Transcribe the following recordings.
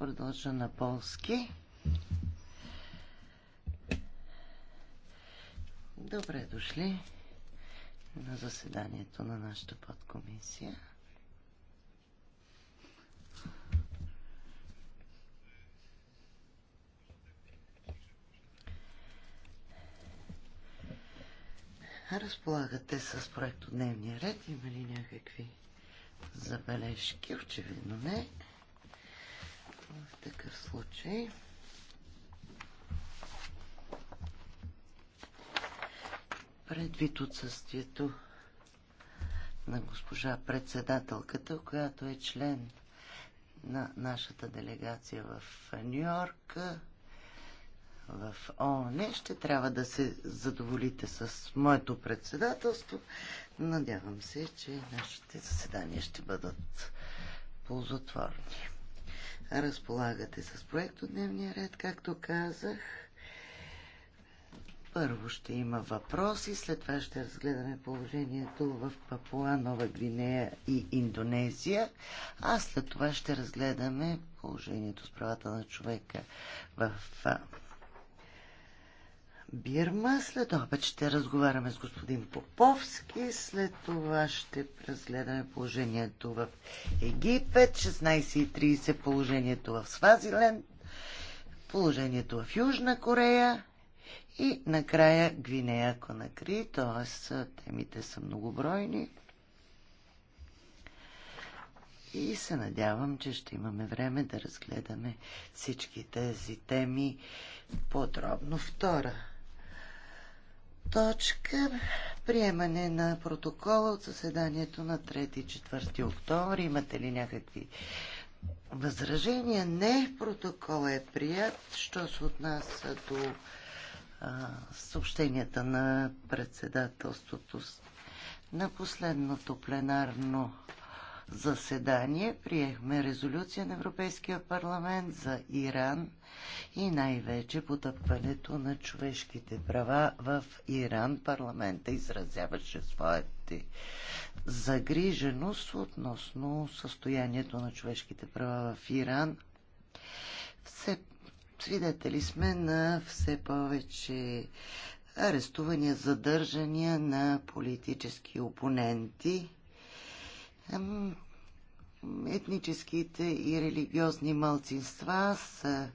продължа на полски. Добре дошли на заседанието на нашата подкомисия. Разполагате с от дневния ред. Има ли някакви забележки? Очевидно не. В такъв случай. Предвид отсъствието на госпожа председателката, която е член на нашата делегация в Нью Йорк, в ООН, ще трябва да се задоволите с моето председателство. Надявам се, че нашите заседания ще бъдат ползотворни разполагате с проект от дневния ред, както казах. Първо ще има въпроси, след това ще разгледаме положението в Папуа, Нова Гвинея и Индонезия, а след това ще разгледаме положението с правата на човека в Бирма. След обед ще разговаряме с господин Поповски. След това ще разгледаме положението в Египет. 16.30 положението в Свазилен. Положението в Южна Корея. И накрая Гвинея Конакри, т.е. темите са многобройни. И се надявам, че ще имаме време да разгледаме всички тези теми подробно. Втора точка приемане на протокола от съседанието на 3 4 октомври. Имате ли някакви възражения? Не, протокола е прият. Що се отнася до а, съобщенията на председателството на последното пленарно заседание приехме резолюция на Европейския парламент за Иран и най-вече потъпването на човешките права в Иран. Парламента изразяваше своята загриженост относно състоянието на човешките права в Иран. Все свидетели сме на все повече арестувания, задържания на политически опоненти етническите и религиозни мълцинства са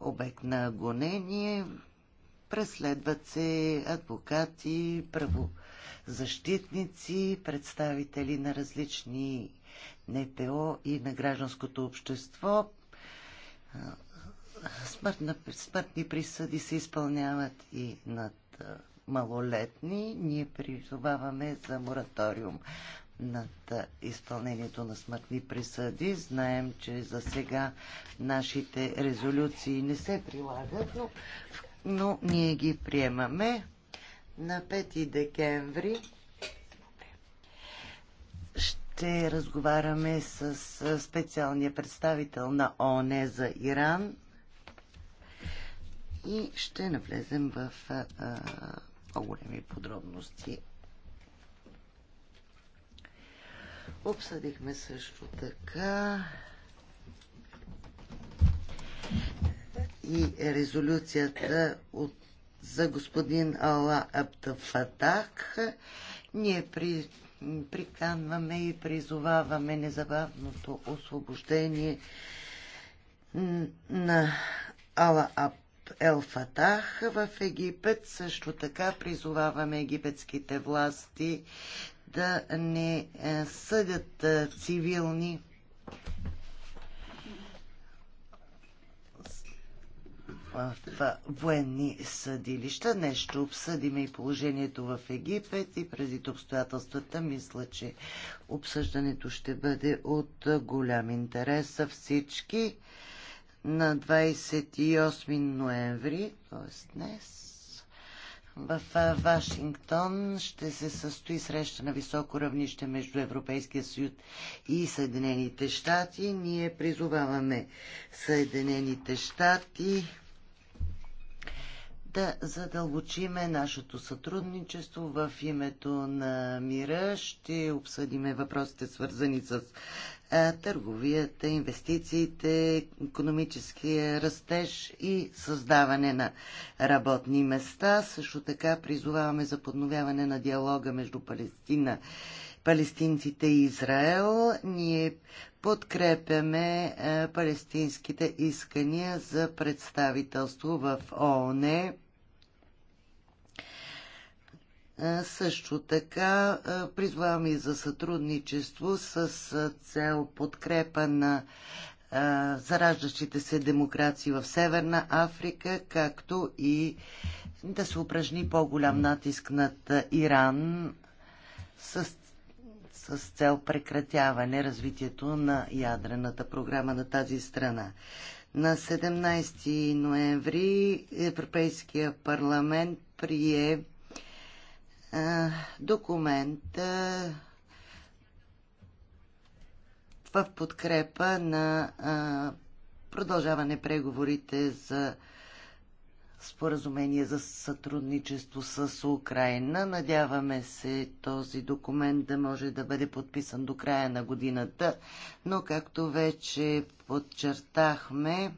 обект на гонение, преследват се адвокати, правозащитници, представители на различни НПО и на гражданското общество. смъртни присъди се изпълняват и над малолетни. Ние призоваваме за мораториум над изпълнението на смъртни присъди. Знаем, че за сега нашите резолюции не се прилагат, но, но ние ги приемаме. На 5 декември ще разговаряме с специалния представител на ООН за Иран и ще навлезем в по-големи подробности Обсъдихме също така и резолюцията от, за господин Алла Абтафатах. Ние при, приканваме и призоваваме незабавното освобождение на Ала Аб Елфатах в Египет. Също така призоваваме египетските власти да не е, съдят е, цивилни. в военни съдилища. Нещо обсъдиме и положението в Египет и преди обстоятелствата. Мисля, че обсъждането ще бъде от голям интерес за всички. На 28 ноември, т.е. днес, в Вашингтон ще се състои среща на високо равнище между Европейския съюз и Съединените щати. Ние призоваваме Съединените щати да задълбочиме нашето сътрудничество в името на мира. Ще обсъдиме въпросите свързани с търговията, инвестициите, економическия растеж и създаване на работни места. Също така призоваваме за подновяване на диалога между Палестина, палестинците и Израел. Ние подкрепяме палестинските искания за представителство в ООН е, също така е, призваваме и за сътрудничество с е, цел подкрепа на зараждащите се демокрации в Северна Африка, както и да се упражни по-голям натиск над Иран с, с цел прекратяване развитието на ядрената програма на тази страна. На 17 ноември Европейския парламент прие документ в подкрепа на продължаване преговорите за споразумение за сътрудничество с Украина. Надяваме се този документ да може да бъде подписан до края на годината, но както вече подчертахме,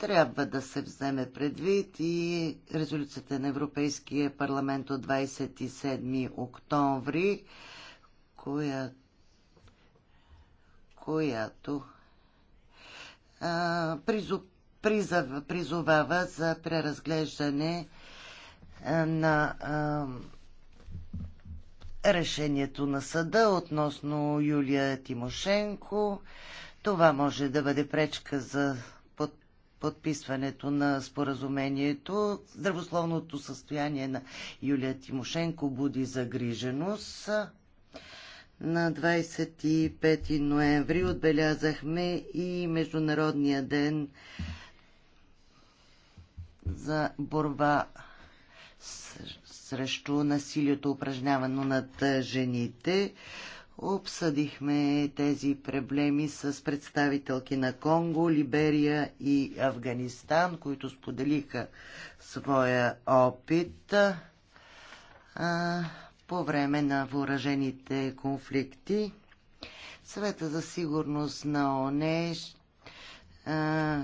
трябва да се вземе предвид и резолюцията на Европейския парламент от 27 октомври, коя, която а, призу, призав, призовава за преразглеждане а, на а, решението на съда относно Юлия Тимошенко. Това може да бъде пречка за подписването на споразумението. Здравословното състояние на Юлия Тимошенко буди загриженост. На 25 ноември отбелязахме и Международния ден за борба срещу насилието упражнявано над жените. Обсъдихме тези проблеми с представителки на Конго, Либерия и Афганистан, които споделиха своя опит а, по време на въоръжените конфликти. Съвета за сигурност на ОНЕ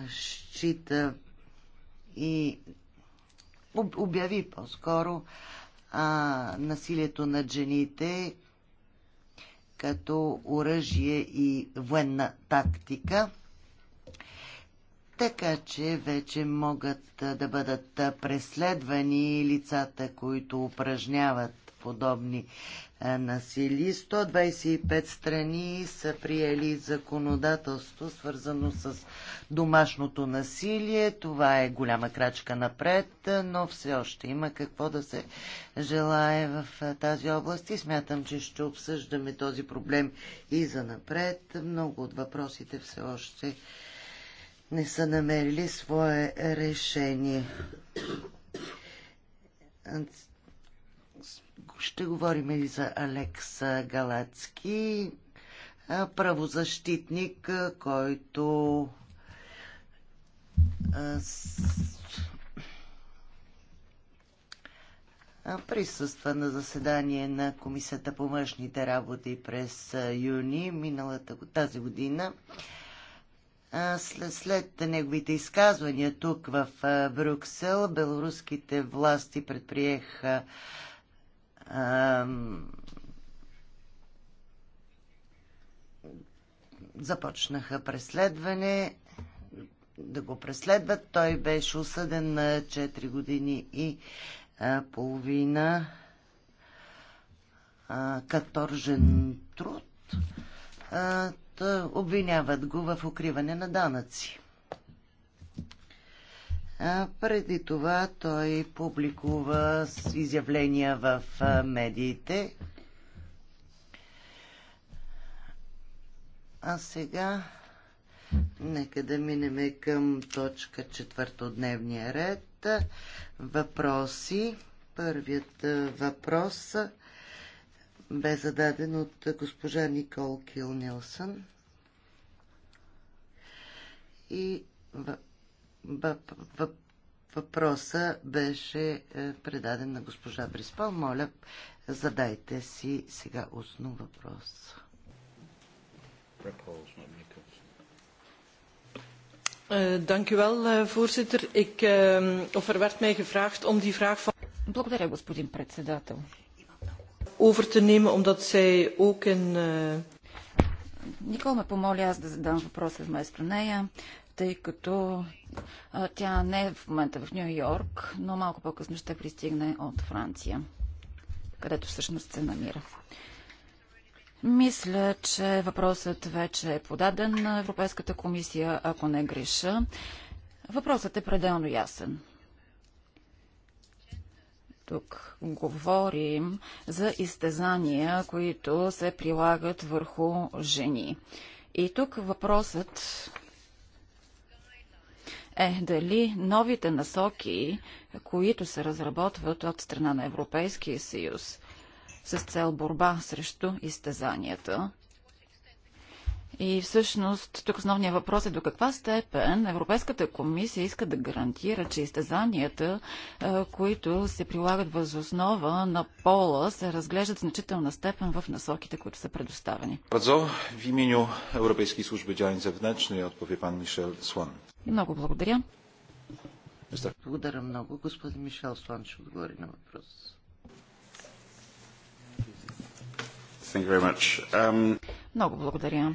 счита и обяви по-скоро насилието на жените като оръжие и военна тактика, така че вече могат да бъдат преследвани лицата, които упражняват подобни насили. 125 страни са приели законодателство, свързано с домашното насилие. Това е голяма крачка напред, но все още има какво да се желае в тази област и смятам, че ще обсъждаме този проблем и за напред. Много от въпросите все още не са намерили свое решение ще говорим и за Алекс Галацки, правозащитник, който присъства на заседание на Комисията по външните работи през юни миналата тази година. След, след неговите изказвания тук в Брюксел, белоруските власти предприеха започнаха преследване, да го преследват. Той беше осъден на 4 години и а, половина каторжен труд. А, обвиняват го в укриване на данъци. Преди това той публикува изявления в медиите. А сега нека да минеме към точка четвърта от дневния ред. Въпроси. Първият въпрос бе зададен от госпожа Никол Кил Нилсън. И Въпроса беше е, предаден на госпожа Бриспал. Моля, задайте си сега устно въпрос. Е, Благодаря, господин председател. Over te nemen, omdat zij ook een е- Никол ме помоли аз да задам въпроса вместо нея тъй като а, тя не е в момента в Нью Йорк, но малко по-късно ще пристигне от Франция, където всъщност се намира. Мисля, че въпросът вече е подаден на Европейската комисия, ако не греша. Въпросът е пределно ясен. Тук говорим за изтезания, които се прилагат върху жени. И тук въпросът е дали новите насоки, които се разработват от страна на Европейския съюз с цел борба срещу изтезанията, и всъщност тук основният въпрос е до каква степен Европейската комисия иска да гарантира, че изтезанията, които се прилагат въз основа на пола, се разглеждат значителна степен в насоките, които са предоставени. В w Европейски служби Służby за Zewnętrznych odpowie пан Мишел Слан. Много благодаря. Благодаря много. Господин Мишел Слан ще отговори на въпрос. Um... Много благодаря.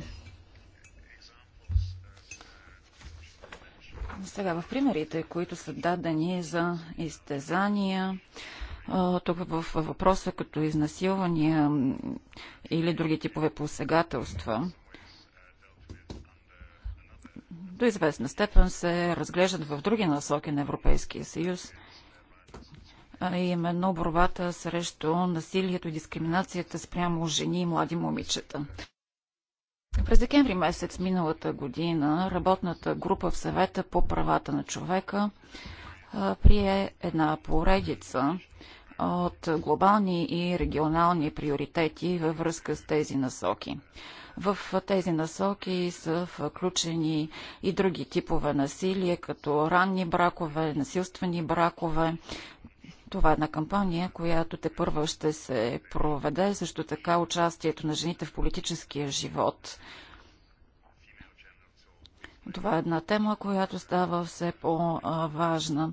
Сега в примерите, които са дадени за изтезания, тук в въпроса като изнасилвания или други типове посегателства, до известна степен се разглеждат в други насоки на Европейския съюз, а именно борбата срещу насилието и дискриминацията спрямо жени и млади момичета. През декември месец миналата година работната група в съвета по правата на човека прие една поредица от глобални и регионални приоритети във връзка с тези насоки. В тези насоки са включени и други типове насилие, като ранни бракове, насилствени бракове. Това е една кампания, която те първа ще се проведе, също така участието на жените в политическия живот – това е една тема, която става все по-важна.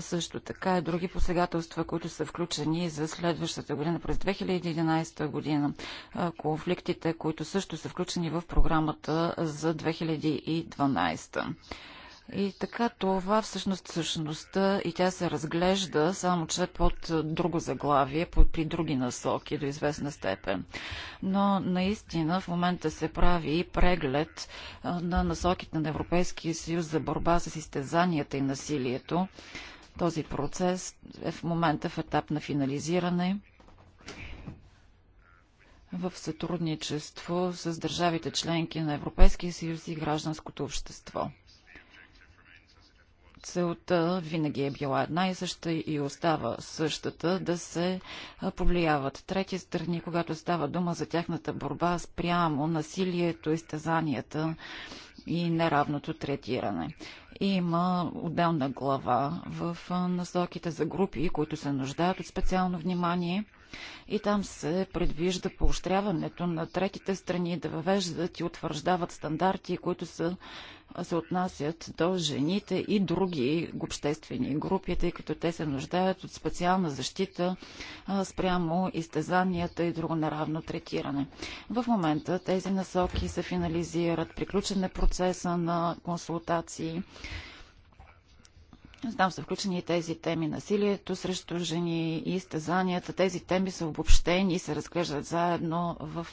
Също така и други посегателства, които са включени за следващата година, през 2011 година. Конфликтите, които също са включени в програмата за 2012. И така това всъщност е същността и тя се разглежда само че под друго заглавие, под, при други насоки до известна степен. Но наистина в момента се прави и преглед на насоките на Европейския съюз за борба с изтезанията и насилието. Този процес е в момента в етап на финализиране в сътрудничество с държавите членки на Европейския съюз и гражданското общество целта винаги е била една и съща и остава същата да се повлияват трети страни, когато става дума за тяхната борба спрямо насилието, изтезанията и неравното третиране. Има отделна глава в насоките за групи, които се нуждаят от специално внимание. И там се предвижда поощряването на третите страни да въвеждат и утвърждават стандарти, които са се отнасят до жените и други обществени групи, тъй като те се нуждаят от специална защита спрямо изтезанията и друго неравно третиране. В момента тези насоки се финализират, приключен е процеса на консултации. Там са включени и тези теми насилието срещу жени и изтезанията. Тези теми са обобщени и се разглеждат заедно в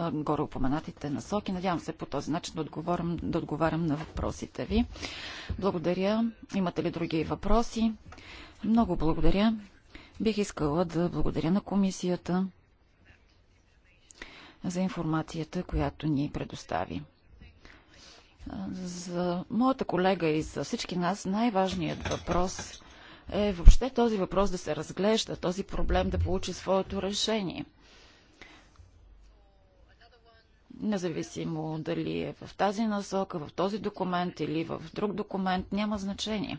горе упоменатите насоки. Надявам се по този начин да отговарям, да отговарям на въпросите ви. Благодаря. Имате ли други въпроси? Много благодаря. Бих искала да благодаря на комисията за информацията, която ни предостави. За моята колега и за всички нас най-важният въпрос е въобще този въпрос да се разглежда, този проблем да получи своето решение – независимо дали е в тази насока, в този документ или в друг документ, няма значение.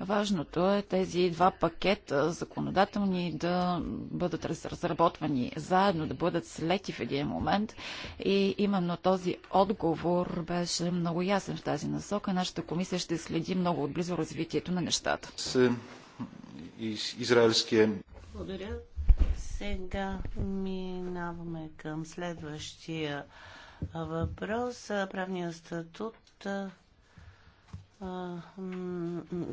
Важното е тези два пакета законодателни да бъдат разработвани заедно, да бъдат слети в един момент и именно този отговор беше много ясен в тази насока. Нашата комисия ще следи много отблизо развитието на нещата. С израелския... Благодаря. Сега минаваме към следващия въпрос. Правният статут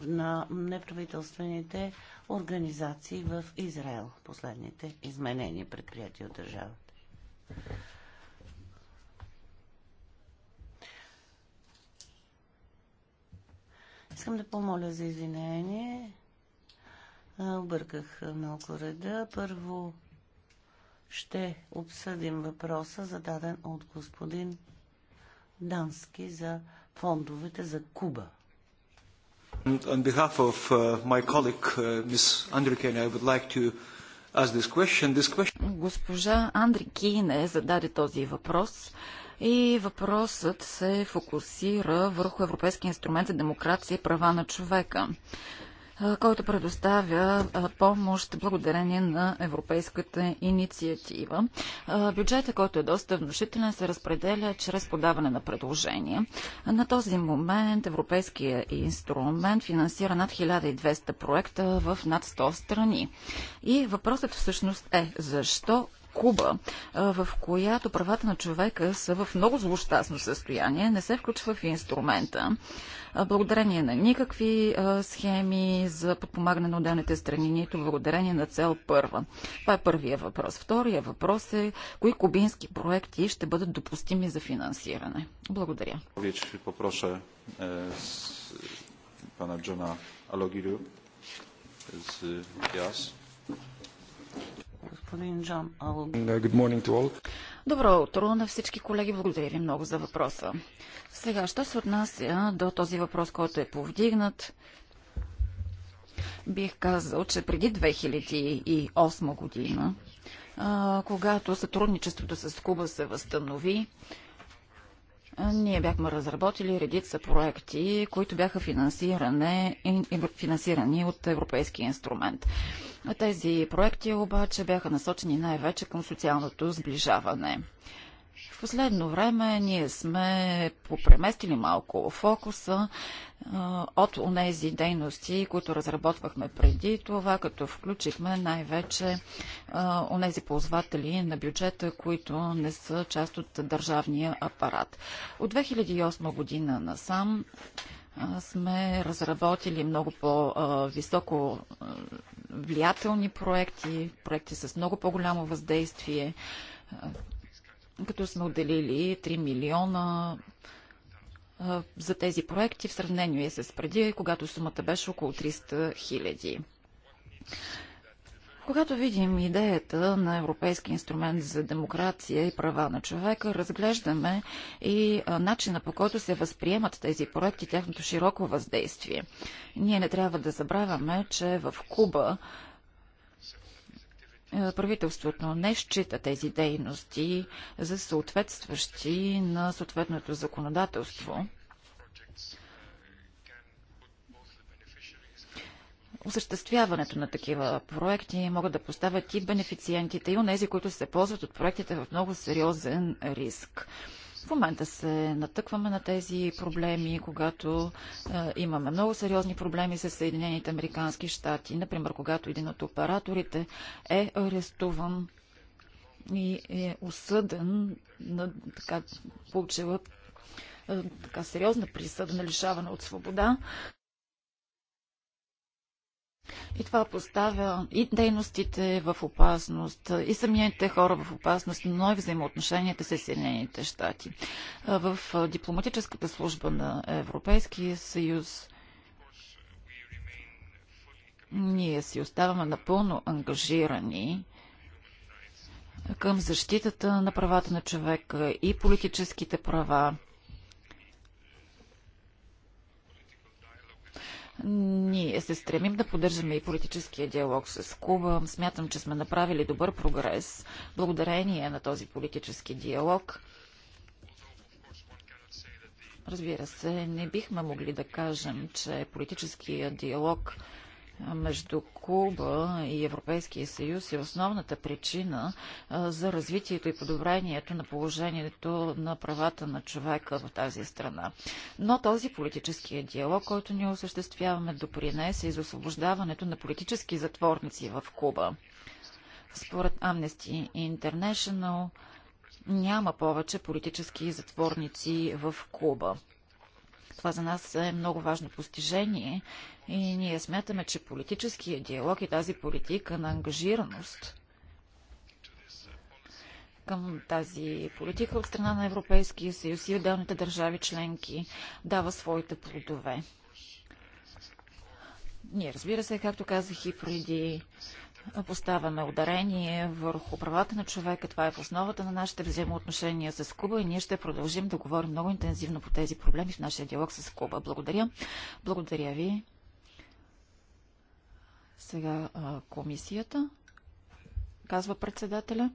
на неправителствените организации в Израел. Последните изменения предприятия от държавата. Искам да помоля за извинение. Обърках малко реда. Първо ще обсъдим въпроса, зададен от господин Дански за фондовете за Куба. On behalf of uh, my colleague, uh, Ms. Andriken, I would like to ask this question. This question... Госпожа Андрикине зададе този въпрос и въпросът се фокусира върху Европейския инструмент за демокрация и права на човека. Uh, който предоставя помощ благодарение на европейската инициатива. Бюджета, който е доста внушителен, се разпределя чрез подаване на предложения. На този момент Европейския инструмент финансира над 1200 проекта в над 100 страни. И въпросът всъщност е защо Куба, в която правата на човека са в много злощастно състояние, не се включва в инструмента. Благодарение на никакви схеми за подпомагане на отделните страни, нито благодарение на цел първа. Това е първия въпрос. Втория въпрос е, кои кубински проекти ще бъдат допустими за финансиране? Благодаря. Попроша pana Johna Alogiru z JAS господин Джон Алън. Uh, Добро утро на всички колеги. Благодаря ви много за въпроса. Сега, що се отнася до този въпрос, който е повдигнат, бих казал, че преди 2008 година, когато сътрудничеството с Куба се възстанови, ние бяхме разработили редица проекти, които бяха финансирани от Европейския инструмент. Тези проекти обаче бяха насочени най-вече към социалното сближаване. В последно време ние сме попреместили малко фокуса от онези дейности, които разработвахме преди това, като включихме най-вече онези ползватели на бюджета, които не са част от държавния апарат. От 2008 година насам сме разработили много по-високо влиятелни проекти, проекти с много по-голямо въздействие, като сме отделили 3 милиона за тези проекти в сравнение с преди, когато сумата беше около 300 хиляди. Когато видим идеята на Европейски инструмент за демокрация и права на човека, разглеждаме и начина по който се възприемат тези проекти, тяхното широко въздействие. Ние не трябва да забравяме, че в Куба правителството не счита тези дейности за съответстващи на съответното законодателство осъществяването на такива проекти могат да поставят и бенефициентите, и онези, които се ползват от проектите в много сериозен риск. В момента се натъкваме на тези проблеми, когато е, имаме много сериозни проблеми с Съединените Американски щати. Например, когато един от операторите е арестуван и е осъден на така получила е, така сериозна присъда на лишаване от свобода, и това поставя и дейностите в опасност, и самите хора в опасност, но и взаимоотношенията с Съединените щати. В дипломатическата служба на Европейския съюз ние си оставаме напълно ангажирани към защитата на правата на човека и политическите права Ние се стремим да поддържаме и политическия диалог с Куба. Смятам, че сме направили добър прогрес благодарение на този политически диалог. Разбира се, не бихме могли да кажем, че политическия диалог между Куба и Европейския съюз е основната причина за развитието и подобрението на положението на правата на човека в тази страна. Но този политически диалог, който ние осъществяваме, допринесе и за освобождаването на политически затворници в Куба. Според Amnesty International няма повече политически затворници в Куба. Това за нас е много важно постижение и ние смятаме, че политическия диалог и тази политика на ангажираност към тази политика от страна на Европейския съюз и отделните държави членки дава своите плодове. Ние, разбира се, както казах и преди, поставяме ударение върху правата на човека. Това е в основата на нашите взаимоотношения с Куба и ние ще продължим да говорим много интензивно по тези проблеми в нашия диалог с Куба. Благодаря. Благодаря ви. Сега комисията, казва председателя.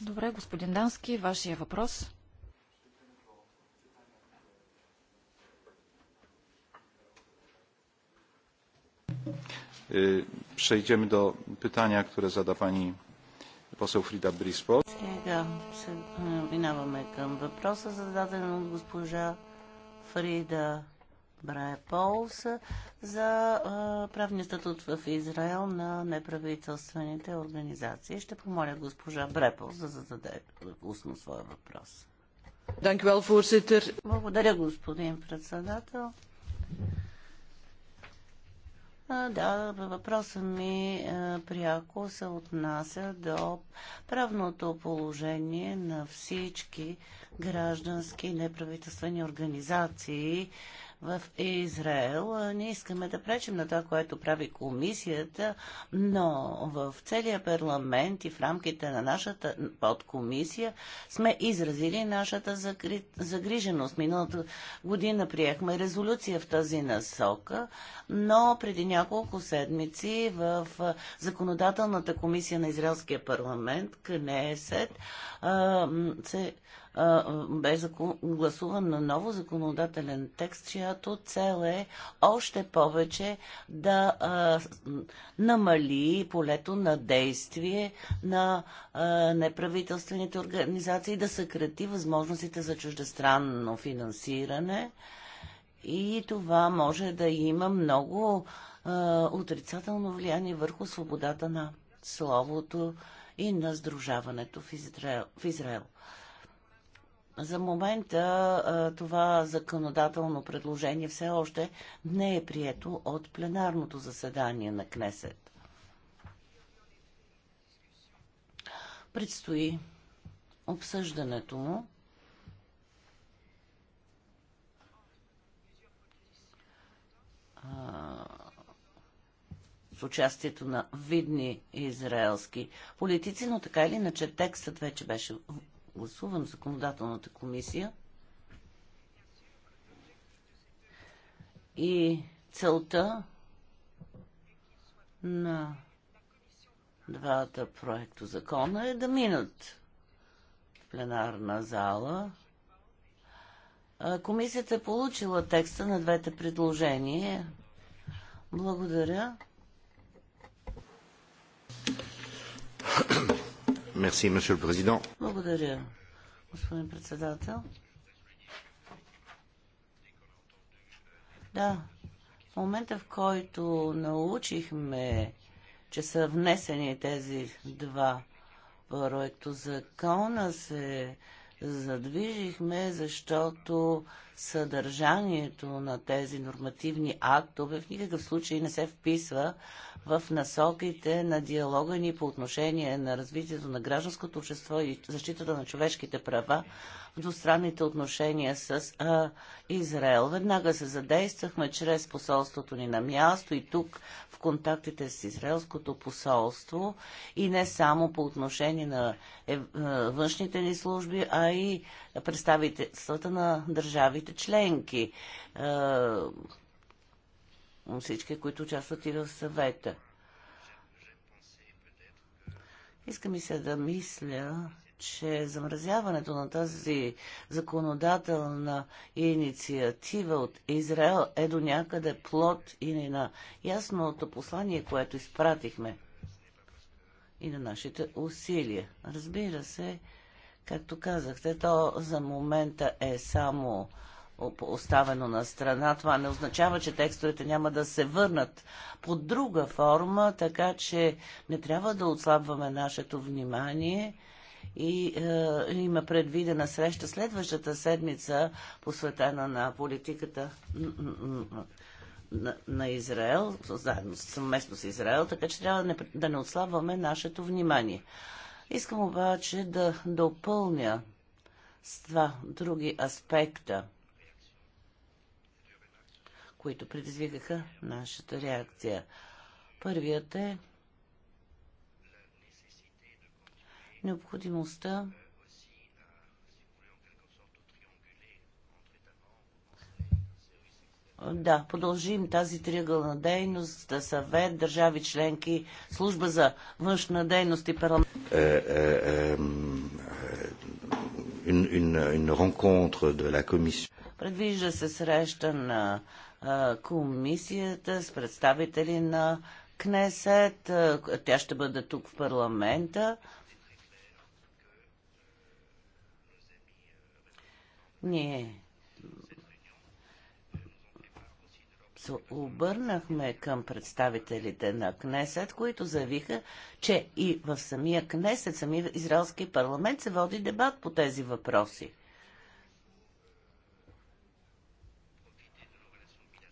Добре, господин Дански, вашия въпрос. Przejdziemy do pytania, które zada pani poseł Frida Brispo. Сега минаваме зададен от госпожа Фрида Брайполс за правния статут в Израел на неправителствените организации. Ще помоля госпожа Брайполс да зададе устно своя въпрос. Благодаря, господин председател. А, да, въпросът ми а, пряко се отнася до правното положение на всички граждански неправителствени организации, в Израел. Не искаме да пречим на това, което прави комисията, но в целия парламент и в рамките на нашата подкомисия сме изразили нашата загриженост. Миналата година приехме резолюция в тази насока, но преди няколко седмици в законодателната комисия на Израелския парламент, КНЕСЕТ, се бе гласуван на ново законодателен текст, чиято цел е още повече да намали полето на действие на неправителствените организации, да съкрати възможностите за чуждестранно финансиране. И това може да има много отрицателно влияние върху свободата на словото и на сдружаването в Израел. В Израел. За момента това законодателно предложение все още не е прието от пленарното заседание на Кнесет. Предстои обсъждането му. с участието на видни израелски политици, но така или иначе текстът вече беше Гласувам законодателната комисия. И целта на двата проекта закона е да минат в пленарна зала. Комисията е получила текста на двете предложения. Благодаря. Благодаря, господин председател. Да, в момента в който научихме, че са внесени тези два проекто закона, се задвижихме, защото съдържанието на тези нормативни актове в никакъв случай не се вписва в насоките на диалога ни по отношение на развитието на гражданското общество и защитата на човешките права в двустранните отношения с а, Израел. Веднага се задействахме чрез посолството ни на място и тук в контактите с Израелското посолство и не само по отношение на е, външните ни служби, а и представителствата на държавите членки. Е, всички, които участват и в съвета. Иска ми се да мисля, че замразяването на тази законодателна инициатива от Израел е до някъде плод и на ясното послание, което изпратихме и на нашите усилия. Разбира се, Както казахте, то за момента е само оставено на страна. Това не означава, че текстовете няма да се върнат под друга форма, така че не трябва да отслабваме нашето внимание и е, има предвидена среща следващата седмица, посветена на политиката на, на Израел, заедно съвместно с Израел, така че трябва да не, да не отслабваме нашето внимание. Искам обаче да допълня с два други аспекта, които предизвикаха нашата реакция. Първият е необходимостта да продължим тази триъгълна дейност, да съвет, държави членки, служба за външна дейност и парламент. Предвижда се среща на комисията с представители на Кнесет. Тя ще бъде тук в парламента. Ние се обърнахме към представителите на Кнесет, които заявиха, че и в самия Кнесет, самия израелски парламент се води дебат по тези въпроси.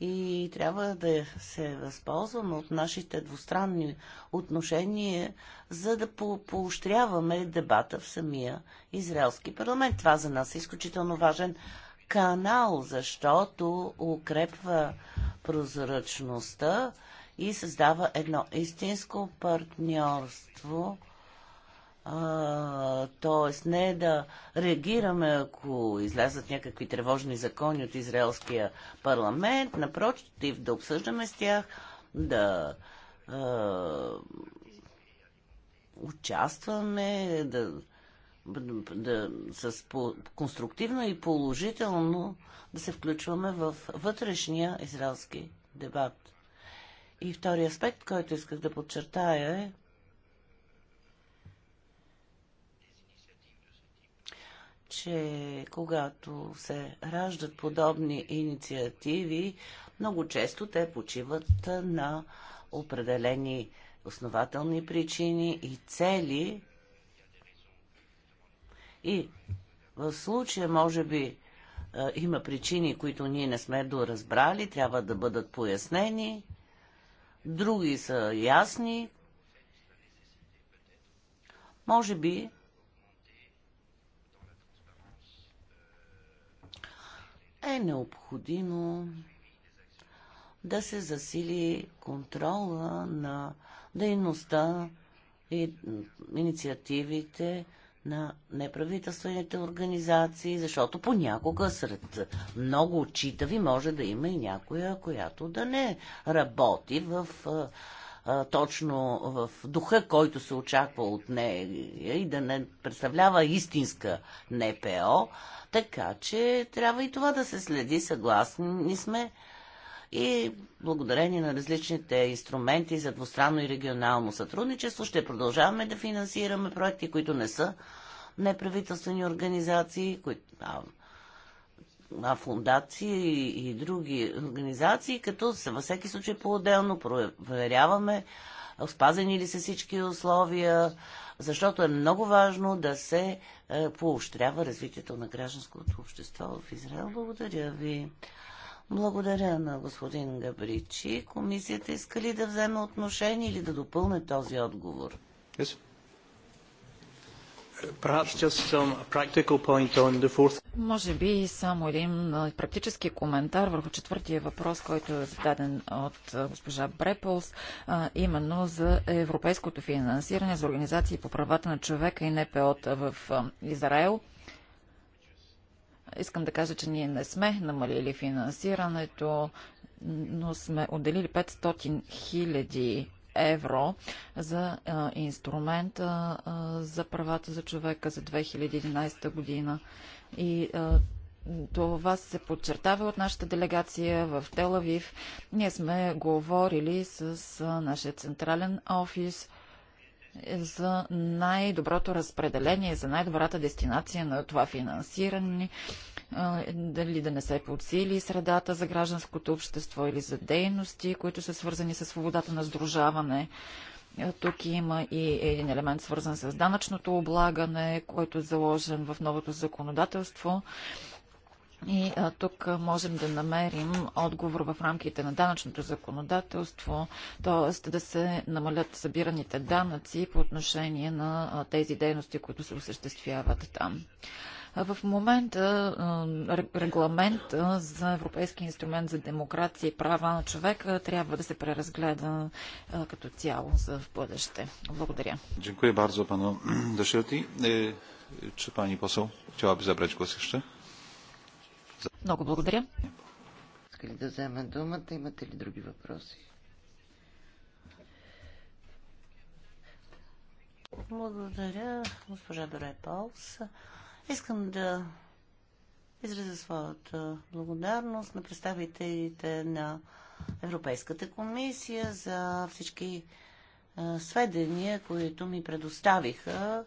И трябва да се възползваме от нашите двустранни отношения, за да по поощряваме дебата в самия израелски парламент. Това за нас е изключително важен канал, защото укрепва прозрачността и създава едно истинско партньорство. Т.е. не да реагираме, ако излязат някакви тревожни закони от израелския парламент, напротив, да обсъждаме с тях, да а, участваме, да да, с по, конструктивно и положително да се включваме в вътрешния израелски дебат. И втори аспект, който исках да подчертая е че когато се раждат подобни инициативи, много често те почиват на определени основателни причини и цели, и в случая, може би, е, има причини, които ние не сме доразбрали, трябва да бъдат пояснени. Други са ясни. Може би е необходимо да се засили контрола на дейността и инициативите на неправителствените организации, защото понякога сред много читави може да има и някоя, която да не работи в точно в духа, който се очаква от нея и да не представлява истинска НПО. Така че трябва и това да се следи, съгласни сме и благодарение на различните инструменти за двустранно и регионално сътрудничество ще продължаваме да финансираме проекти, които не са неправителствени организации, които, а, а фундации и, и други организации, като във всеки случай по-отделно проверяваме спазени ли са всички условия, защото е много важно да се е, поощрява развитието на гражданското общество в Израел. Благодаря ви. Благодаря на господин Габричи. Комисията иска ли да вземе отношение или да допълне този отговор? Yes. Може би само един практически коментар върху четвъртия въпрос, който е зададен от госпожа Бреполс, именно за европейското финансиране за организации по правата на човека и НПО в Израел. Искам да кажа, че ние не сме намалили финансирането, но сме отделили 500 хиляди евро за а, а, за правата за човека за 2011 година. И а, това се подчертава от нашата делегация в Телавив. Ние сме говорили с а, нашия централен офис за най-доброто разпределение, за най-добрата дестинация на това финансиране, дали да не се подсили средата за гражданското общество или за дейности, които са свързани с свободата на сдружаване. Тук има и един елемент свързан с данъчното облагане, който е заложен в новото законодателство. И а, тук можем да намерим отговор в рамките на данъчното законодателство, т.е. да се намалят събираните данъци по отношение на а, тези дейности, които се осъществяват там. В момента регламент за Европейски инструмент за демокрация и права на човека трябва да се преразгледа като цяло за в бъдеще. Благодаря. Dziękuję пано Дашилти. Deszelti. Czy pani poseł chciałaby zabrać głos много благодаря. Искали да взема думата? Имате ли други въпроси? Благодаря, госпожа Доре Полс. Искам да изразя своята благодарност на представителите на Европейската комисия за всички сведения, които ми предоставиха,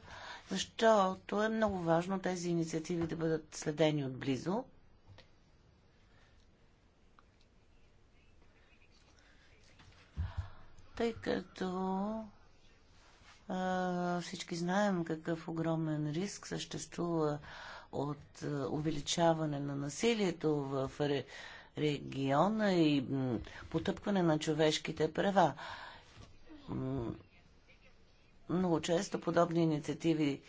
защото е много важно тези инициативи да бъдат следени отблизо. Тъй като а, всички знаем какъв огромен риск съществува от увеличаване на насилието в региона и потъпкване на човешките права. много често подобни инициативи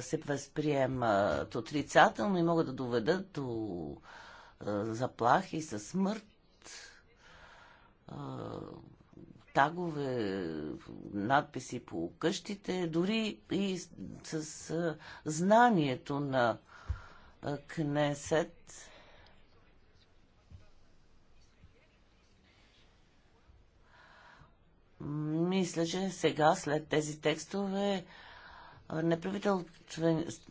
се възприемат отрицателно и могат да доведат до заплахи със смърт тагове, надписи по къщите, дори и с знанието на Кнесет. Мисля, че сега, след тези текстове,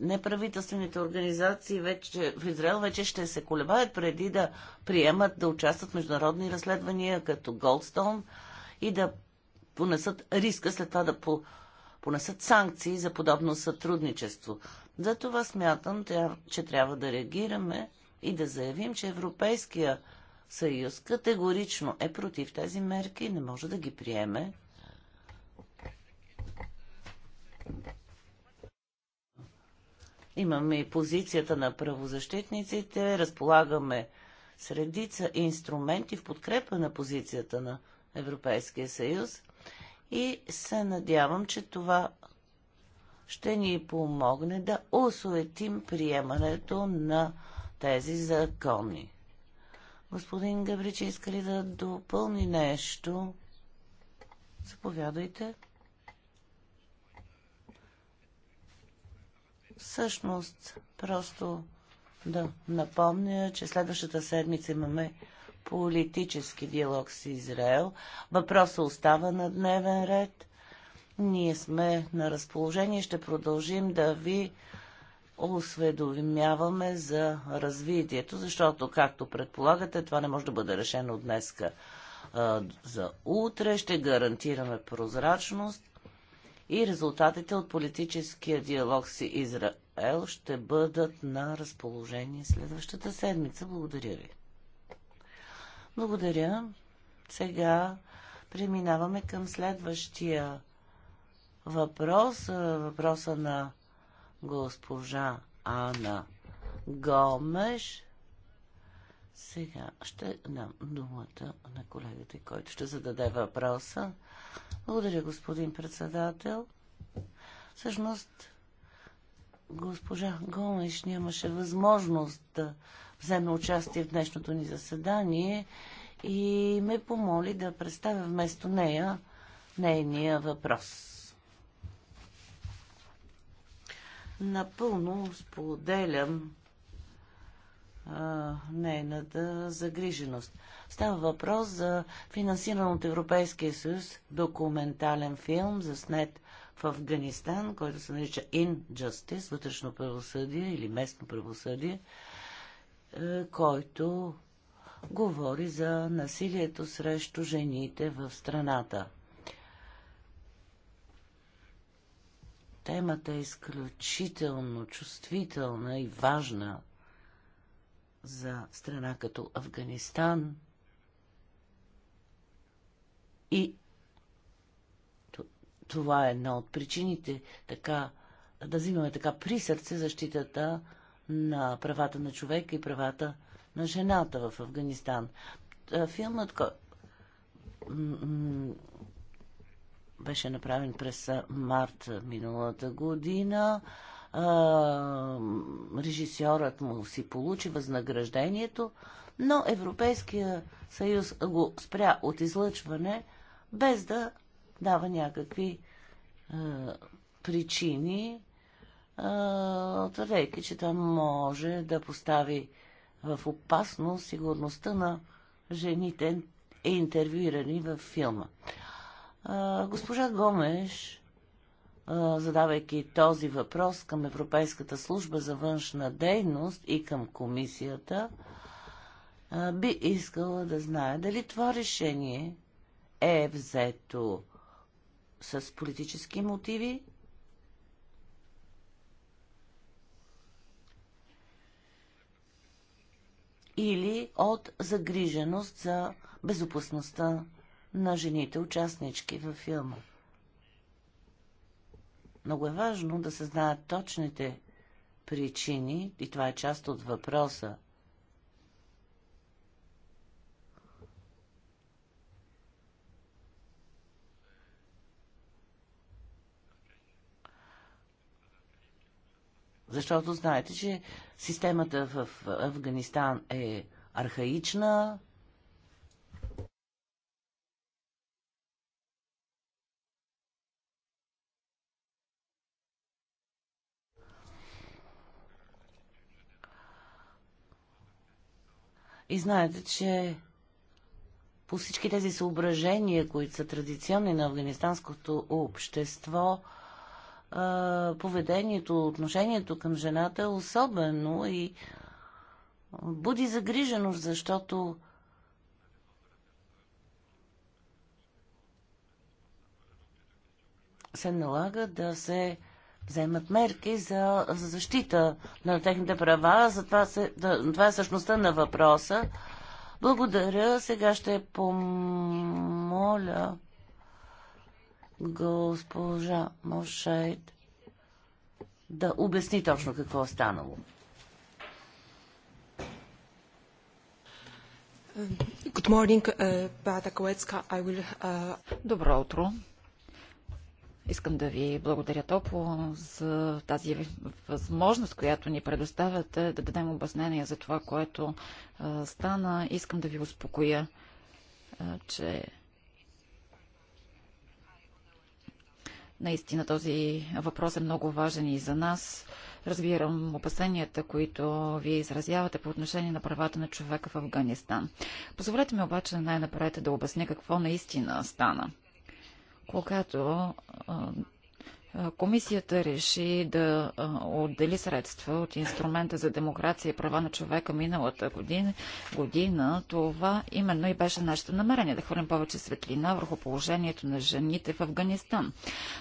неправителствените организации вече, в Израел вече ще се колебаят преди да приемат да участват в международни разследвания като Голдстоун, и да понесат риска след това да по, понесат санкции за подобно сътрудничество. Затова смятам, че трябва да реагираме и да заявим, че Европейския съюз категорично е против тези мерки и не може да ги приеме. Имаме и позицията на правозащитниците, разполагаме средица инструменти в подкрепа на позицията на Европейския съюз и се надявам, че това ще ни помогне да осуетим приемането на тези закони. Господин Габрич, иска ли да допълни нещо? Заповядайте. Всъщност, просто да напомня, че следващата седмица имаме политически диалог с Израел. Въпросът остава на дневен ред. Ние сме на разположение. Ще продължим да ви осведомяваме за развитието, защото, както предполагате, това не може да бъде решено днеска за утре. Ще гарантираме прозрачност и резултатите от политическия диалог с Израел ще бъдат на разположение следващата седмица. Благодаря ви. Благодаря. Сега преминаваме към следващия въпрос. Е, въпроса на госпожа Ана Гомеш. Сега ще дам думата на колегата, който ще зададе въпроса. Благодаря, господин председател. Всъщност, госпожа Гомеш нямаше възможност да Вземе участие в днешното ни заседание и ме помоли да представя вместо нея нейния въпрос. Напълно споделям а, нейната загриженост. Става въпрос за финансиран от Европейския съюз документален филм, за снет в Афганистан, който се нарича Injustice, вътрешно правосъдие или местно правосъдие, е, който говори за насилието срещу жените в страната. Темата е изключително чувствителна и важна за страна като Афганистан и това е една от причините така, да взимаме така при сърце защитата на правата на човека и правата на жената в Афганистан. Филмът беше направен през март миналата година. Режисьорът му си получи възнаграждението, но Европейския съюз го спря от излъчване, без да дава някакви причини твърдейки, че това може да постави в опасност сигурността на жените, интервюирани във филма. А, госпожа Гомеш, а, задавайки този въпрос към Европейската служба за външна дейност и към комисията, а, би искала да знае дали това решение е взето с политически мотиви или от загриженост за безопасността на жените участнички във филма. Много е важно да се знаят точните причини, и това е част от въпроса Защото знаете, че системата в Афганистан е архаична. И знаете, че по всички тези съображения, които са традиционни на афганистанското общество, поведението, отношението към жената е особено и буди загриженост, защото се налага да се вземат мерки за, за защита на техните права. За това, се, да, това е същността на въпроса. Благодаря. Сега ще помоля госпожа Мошайт да обясни точно какво е станало. Good morning, uh, I will, uh... Добро утро. Искам да ви благодаря топло за тази възможност, която ни предоставяте да дадем обяснение за това, което стана. Искам да ви успокоя, че Наистина този въпрос е много важен и за нас. Разбирам опасенията, които вие изразявате по отношение на правата на човека в Афганистан. Позволете ми обаче най-напред да обясня какво наистина стана. Когато Комисията реши да отдели средства от инструмента за демокрация и права на човека миналата година. година това именно и беше нашето намерение да хвърлим повече светлина върху положението на жените в Афганистан.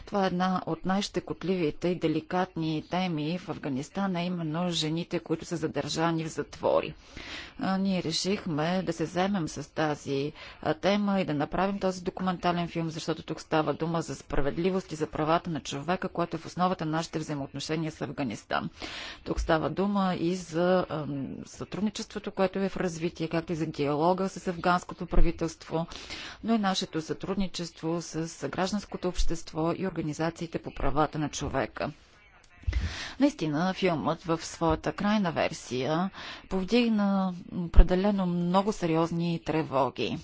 Това е една от най-щекотливите и деликатни теми в Афганистан, а именно жените, които са задържани в затвори. Ние решихме да се вземем с тази тема и да направим този документален филм, защото тук става дума за справедливост и за правата на човека човека, което е в основата на нашите взаимоотношения с Афганистан. Тук става дума и за сътрудничеството, което е в развитие, както и за диалога с афганското правителство, но и нашето сътрудничество с гражданското общество и организациите по правата на човека. Наистина, филмът в своята крайна версия повдигна определено много сериозни тревоги.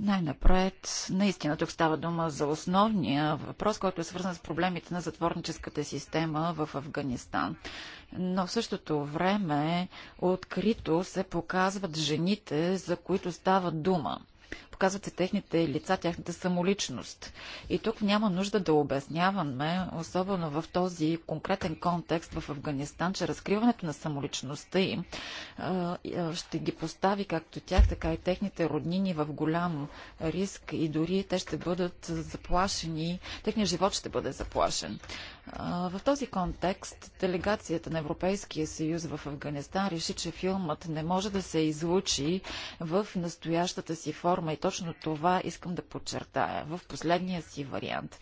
Най-напред, наистина тук става дума за основния въпрос, който е свързан с проблемите на затворническата система в Афганистан. Но в същото време открито се показват жените, за които става дума показват се техните лица, тяхната самоличност. И тук няма нужда да обясняваме, особено в този конкретен контекст в Афганистан, че разкриването на самоличността им ще ги постави както тях, така и техните роднини в голям риск и дори те ще бъдат заплашени, техният живот ще бъде заплашен. В този контекст делегацията на Европейския съюз в Афганистан реши, че филмът не може да се излучи в настоящата си форма и то точно това искам да подчертая в последния си вариант.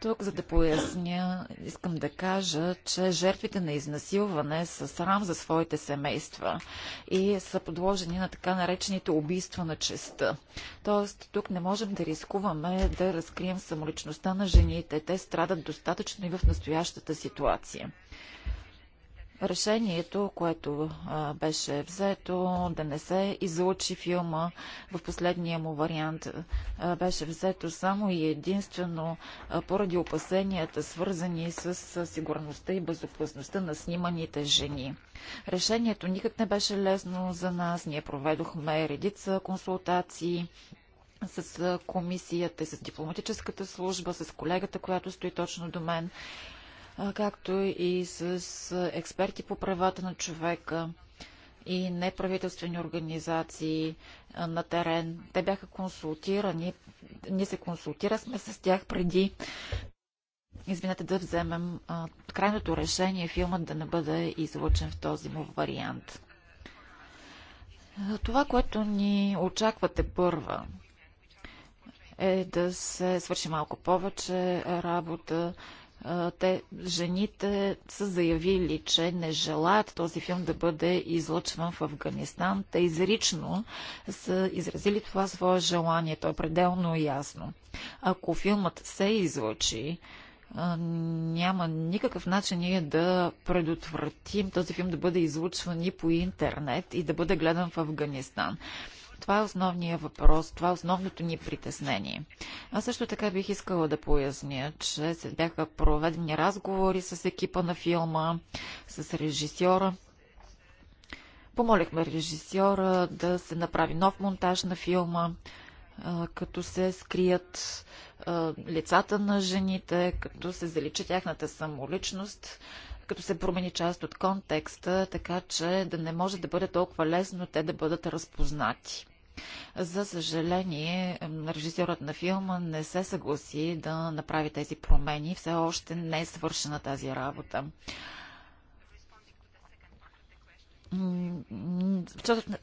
Тук, за да поясня, искам да кажа, че жертвите на изнасилване са срам за своите семейства и са подложени на така наречените убийства на честа. Тоест, тук не можем да рискуваме да разкрием самоличността на жените. Те страдат достатъчно и в настоящата ситуация решението, което а, беше взето да не се излучи филма в последния му вариант, а, беше взето само и единствено а, поради опасенията, свързани с сигурността и безопасността на сниманите жени. Решението никак не беше лесно за нас. Ние проведохме редица консултации с комисията, с дипломатическата служба, с колегата, която стои точно до мен както и с експерти по правата на човека и неправителствени организации на терен. Те бяха консултирани. Ние се консултирахме с тях преди извинете, да вземем а, крайното решение филмът да не бъде излъчен в този му вариант. Това, което ни очаквате първа, е да се свърши малко повече работа, те, жените са заявили, че не желаят този филм да бъде излъчван в Афганистан. Те изрично са изразили това свое желание. То е пределно ясно. Ако филмът се излъчи, няма никакъв начин ние да предотвратим този филм да бъде излъчван и по интернет и да бъде гледан в Афганистан. Това е основният въпрос, това е основното ни притеснение. Аз също така бих искала да поясня, че се бяха проведени разговори с екипа на филма, с режисьора. Помолихме режисьора да се направи нов монтаж на филма, като се скрият лицата на жените, като се заличи тяхната самоличност като се промени част от контекста, така че да не може да бъде толкова лесно те да бъдат разпознати. За съжаление, режисьорът на филма не се съгласи да направи тези промени. Все още не е свършена тази работа.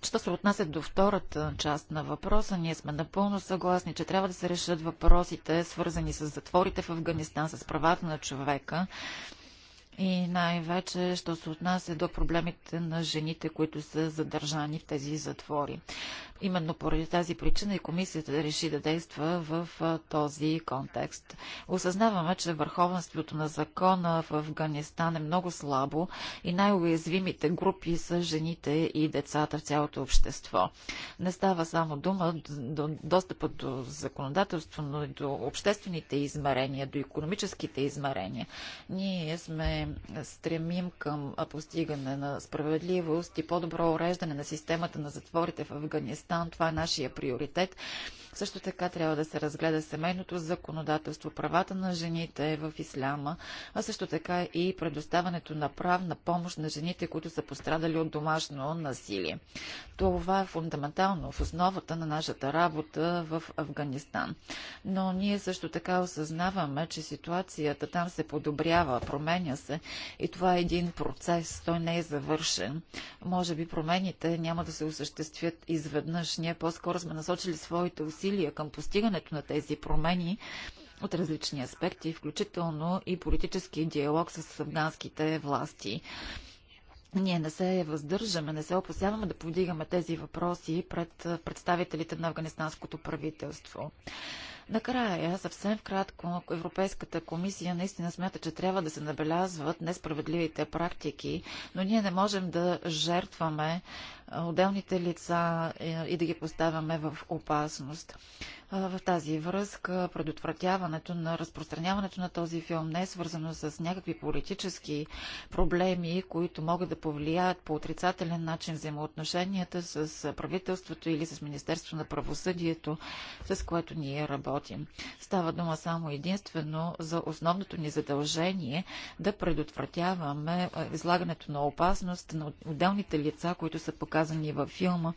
Що, се отнася до втората част на въпроса, ние сме напълно съгласни, че трябва да се решат въпросите, свързани с затворите в Афганистан, с правата на човека и най-вече, що се отнася до проблемите на жените, които са задържани в тези затвори. Именно поради тази причина и комисията реши да действа в този контекст. Осъзнаваме, че върховенството на закона в Афганистан е много слабо и най-уязвимите групи са жените и децата в цялото общество. Не става само дума до достъпа до законодателство, но и до обществените измерения, до економическите измерения. Ние сме стремим към постигане на справедливост и по-добро уреждане на системата на затворите в Афганистан, това е нашия приоритет. Също така трябва да се разгледа семейното законодателство, правата на жените в исляма, а също така и предоставането на правна помощ на жените, които са пострадали от домашно насилие. Това е фундаментално в основата на нашата работа в Афганистан. Но ние също така осъзнаваме, че ситуацията там се подобрява, променя се и това е един процес, той не е завършен. Може би промените няма да се осъществят изведнъж. Ние по-скоро сме насочили своите усилия усилия към постигането на тези промени от различни аспекти, включително и политически диалог с афганските власти. Ние не се въздържаме, не се опасяваме да повдигаме тези въпроси пред представителите на афганистанското правителство. Накрая, съвсем вкратко, Европейската комисия наистина смята, че трябва да се набелязват несправедливите практики, но ние не можем да жертваме отделните лица е, и да ги поставяме в опасност. В тази връзка предотвратяването на разпространяването на този филм не е свързано с някакви политически проблеми, които могат да повлияят по отрицателен начин взаимоотношенията с правителството или с Министерство на правосъдието, с което ние работим. Става дума само единствено за основното ни задължение да предотвратяваме излагането на опасност на отделните лица, които са покрити показани във филма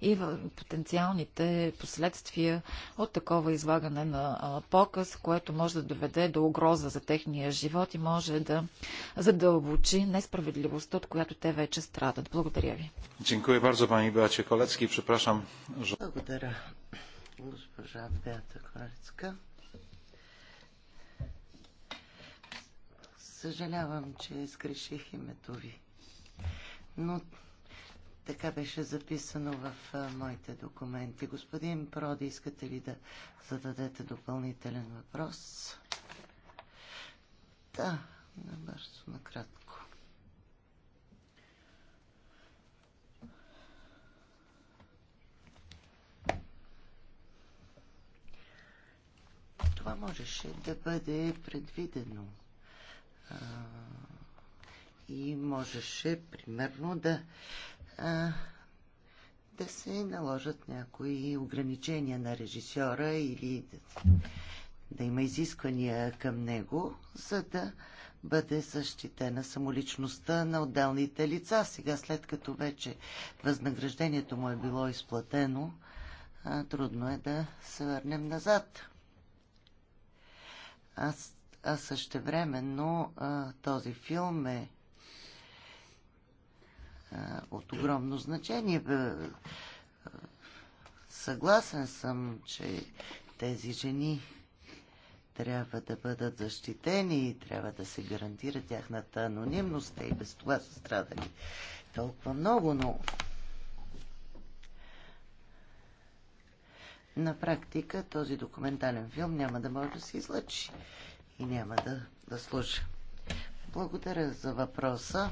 и в потенциалните последствия от такова излагане на показ, което може да доведе до угроза за техния живот и може да задълбочи несправедливостта, от която те вече страдат. Благодаря ви. Благодаря, госпожа Беата Колецка. Съжалявам, че изкреших името ви. Но така беше записано в моите документи. Господин Проди, искате ли да зададете допълнителен въпрос? Да, набързо, накратко. Това можеше да бъде предвидено и можеше примерно да а, да се наложат някои ограничения на режисьора или да, да има изисквания към него, за да бъде защитена самоличността на отделните лица. Сега, след като вече възнаграждението му е било изплатено, а, трудно е да се върнем назад. Аз, а същевременно а, този филм е е, от огромно значение. Е, е, съгласен съм, че тези жени трябва да бъдат защитени и трябва да се гарантира тяхната анонимност. Те и без това са страдали толкова много, но на практика този документален филм няма да може да се излъчи и няма да, да слуша. Благодаря за въпроса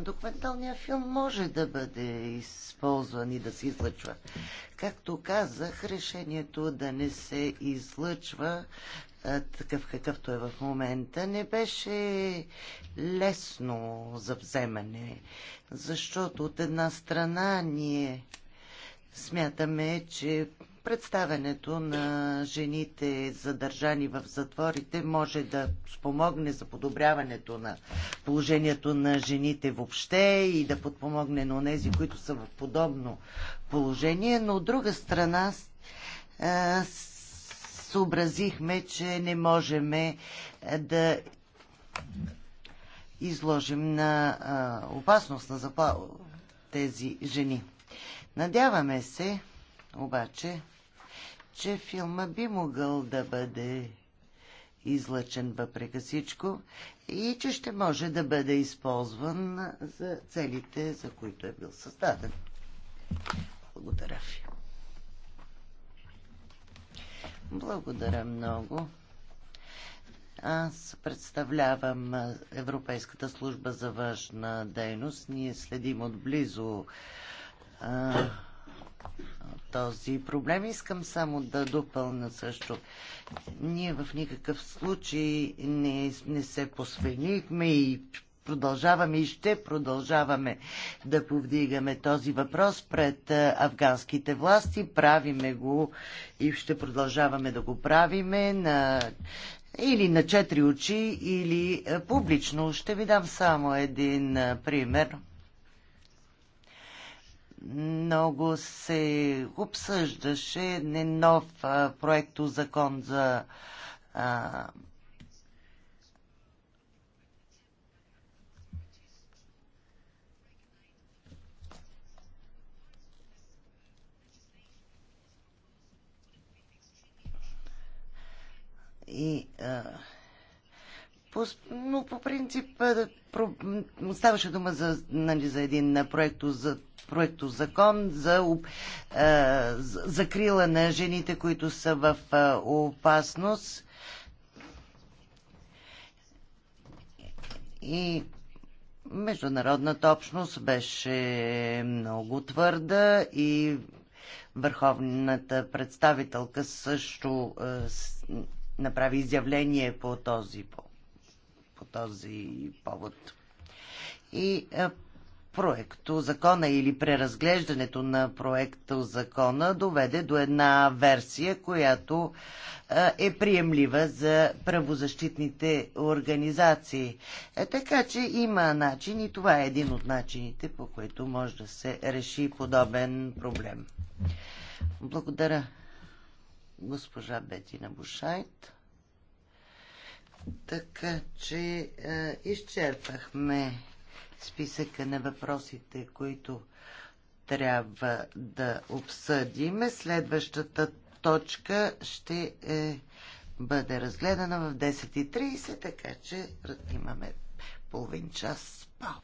документалният филм може да бъде използван и да се излъчва. Както казах, решението да не се излъчва такъв какъвто е в момента, не беше лесно за вземане, защото от една страна ние смятаме, че Представенето на жените задържани в затворите може да спомогне за подобряването на положението на жените въобще и да подпомогне на тези, които са в подобно положение, но от друга страна съобразихме, че не можем е, да изложим на опасност на тези жени. Надяваме се, обаче, че филма би могъл да бъде излъчен въпреки всичко и че ще може да бъде използван за целите, за които е бил създаден. Благодаря ви. Благодаря много. Аз представлявам Европейската служба за външна дейност. Ние следим отблизо а, този проблем. Искам само да допълна също. Ние в никакъв случай не, не се посвенихме и продължаваме и ще продължаваме да повдигаме този въпрос пред афганските власти. Правиме го и ще продължаваме да го правиме на или на четири очи, или публично. Ще ви дам само един пример много се обсъждаше не нов а, проекто закон за а, и а, по, но по принцип е, про, ставаше дума за, нали, за един проект за, проекто закон за е, закрила на жените, които са в е, опасност. И международната общност беше много твърда и върховната представителка също е, направи изявление по този повод по този повод. И е, проекто закона или преразглеждането на проекто закона доведе до една версия, която е, е приемлива за правозащитните организации. Е, така че има начин и това е един от начините, по които може да се реши подобен проблем. Благодаря, госпожа Бетина Бушайт. Така че е, изчерпахме списъка на въпросите, които трябва да обсъдиме. Следващата точка ще е, бъде разгледана в 10.30, така че имаме половин час спал.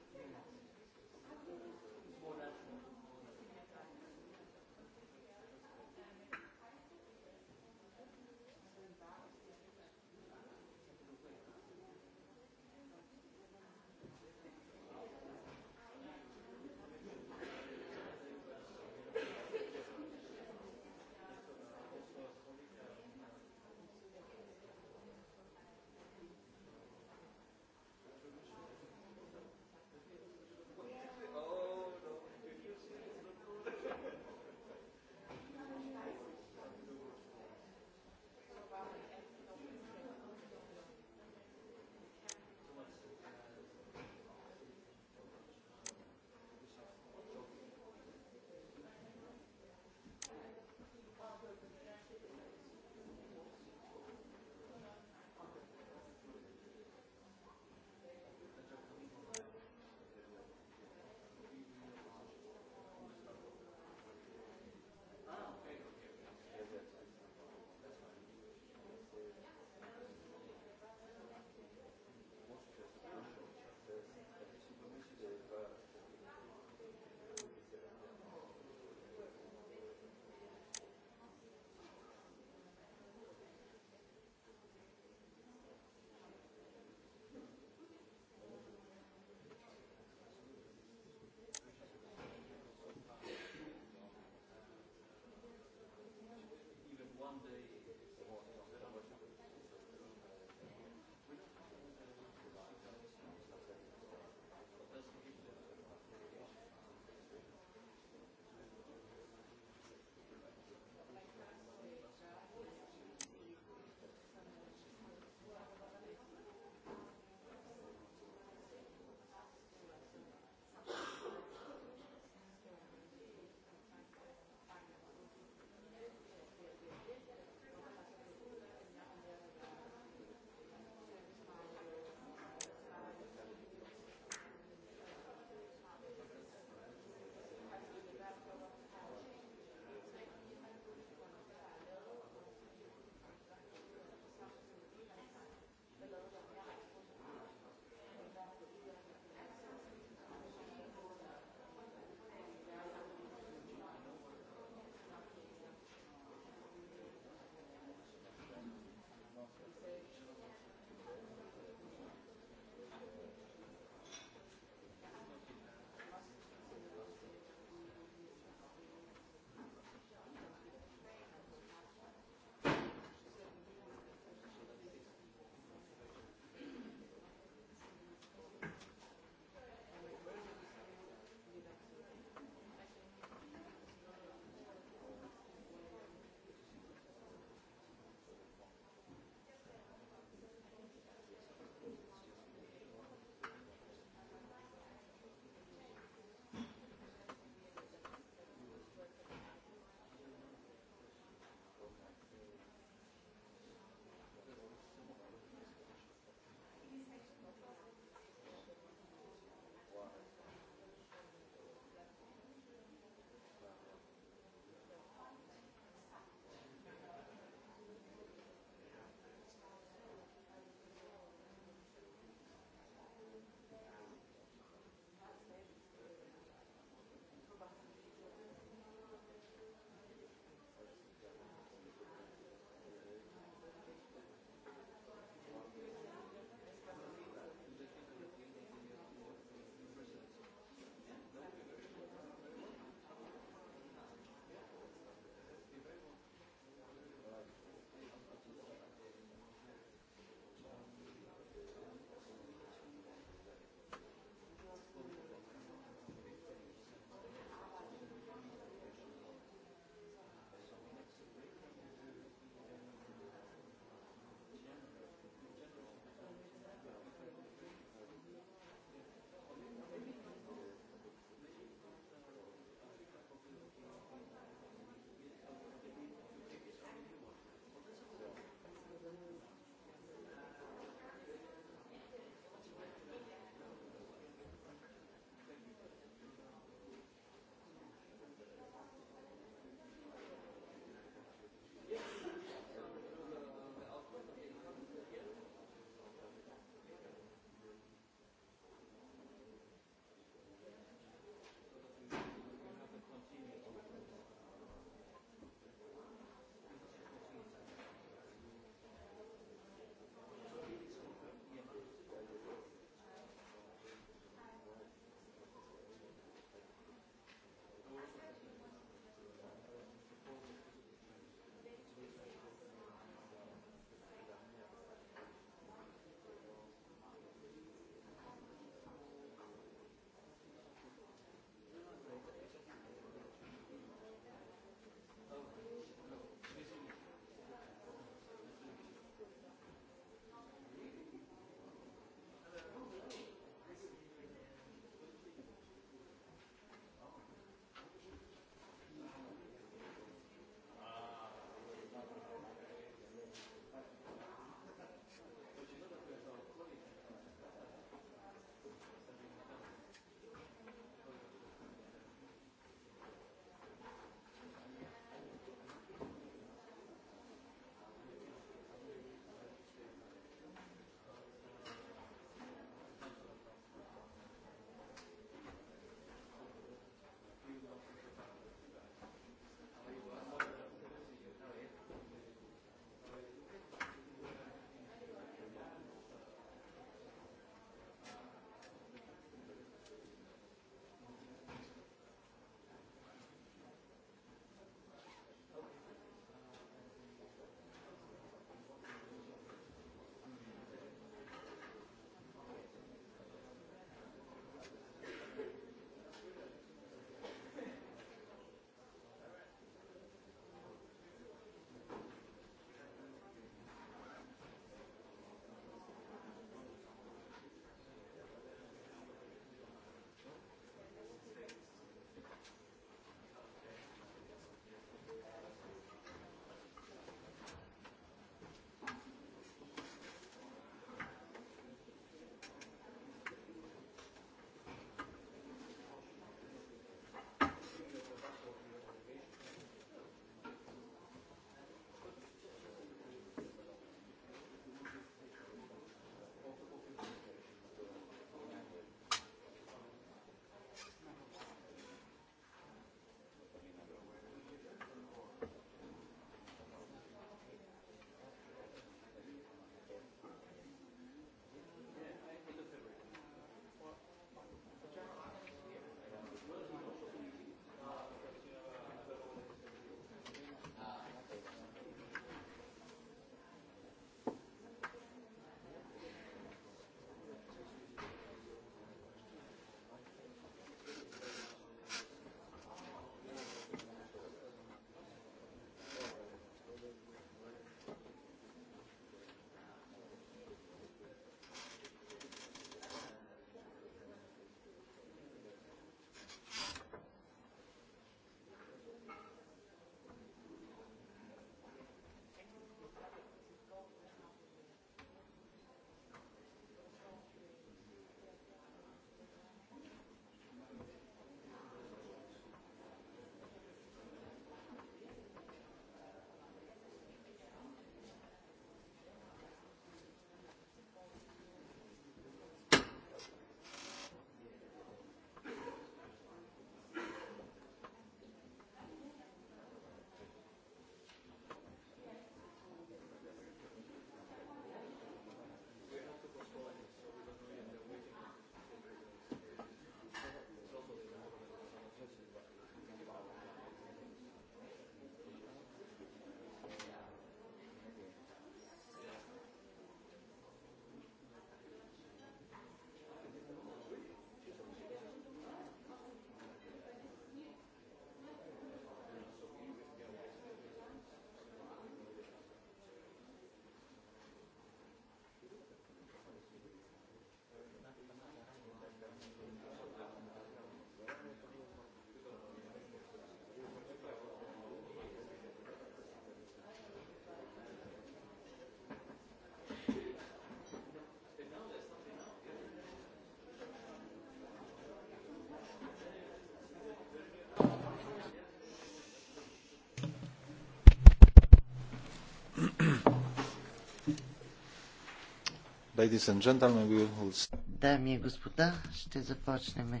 Дами и господа, ще започнем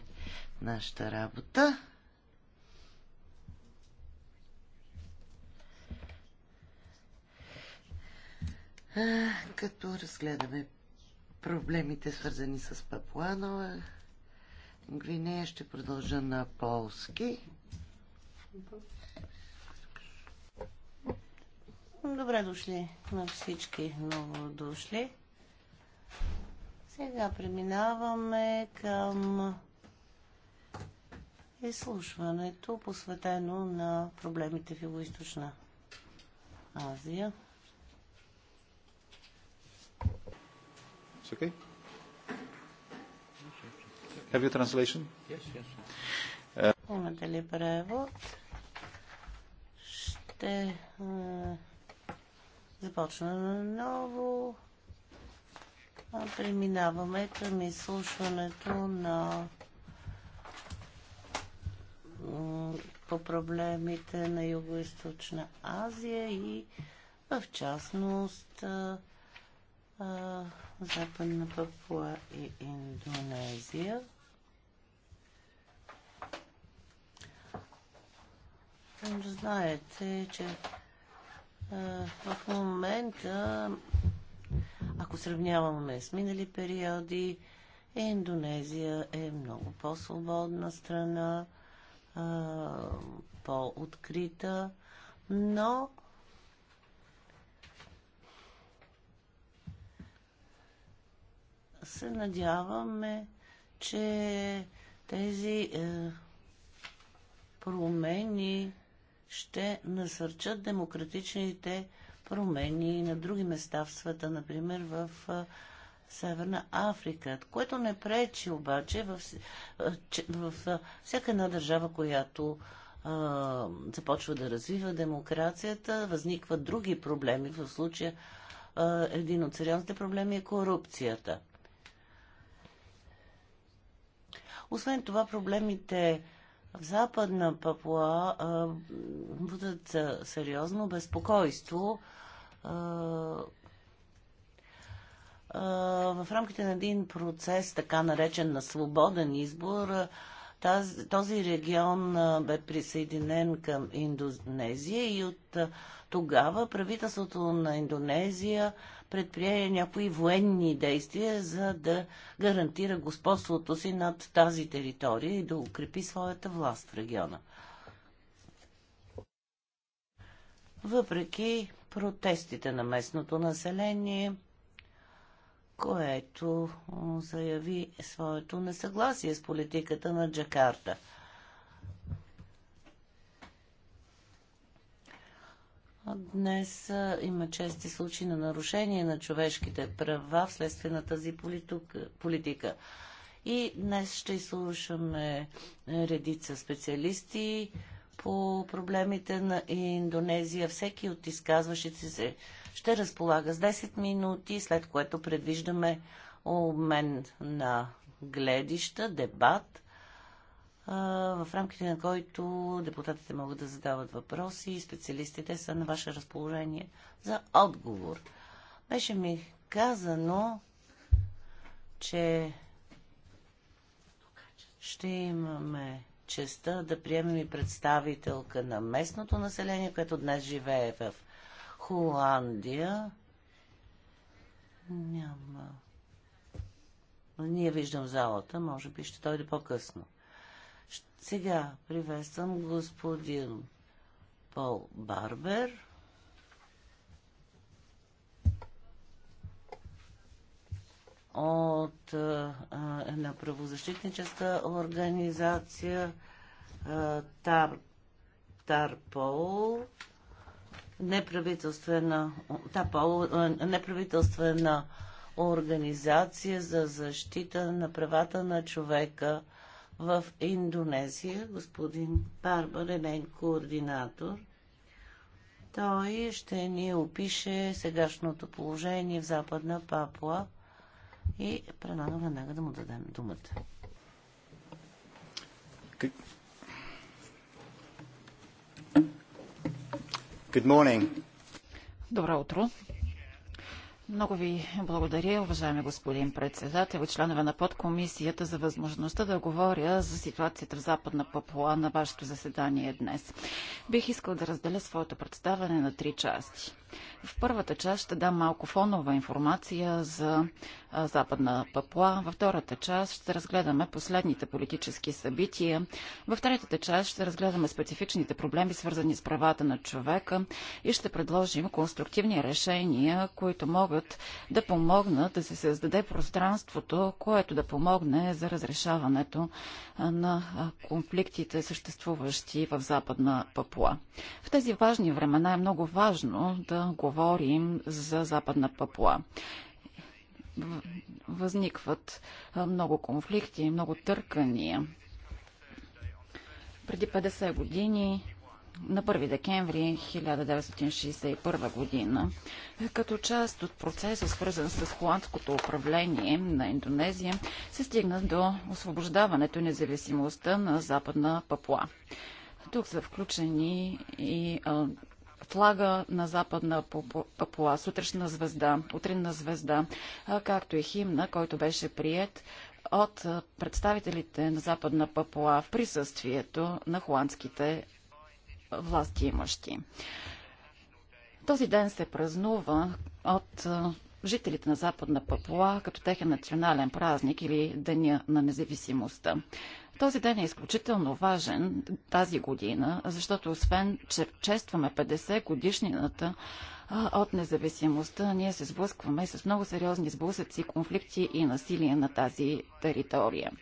нашата работа. като разгледаме проблемите, свързани с Папуанова, Гвинея ще продължа на полски. Добре дошли на всички много дошли. Сега преминаваме към изслушването, посветено на проблемите в Юго-Источна Азия. It's okay? Have you translation? Uh, Имате ли превод? Ще uh, започна наново. Преминаваме към изслушването на по проблемите на Юго-Источна Азия и в частност Западна Папуа и Индонезия. Знаете, че в момента ако сравняваме с минали периоди, е, Индонезия е много по-свободна страна, по-открита, но се надяваме, че тези е, промени ще насърчат демократичните промени на други места в света, например в Северна Африка, което не пречи обаче в, в, в всяка една държава, която а, започва да развива демокрацията, възникват други проблеми. В случая а, един от сериозните проблеми е корупцията. Освен това, проблемите в Западна Папуа а, будат сериозно безпокойство. А, в рамките на един процес, така наречен на свободен избор, този регион бе присъединен към Индонезия и от тогава правителството на Индонезия предприе някои военни действия, за да гарантира господството си над тази територия и да укрепи своята власт в региона. Въпреки протестите на местното население, което заяви своето несъгласие с политиката на Джакарта. Днес има чести случаи на нарушение на човешките права вследствие на тази политика. И днес ще изслушаме редица специалисти, по проблемите на Индонезия. Всеки от изказващите се ще разполага с 10 минути, след което предвиждаме обмен на гледища, дебат, в рамките на който депутатите могат да задават въпроси и специалистите са на ваше разположение за отговор. Беше ми казано, че ще имаме честа да приемем и представителка на местното население, което днес живее в Холандия. Няма. Ние виждам залата, може би ще дойде по-късно. Сега приветствам господин Пол Барбер от една правозащитническа организация Тар, Тарпол, неправителствена, Тарпол, неправителствена организация за защита на правата на човека в Индонезия, господин Барбар е нейн координатор. Той ще ни опише сегашното положение в Западна Папуа – и предлагам веднага да му дадем думата. Good morning. Добро утро. Много ви благодаря, уважаеми господин председател и членове на подкомисията за възможността да говоря за ситуацията в Западна Папуа на вашето заседание днес. Бих искал да разделя своето представяне на три части. В първата част ще дам малко фонова информация за Западна Папуа. Във втората част ще разгледаме последните политически събития. В третата част ще разгледаме специфичните проблеми, свързани с правата на човека и ще предложим конструктивни решения, които могат могат да помогнат да се създаде пространството, което да помогне за разрешаването на конфликтите, съществуващи в Западна Папуа. В тези важни времена е много важно да говорим за Западна Папуа възникват много конфликти, много търкания. Преди 50 години на 1 декември 1961 година, като част от процеса, свързан с холандското управление на Индонезия, се стигна до освобождаването и независимостта на Западна Папуа. Тук са включени и флага на Западна Папуа, сутрешна звезда, утринна звезда, както и химна, който беше прият от представителите на Западна Папуа в присъствието на холандските власти имащи. Този ден се празнува от жителите на Западна Папуа като техен национален празник или Деня на независимостта. Този ден е изключително важен тази година, защото освен, че честваме 50 годишнината от независимостта, ние се сблъскваме с много сериозни сблъсъци, конфликти и насилие на тази територия.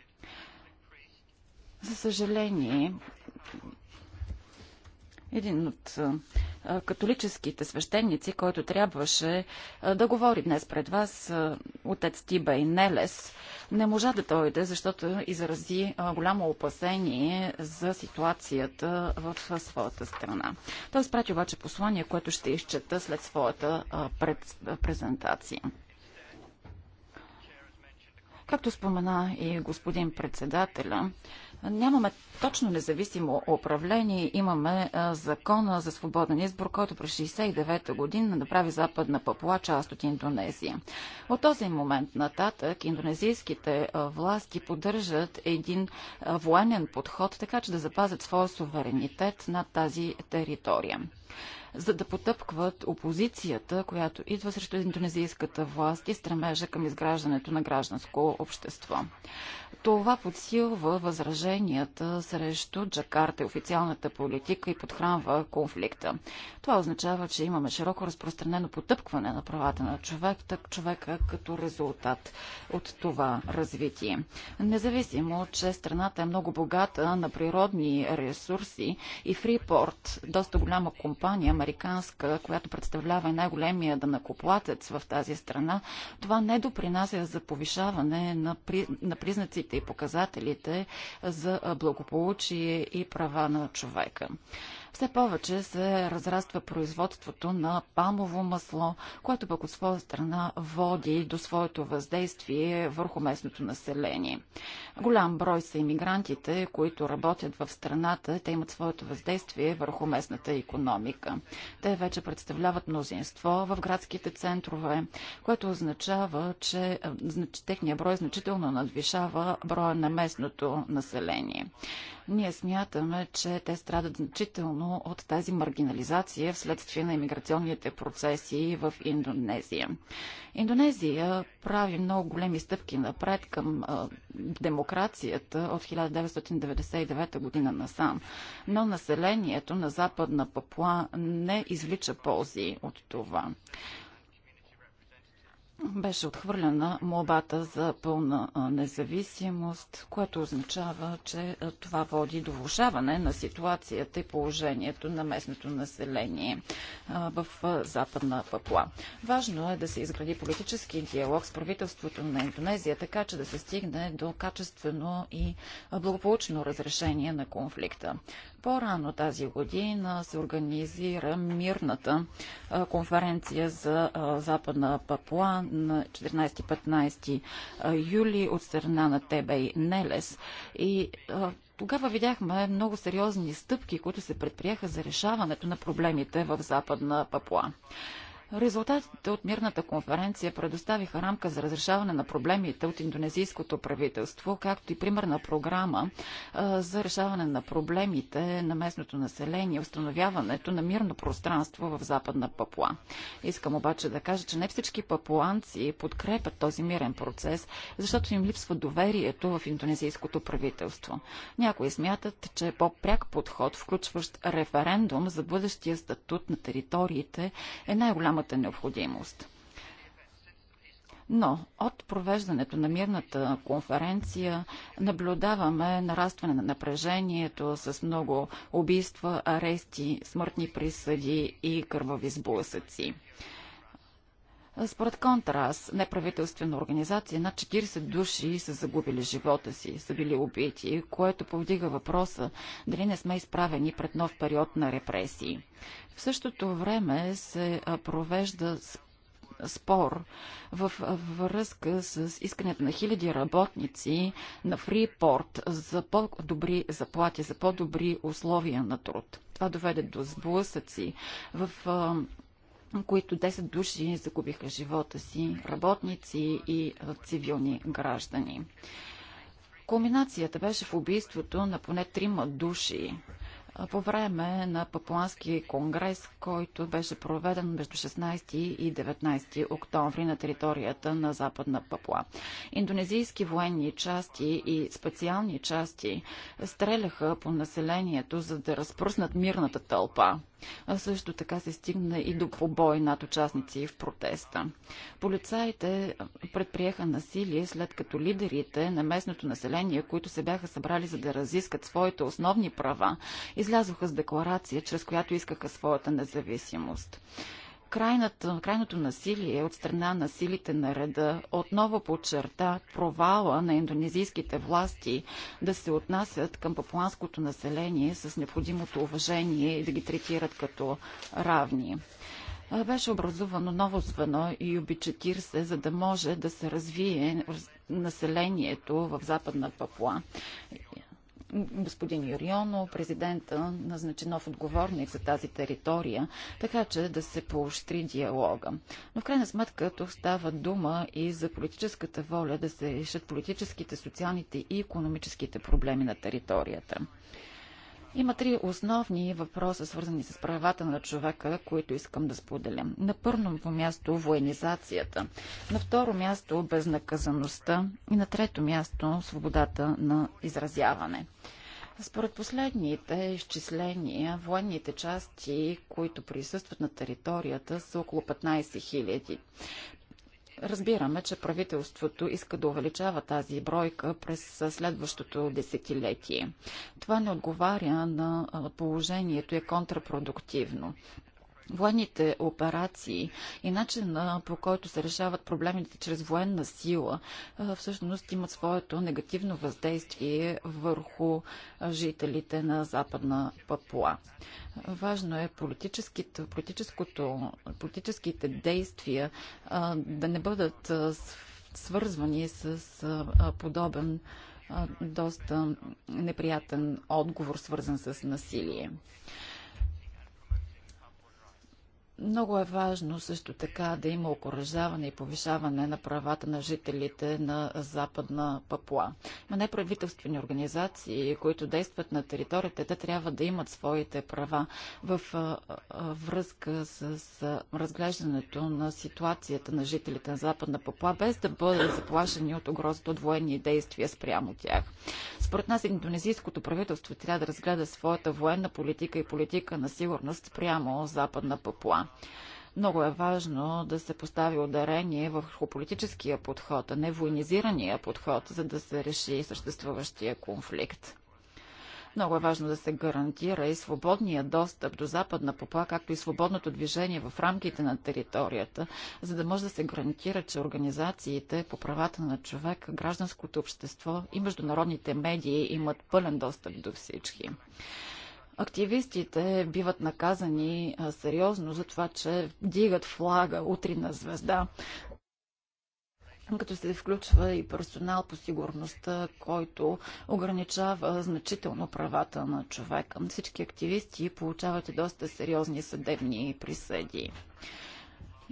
За съжаление, един от католическите свещеници, който трябваше да говори днес пред вас, отец Тиба и Нелес, не можа да дойде, защото изрази голямо опасение за ситуацията в своята страна. Той изпрати обаче послание, което ще изчета след своята презентация. Както спомена и господин председателя, Нямаме точно независимо управление. Имаме а, закона за свободен избор, който през 69-та година направи Западна Папуа част от Индонезия. От този момент нататък индонезийските а, власти поддържат един а, военен подход, така че да запазят своя суверенитет над тази територия за да потъпкват опозицията, която идва срещу индонезийската власт и стремежа към изграждането на гражданско общество. Това подсилва възраженията срещу Джакарта и официалната политика и подхранва конфликта. Това означава, че имаме широко разпространено потъпкване на правата на човек, так човека като резултат от това развитие. Независимо, че страната е много богата на природни ресурси и Фрипорт, доста голяма компания, американска, която представлява най-големия данакоплатец в тази страна, това не допринася за повишаване на, при... на признаците и показателите за благополучие и права на човека. Все повече се разраства производството на палмово масло, което пък от своя страна води до своето въздействие върху местното население. Голям брой са иммигрантите, които работят в страната. Те имат своето въздействие върху местната економика. Те вече представляват мнозинство в градските центрове, което означава, че е, значи, техния брой значително надвишава броя на местното население. Ние смятаме, че те страдат значително от тази маргинализация вследствие на иммиграционните процеси в Индонезия. Индонезия прави много големи стъпки напред към а, демокрацията от 1999 година насам, но населението на Западна Папуа не извлича ползи от това беше отхвърлена молбата за пълна независимост, което означава, че това води до влушаване на ситуацията и положението на местното население в Западна Папуа. Важно е да се изгради политически диалог с правителството на Индонезия, така че да се стигне до качествено и благополучно разрешение на конфликта. По-рано тази година се организира мирната конференция за Западна Папуа на 14-15 юли от страна на Тебе и Нелес. И тогава видяхме много сериозни стъпки, които се предприеха за решаването на проблемите в Западна Папуа. Резултатите от мирната конференция предоставиха рамка за разрешаване на проблемите от индонезийското правителство, както и примерна програма за решаване на проблемите на местното население, установяването на мирно пространство в Западна Папуа. Искам обаче да кажа, че не всички папуанци подкрепят този мирен процес, защото им липсва доверието в индонезийското правителство. Някои смятат, че е по-пряк подход, включващ референдум за бъдещия статут на териториите, е най-голяма нямате необходимост. Но от провеждането на мирната конференция наблюдаваме нарастване на напрежението с много убийства, арести, смъртни присъди и кървави сблъсъци. Според Контрас, неправителствена организация, над 40 души са загубили живота си, са били убити, което повдига въпроса дали не сме изправени пред нов период на репресии. В същото време се провежда спор в връзка с искането на хиляди работници на Фрипорт за по-добри заплати, за по-добри условия на труд. Това доведе до сблъсъци в които 10 души загубиха живота си, работници и цивилни граждани. Кулминацията беше в убийството на поне трима души по време на Папуански конгрес, който беше проведен между 16 и 19 октомври на територията на Западна Папуа. Индонезийски военни части и специални части стреляха по населението, за да разпръснат мирната тълпа. А също така се стигна и до побой над участници в протеста. Полицаите предприеха насилие след като лидерите на местното население, които се бяха събрали за да разискат своите основни права, излязоха с декларация, чрез която искаха своята независимост крайната, крайното насилие е от страна на силите на реда отново подчерта провала на индонезийските власти да се отнасят към папуанското население с необходимото уважение и да ги третират като равни. Беше образувано ново звено и обичатир се, за да може да се развие населението в Западна Папуа господин Юрионо, президента, назначи нов отговорник за тази територия, така че да се поощри диалога. Но в крайна сметка тук става дума и за политическата воля да се решат политическите, социалните и економическите проблеми на територията. Има три основни въпроса, свързани с правата на човека, които искам да споделя. На първо място военизацията, на второ място безнаказаността и на трето място свободата на изразяване. Според последните изчисления, военните части, които присъстват на територията, са около 15 000. Разбираме, че правителството иска да увеличава тази бройка през следващото десетилетие. Това не отговаря на положението и е контрапродуктивно военните операции и начина по който се решават проблемите чрез военна сила всъщност имат своето негативно въздействие върху жителите на Западна Папуа. Важно е политическите, политическите действия а, да не бъдат а, свързвани с а, подобен доста неприятен отговор, свързан с насилие. Много е важно също така да има окоръжаване и повишаване на правата на жителите на Западна Папуа. Ма неправителствени организации, които действат на територията, те трябва да имат своите права в връзка с разглеждането на ситуацията на жителите на Западна Папуа, без да бъдат заплашени от угрозата от военни действия спрямо тях. Според нас индонезийското правителство трябва да разгледа своята военна политика и политика на сигурност спрямо Западна Папуа. Много е важно да се постави ударение върху политическия подход, а не военизирания подход, за да се реши съществуващия конфликт. Много е важно да се гарантира и свободния достъп до западна попа, както и свободното движение в рамките на територията, за да може да се гарантира, че организациите по правата на човек, гражданското общество и международните медии имат пълен достъп до всички. Активистите биват наказани сериозно за това, че дигат флага утрина звезда като се включва и персонал по сигурността, който ограничава значително правата на човека. Всички активисти получават и доста сериозни съдебни присъди.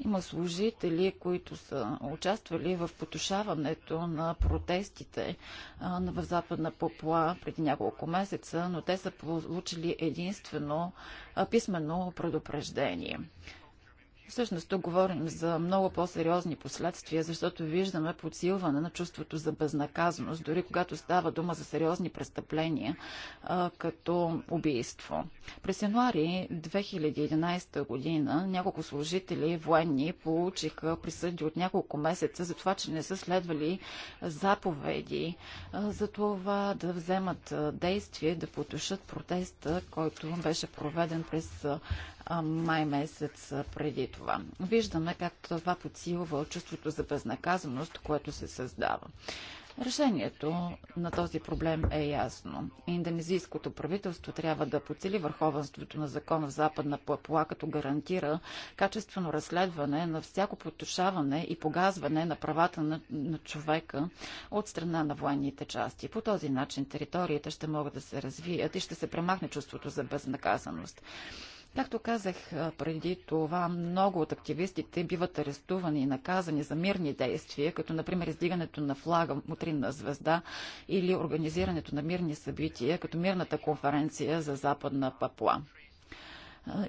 Има служители, които са участвали в потушаването на протестите в Западна Попла преди няколко месеца, но те са получили единствено писмено предупреждение. Всъщност тук говорим за много по-сериозни последствия, защото виждаме подсилване на чувството за безнаказаност, дори когато става дума за сериозни престъпления, като убийство. През януари 2011 година няколко служители военни получиха присъди от няколко месеца за това, че не са следвали заповеди за това да вземат действие, да потушат протеста, който беше проведен през май месец преди това. Виждаме как това подсилва чувството за безнаказаност, което се създава. Решението на този проблем е ясно. Индонезийското правителство трябва да поцели върховенството на закон в Западна Папуа, като гарантира качествено разследване на всяко потушаване и погазване на правата на, на човека от страна на военните части. По този начин териториите ще могат да се развият и ще се премахне чувството за безнаказаност. Както казах преди това, много от активистите биват арестувани и наказани за мирни действия, като например издигането на флага Мутринна звезда или организирането на мирни събития, като мирната конференция за Западна Папуа.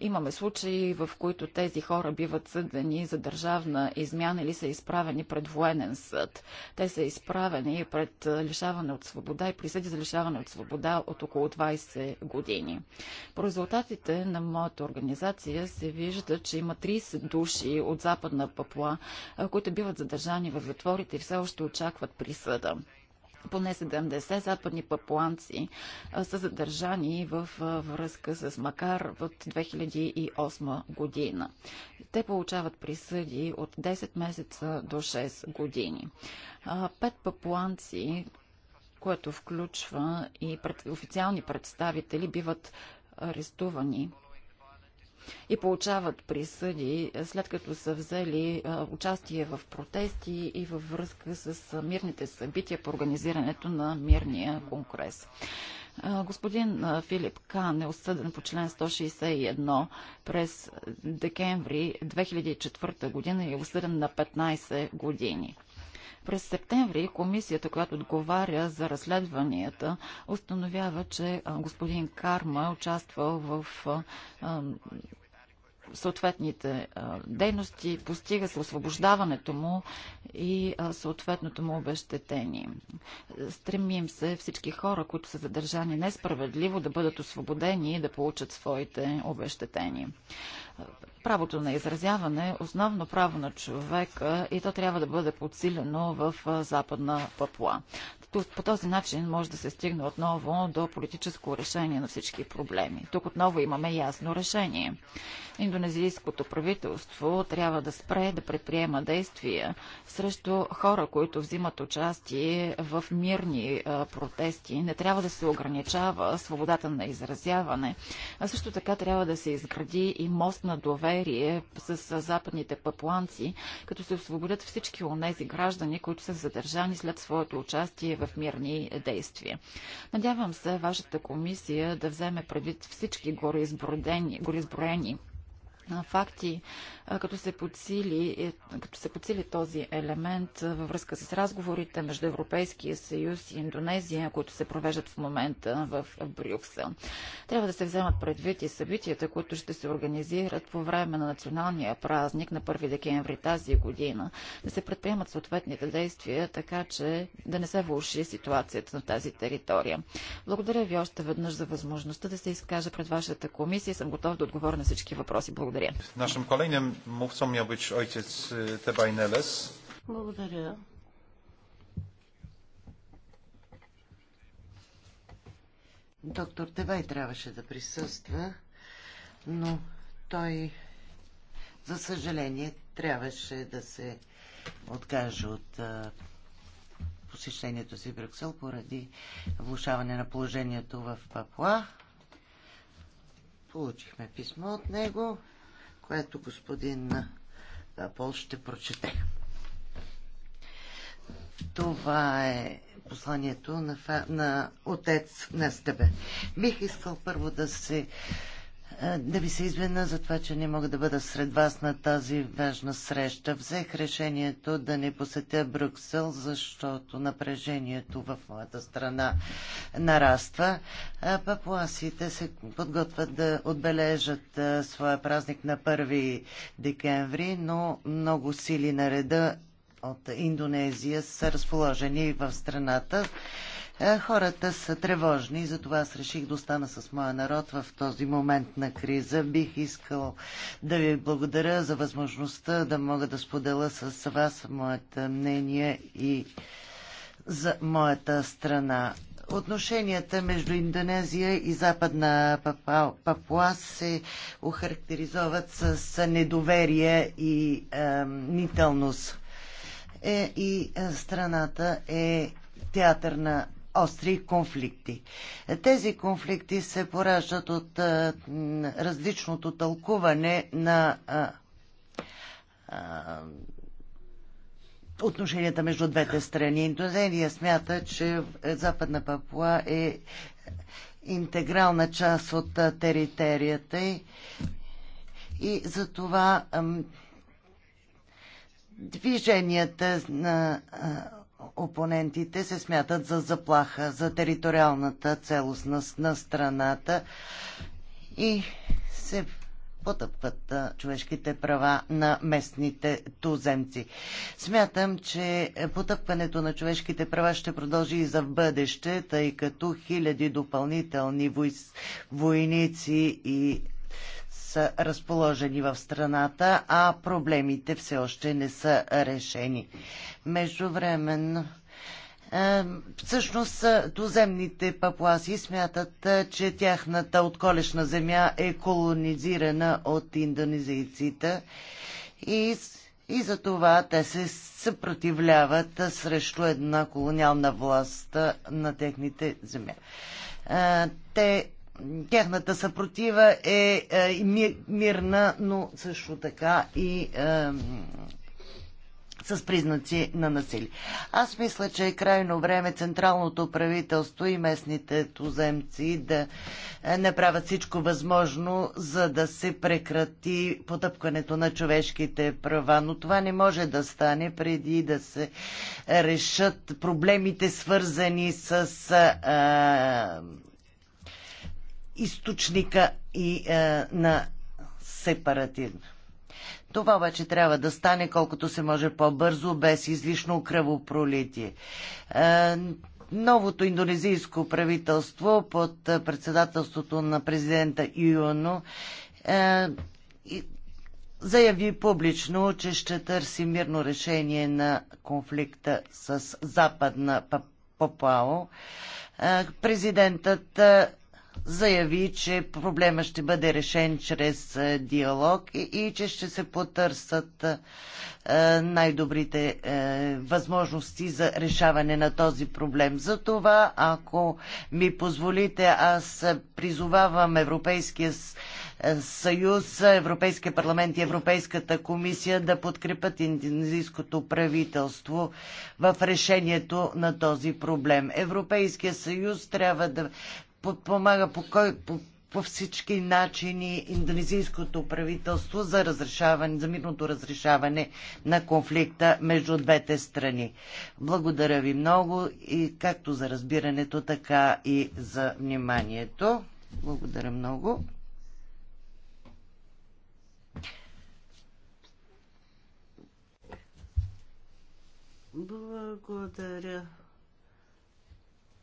Имаме случаи, в които тези хора биват съдени за държавна измяна или са изправени пред военен съд. Те са изправени пред лишаване от свобода и присъди за лишаване от свобода от около 20 години. По резултатите на моята организация се вижда, че има 30 души от Западна Папуа, които биват задържани в затворите и все още очакват присъда поне 70 западни папуанци са задържани в връзка с Макар от 2008 година. Те получават присъди от 10 месеца до 6 години. пет папуанци, което включва и официални представители, биват арестувани и получават присъди, е, след като са взели е, участие в протести и във връзка с е, мирните събития по организирането на мирния конгрес. Господин Филип Кан е осъден по член 161 през декември 2004 година и е осъден на 15 години. През септември комисията, която отговаря за разследванията, установява, че господин Карма е участвал в съответните дейности, постига се освобождаването му и съответното му обещетение. Стремим се всички хора, които са задържани несправедливо, да бъдат освободени и да получат своите обещетения. Правото на изразяване е основно право на човека и то трябва да бъде подсилено в Западна Папуа. По този начин може да се стигне отново до политическо решение на всички проблеми. Тук отново имаме ясно решение. Индонезийското правителство трябва да спре да предприема действия срещу хора, които взимат участие в мирни а, протести. Не трябва да се ограничава свободата на изразяване, а също така трябва да се изгради и мост на доверие с, с западните папуанци, като се освободят всички от тези граждани, които са задържани след своето участие в мирни действия. Надявам се вашата комисия да вземе предвид всички гореизброени факти, като се, подсили, е, като се подсили този елемент във връзка с разговорите между Европейския съюз и Индонезия, които се провеждат в момента в Брюксел. Трябва да се вземат предвид и събитията, които ще се организират по време на националния празник на 1 декември тази година, да се предприемат съответните действия, така че да не се влуши ситуацията на тази територия. Благодаря ви още веднъж за възможността да се изкажа пред вашата комисия. Съм готов да отговоря на всички въпроси. Благодаря. Благодаря. Нашим kolejnym mówcą miał być ojciec Tebajneles. Благодаря. Доктор Тебай трябваше да присъства, но той, за съжаление, трябваше да се откаже от посещението си в Брюксел поради влушаване на положението в Папуа. Получихме писмо от него което господин Пол ще прочете. Това е посланието на, на отец на тебе. Бих искал първо да се да ви се извина за това, че не мога да бъда сред вас на тази важна среща. Взех решението да не посетя Брюксел, защото напрежението в моята страна нараства. Папуасите се подготвят да отбележат своя празник на 1 декември, но много сили на реда от Индонезия са разположени в страната. Е, хората са тревожни и затова аз реших да остана с моя народ в този момент на криза. Бих искал да ви благодаря за възможността да мога да споделя с вас моята мнение и за моята страна. Отношенията между Индонезия и Западна Папуа се охарактеризоват с недоверие и е, нителност. Е, и е, страната е театър на остри конфликти. Тези конфликти се пораждат от различното тълкуване на отношенията между двете страни. Индонезия смята, че Западна Папуа е интегрална част от територията й и за това движенията на опонентите се смятат за заплаха за териториалната целостност на страната и се потъпват човешките права на местните туземци. Смятам, че потъпването на човешките права ще продължи и за в бъдеще, тъй като хиляди допълнителни войс, войници и са разположени в страната, а проблемите все още не са решени. Между времено, е, Всъщност доземните е, папуаси смятат, е, че тяхната отколешна земя е колонизирана от индонезийците и, и за това те се съпротивляват срещу една колониална власт на техните земя. Те тяхната съпротива е, е мир, мирна, но също така и е, с признаци на насилие. Аз мисля, че е крайно време Централното правителство и местните туземци да е, направят всичко възможно, за да се прекрати потъпкането на човешките права. Но това не може да стане преди да се решат проблемите свързани с Е, източника и е, на сепаратизма. Това обаче трябва да стане колкото се може по-бързо, без излишно кръвопролитие. Е, новото индонезийско правителство под е, председателството на президента Юно е, заяви публично, че ще търси мирно решение на конфликта с Западна Папао. Е, президентът е, заяви, че проблема ще бъде решен чрез диалог и, че ще се потърсят най-добрите възможности за решаване на този проблем. За това, ако ми позволите, аз призовавам Европейския съюз, Европейския парламент и Европейската комисия да подкрепят индонезийското правителство в решението на този проблем. Европейския съюз трябва да, подпомага по, кой, по, по всички начини индонезийското правителство за, разрешаване, за мирното разрешаване на конфликта между двете страни. Благодаря ви много и както за разбирането, така и за вниманието. Благодаря много. Благодаря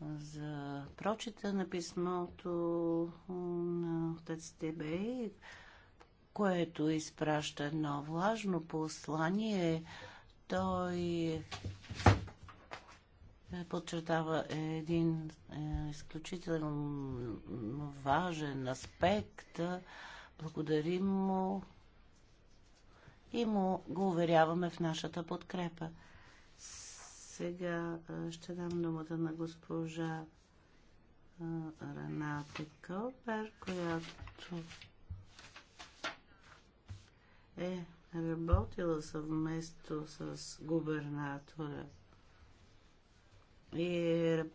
за прочита на писмото на отец Тебей, което изпраща едно влажно послание. Той подчертава един е, изключително важен аспект. Благодарим му и му го уверяваме в нашата подкрепа. Сега ще дам думата на госпожа Ранати Кълбер, която е работила съвместно с губернатора и е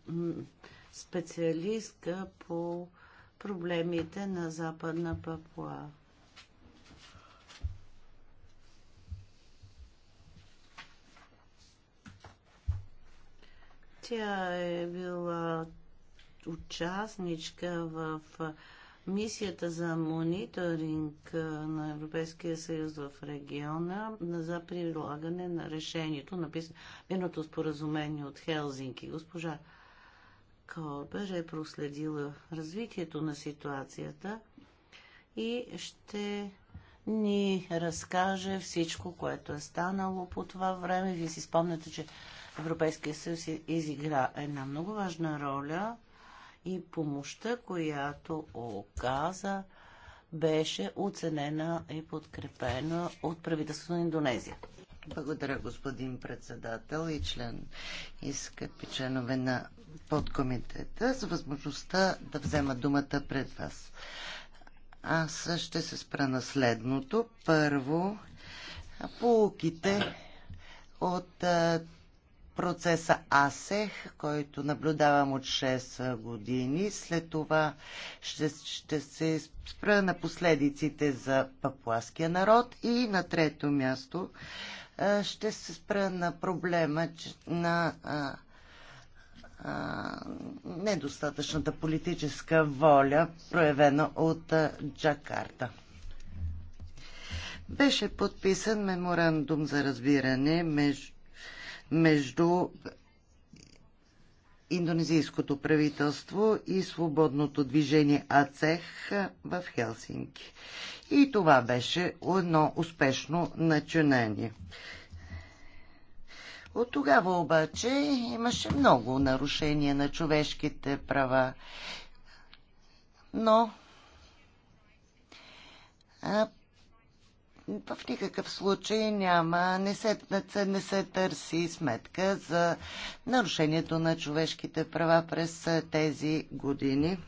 специалистка по проблемите на Западна Папуа. Тя е била участничка в мисията за мониторинг на Европейския съюз в региона за прилагане на решението на мирното споразумение от Хелзинки. Госпожа Колбер е проследила развитието на ситуацията и ще ни разкаже всичко, което е станало по това време. Вие си спомняте, че Европейския съюз изигра една много важна роля и помощта, която оказа, беше оценена и подкрепена от правителството на Индонезия. Благодаря, господин председател и член и скъпи членове на подкомитета за възможността да взема думата пред вас. Аз ще се спра на следното. Първо, полуките от процеса АСЕХ, който наблюдавам от 6 години. След това ще, ще се спра на последиците за папуаския народ и на трето място ще се спра на проблема на а, а, недостатъчната политическа воля, проявена от а, Джакарта. Беше подписан меморандум за разбиране между между индонезийското правителство и свободното движение АЦЕХ в Хелсинки. И това беше едно успешно начинание. От тогава обаче имаше много нарушения на човешките права. Но в никакъв случай няма, не се, не се търси сметка за нарушението на човешките права през тези години.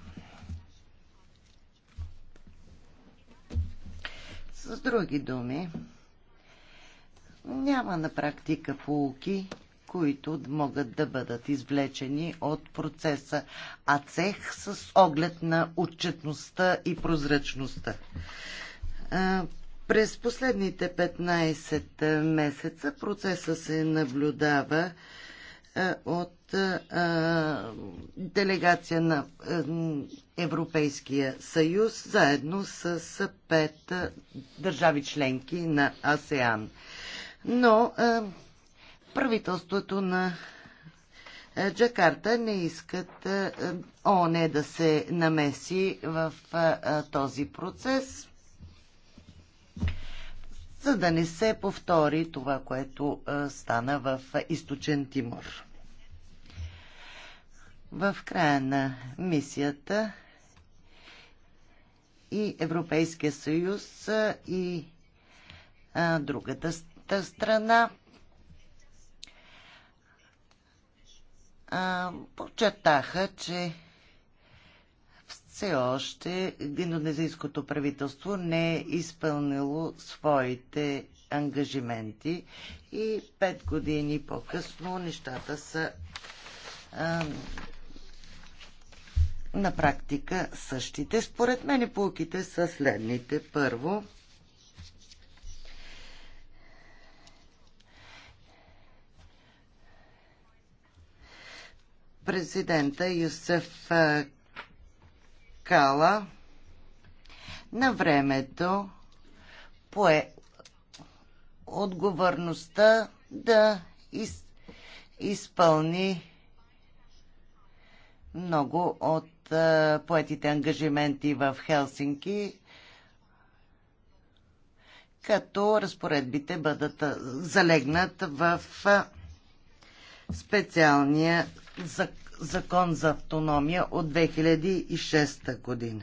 С други думи, няма на практика полуки, които могат да бъдат извлечени от процеса АЦЕХ с оглед на отчетността и прозрачността. През последните 15 месеца процеса се наблюдава от делегация на Европейския съюз, заедно с пет държави членки на АСЕАН. Но правителството на Джакарта не искат Оне да се намеси в този процес за да не се повтори това, което стана в източен Тимор. В края на мисията и Европейския съюз и а, другата страна а, подчертаха, че все още индонезийското правителство не е изпълнило своите ангажименти и пет години по-късно нещата са а, на практика същите. Според мен полуките са следните. Първо, президента Юсеф скала на времето пое отговорността да из, изпълни много от а, поетите ангажименти в Хелсинки, като разпоредбите бъдат залегнат в специалния закон закон за автономия от 2006 година.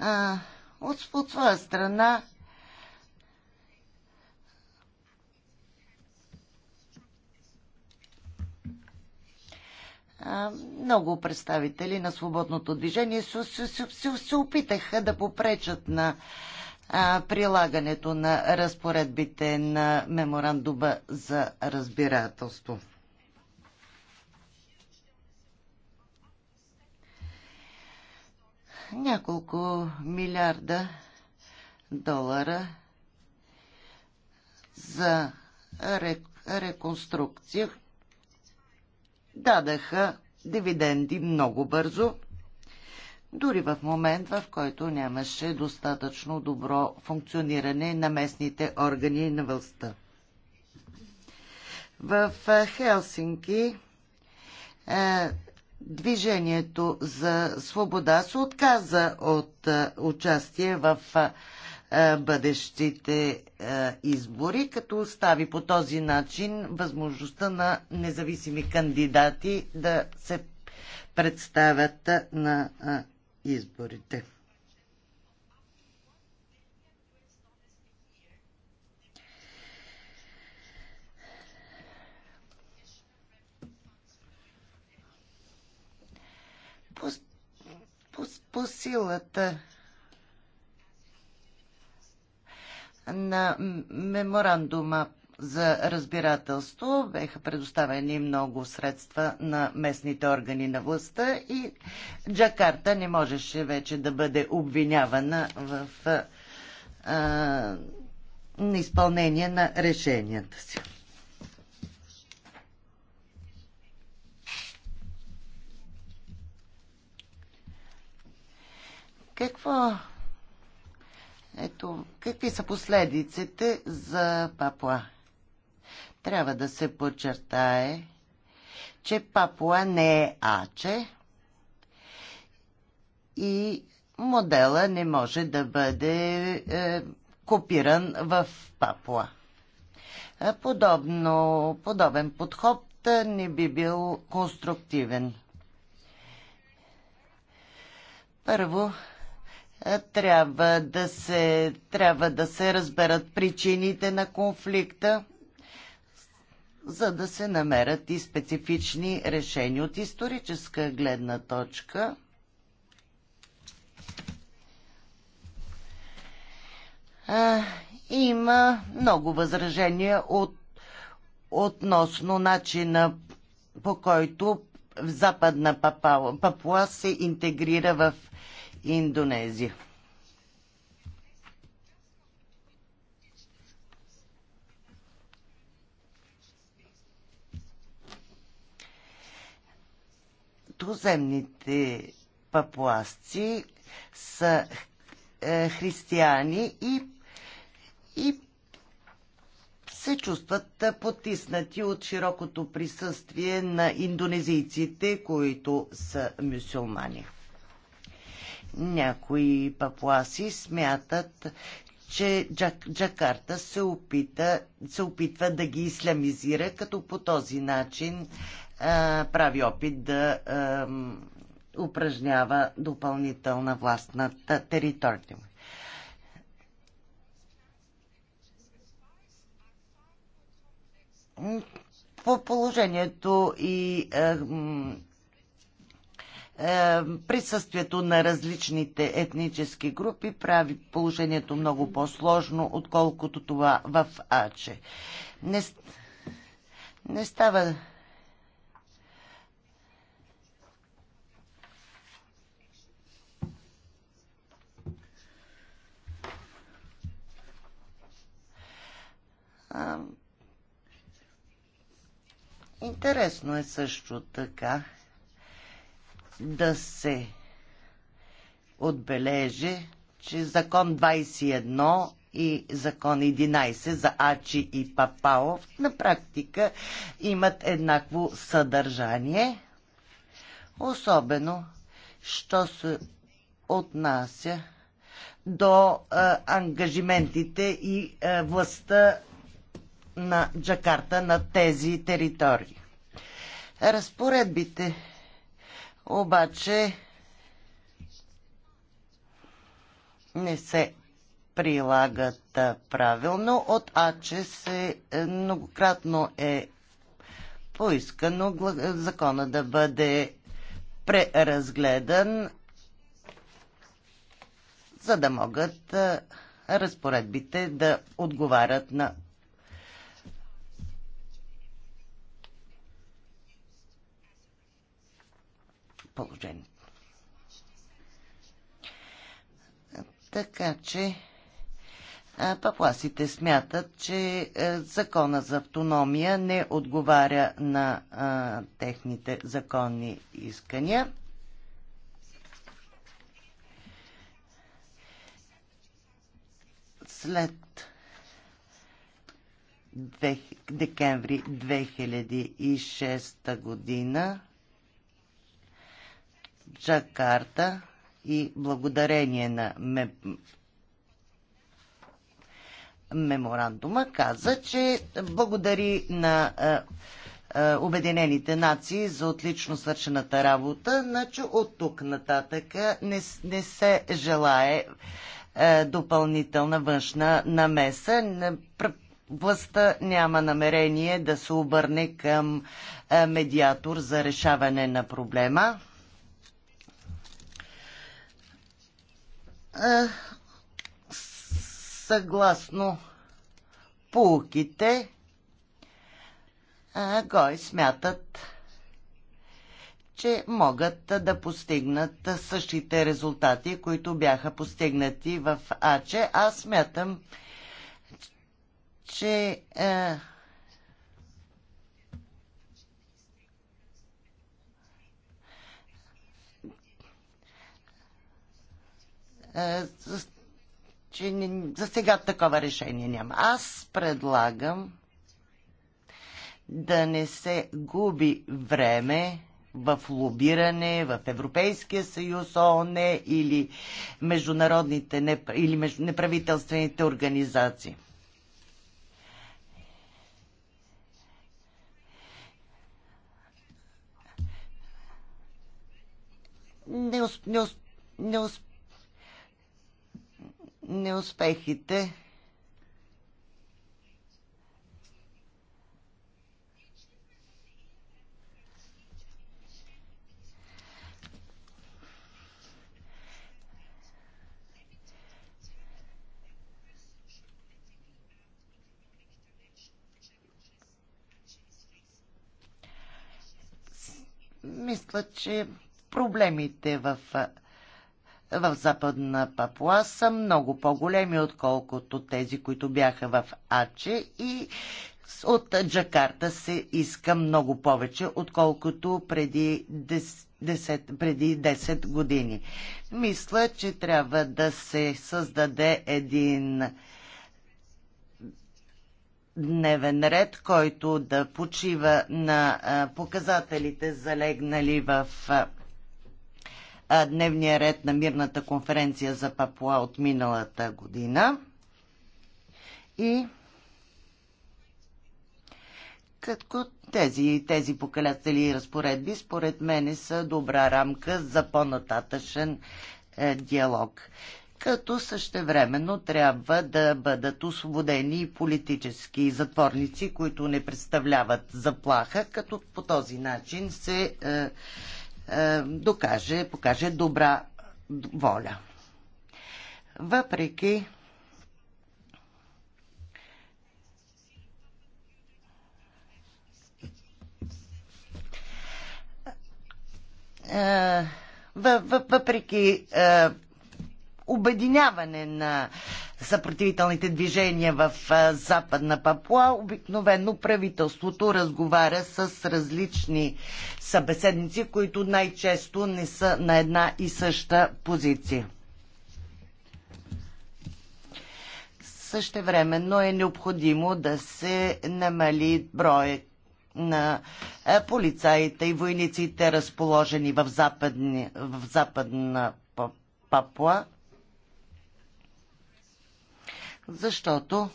А, от, от своя страна много представители на свободното движение се, се, се, се, се опитаха да попречат на прилагането на разпоредбите на меморандума за разбирателство. Няколко милиарда долара за реконструкция дадаха дивиденди много бързо дори в момент, в който нямаше достатъчно добро функциониране на местните органи на властта. В е, Хелсинки е, Движението за свобода се отказа от е, участие в бъдещите избори, като остави по този начин възможността на независими кандидати да се представят на изборите. По, по, по силата на меморандума за разбирателство беха предоставени много средства на местните органи на властта и Джакарта не можеше вече да бъде обвинявана в а, изпълнение на решенията си. Какво ето, какви са последиците за Папуа трябва да се подчертае, че Папуа не е Аче и модела не може да бъде е, копиран в Папуа. Е, подобно, подобен подход е, не би бил конструктивен. Първо, е, трябва да се, трябва да се разберат причините на конфликта за да се намерят и специфични решения. От историческа гледна точка а, има много възражения от, относно начина по който Западна Папуа се интегрира в Индонезия. сухоземните папуасци са е, християни и, и се чувстват е, потиснати от широкото присъствие на индонезийците, които са мюсюлмани. Някои папуаси смятат, че Джак, Джакарта се, опита, се опитва да ги исламизира, като по този начин е, прави опит да е, упражнява допълнителна власт на територията му. По положението и е, е, присъствието на различните етнически групи прави положението много по-сложно, отколкото това в Аче. Не, не става А, интересно е също така да се отбележи, че закон 21 и закон 11 за Ачи и Папао на практика имат еднакво съдържание, особено, що се отнася до а, ангажиментите и а, властта на Джакарта на тези територии. Разпоредбите обаче не се прилагат правилно. От АЧЕС се е, многократно е поискано закона да бъде преразгледан, за да могат е, разпоредбите да отговарят на положението. Така че папуасите смятат, че закона за автономия не отговаря на а, техните законни искания. След декември 2006 година Джакарта и благодарение на меморандума каза, че благодари на е, е, Обединените нации за отлично свършената работа, значи от тук нататък не, не се желае е, допълнителна външна намеса. Властта няма намерение да се обърне към е, медиатор за решаване на проблема. Е, съгласно полуките, е, Гой смятат, че могат да постигнат същите резултати, които бяха постигнати в Аче. Аз смятам, че е, Е, че за сега такова решение няма. Аз предлагам да не се губи време в лобиране в Европейския съюз, ООН или международните или неправителствените организации. Не, усп, не, усп, не, усп, неуспехите мисля, че проблемите в в Западна Папуа са много по-големи, отколкото тези, които бяха в Аче и от Джакарта се иска много повече, отколкото преди 10, 10, преди 10 години. Мисля, че трябва да се създаде един дневен ред, който да почива на показателите залегнали в дневния ред на мирната конференция за Папуа от миналата година. И като тези, тези покалятели разпоредби, според мен, са добра рамка за по-нататъчен е, диалог. Като същевременно трябва да бъдат освободени и политически затворници, които не представляват заплаха, като по този начин се е, е, докаже, покаже добра воля. Въпреки е, въпреки е, обединяване на съпротивителните движения в Западна Папуа, обикновено правителството разговаря с различни събеседници, които най-често не са на една и съща позиция. Същевременно е необходимо да се намали броят на полицаите и войниците, разположени в, западни, в западна Папуа защото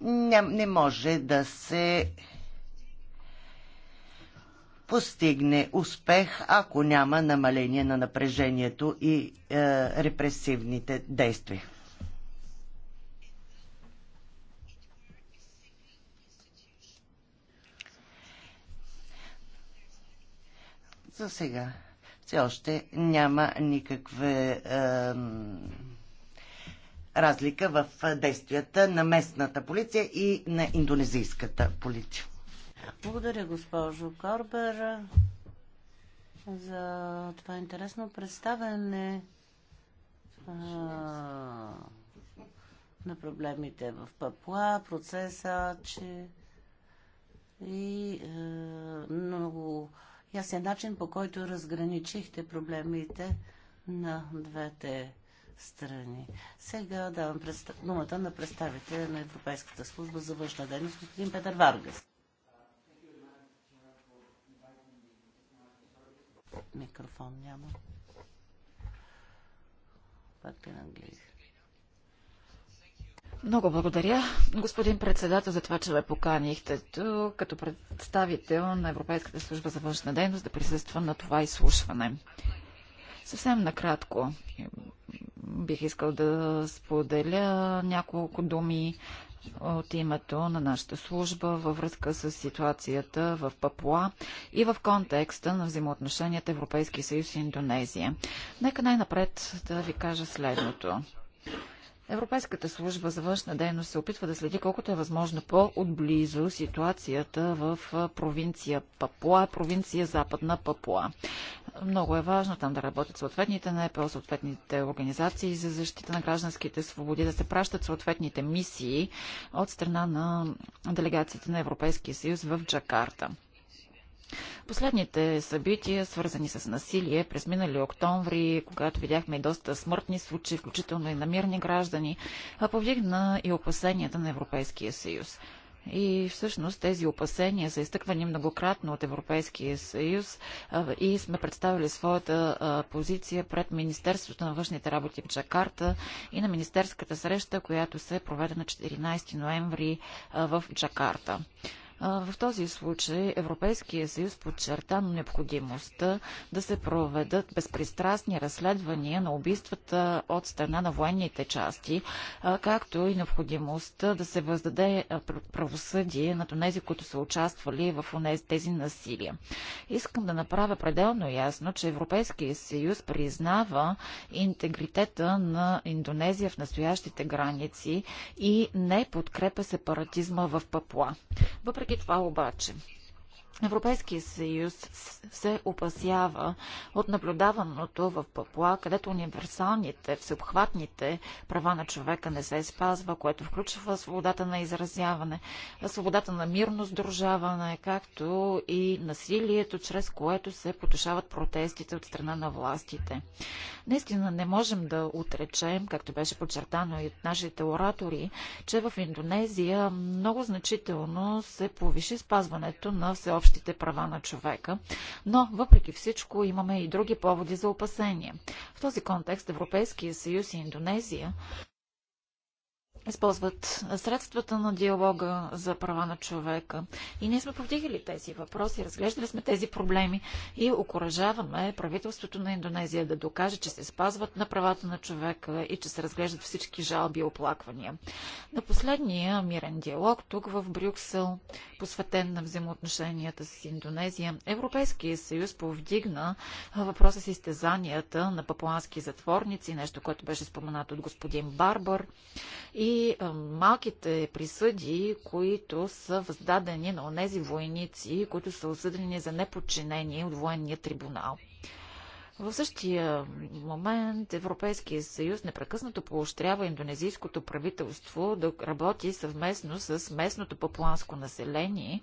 не, може да се постигне успех, ако няма намаление на напрежението и е, репресивните действия. За сега все още няма никаква разлика в действията на местната полиция и на индонезийската полиция. Благодаря, госпожо Корбер, за това интересно представяне на проблемите в Папуа, процеса, че и е, много ясен е начин, по който разграничихте проблемите на двете страни. Сега давам думата на представителя на Европейската служба за външна дейност, господин Петър Варгас. Микрофон няма. Пак е на английски. Много благодаря, господин председател, за това, че ме поканихте тук като представител на Европейската служба за външна дейност да присъства на това изслушване. Съвсем накратко бих искал да споделя няколко думи от името на нашата служба във връзка с ситуацията в Папуа и в контекста на взаимоотношенията Европейски съюз и Индонезия. Нека най-напред да ви кажа следното. Европейската служба за външна дейност се опитва да следи колкото е възможно по-отблизо ситуацията в провинция Папуа, провинция Западна Папуа. Много е важно там да работят съответните НПО, съответните организации за защита на гражданските свободи, да се пращат съответните мисии от страна на делегациите на Европейския съюз в Джакарта. Последните събития, свързани с насилие през минали октомври, когато видяхме и доста смъртни случаи, включително и на мирни граждани, повдигна и опасенията на Европейския съюз. И всъщност тези опасения са изтъквани многократно от Европейския съюз и сме представили своята позиция пред Министерството на външните работи в Джакарта и на Министерската среща, която се проведе на 14 ноември в Джакарта. В този случай Европейския съюз подчерта необходимостта да се проведат безпристрастни разследвания на убийствата от страна на военните части, както и необходимостта да се въздаде правосъдие на тези, които са участвали в тези насилия. Искам да направя пределно ясно, че Европейския съюз признава интегритета на Индонезия в настоящите граници и не подкрепя сепаратизма в Папуа. Въпреки въпреки това обаче, Европейския съюз се опасява от наблюдаваното в Папуа, където универсалните, всеобхватните права на човека не се спазва, което включва свободата на изразяване, свободата на мирно сдружаване, както и насилието, чрез което се потушават протестите от страна на властите. Наистина не можем да отречем, както беше подчертано и от нашите оратори, че в Индонезия много значително се повиши спазването на всеобщите общите права на човека, но въпреки всичко имаме и други поводи за опасения. В този контекст Европейския съюз и Индонезия използват средствата на диалога за права на човека. И ние сме повдигали тези въпроси, разглеждали сме тези проблеми и окоръжаваме правителството на Индонезия да докаже, че се спазват на правата на човека и че се разглеждат всички жалби и оплаквания. На последния мирен диалог тук в Брюксел, посветен на взаимоотношенията с Индонезия, Европейския съюз повдигна въпроса с изтезанията на папуански затворници, нещо, което беше споменато от господин Барбар. И и малките присъди, които са въздадени на онези войници, които са осъдени за неподчинение от военния трибунал. В същия момент Европейския съюз непрекъснато поощрява индонезийското правителство да работи съвместно с местното папуанско население,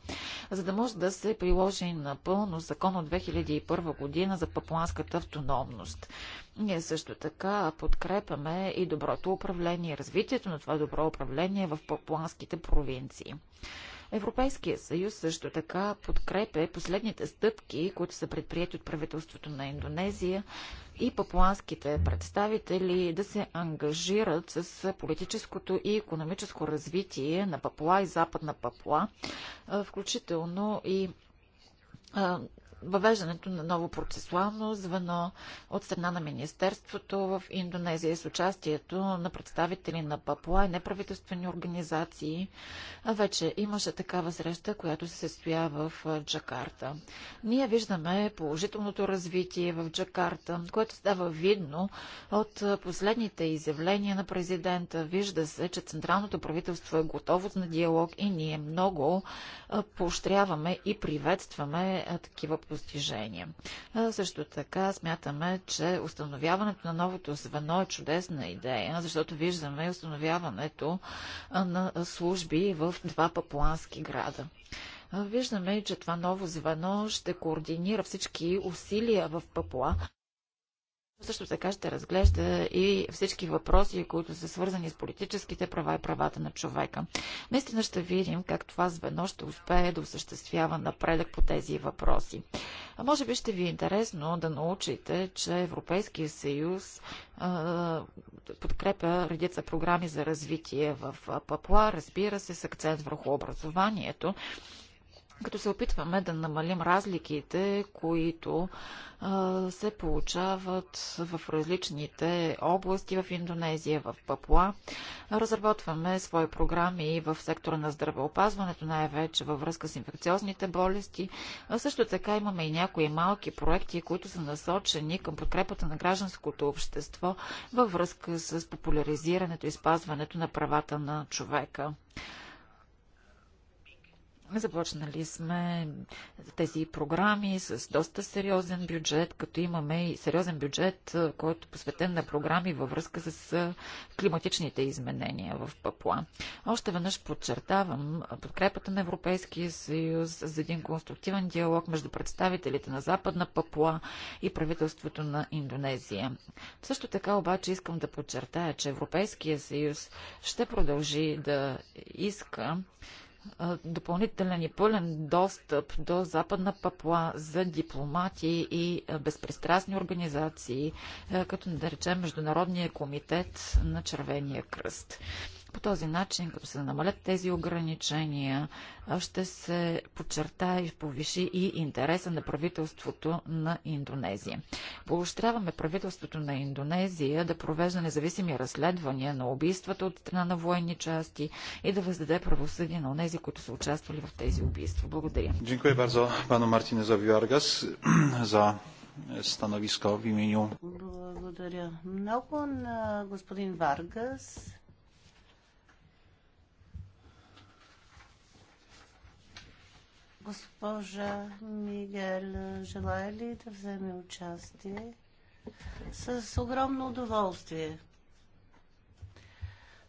за да може да се приложи напълно закон от 2001 година за папуанската автономност. Ние също така подкрепяме и доброто управление, развитието на това добро управление в папуанските провинции. Европейския съюз също така подкрепя последните стъпки, които са предприяти от правителството на Индонезия и папуанските представители да се ангажират с политическото и економическо развитие на Папуа и Западна Папуа, включително и въвеждането на ново процесуално звено от страна на Министерството в Индонезия с участието на представители на Папуа и неправителствени организации. Вече имаше такава среща, която се състоя в Джакарта. Ние виждаме положителното развитие в Джакарта, което става видно от последните изявления на президента. Вижда се, че Централното правителство е готово на диалог и ние много поощряваме и приветстваме такива постижения. А, също така смятаме, че установяването на новото звено е чудесна идея, защото виждаме установяването на служби в два папуански града. Виждаме, че това ново звено ще координира всички усилия в Папуа също така ще разглежда и всички въпроси, които са свързани с политическите права и правата на човека. Наистина ще видим как това звено ще успее да осъществява напредък по тези въпроси. А може би ще ви е интересно да научите, че Европейския съюз а, подкрепя редица програми за развитие в Папуа, разбира се, с акцент върху образованието, като се опитваме да намалим разликите, които а, се получават в различните области в Индонезия, в Папуа. Разработваме свои програми и в сектора на здравеопазването, най-вече във връзка с инфекциозните болести. А също така имаме и някои малки проекти, които са насочени към подкрепата на гражданското общество във връзка с популяризирането и спазването на правата на човека. Започнали сме тези програми с доста сериозен бюджет, като имаме и сериозен бюджет, който е посветен на програми във връзка с климатичните изменения в Папуа. Още веднъж подчертавам подкрепата на Европейския съюз за един конструктивен диалог между представителите на Западна Папуа и правителството на Индонезия. Също така обаче искам да подчертая, че Европейския съюз ще продължи да иска допълнителен и пълен достъп до Западна Папуа за дипломати и безпристрастни организации, като да речем Международния комитет на Червения кръст. По този начин, като се намалят тези ограничения, ще се подчертае и повиши и интереса на правителството на Индонезия. Поощряваме правителството на Индонезия да провежда независими разследвания на убийствата от страна на военни части и да въздаде правосъдие на тези, които са участвали в тези убийства. Благодаря. Dziękuję в именю. Благодаря много на господин Варгас. Госпожа Мигел, желая ли да вземе участие? С огромно удоволствие.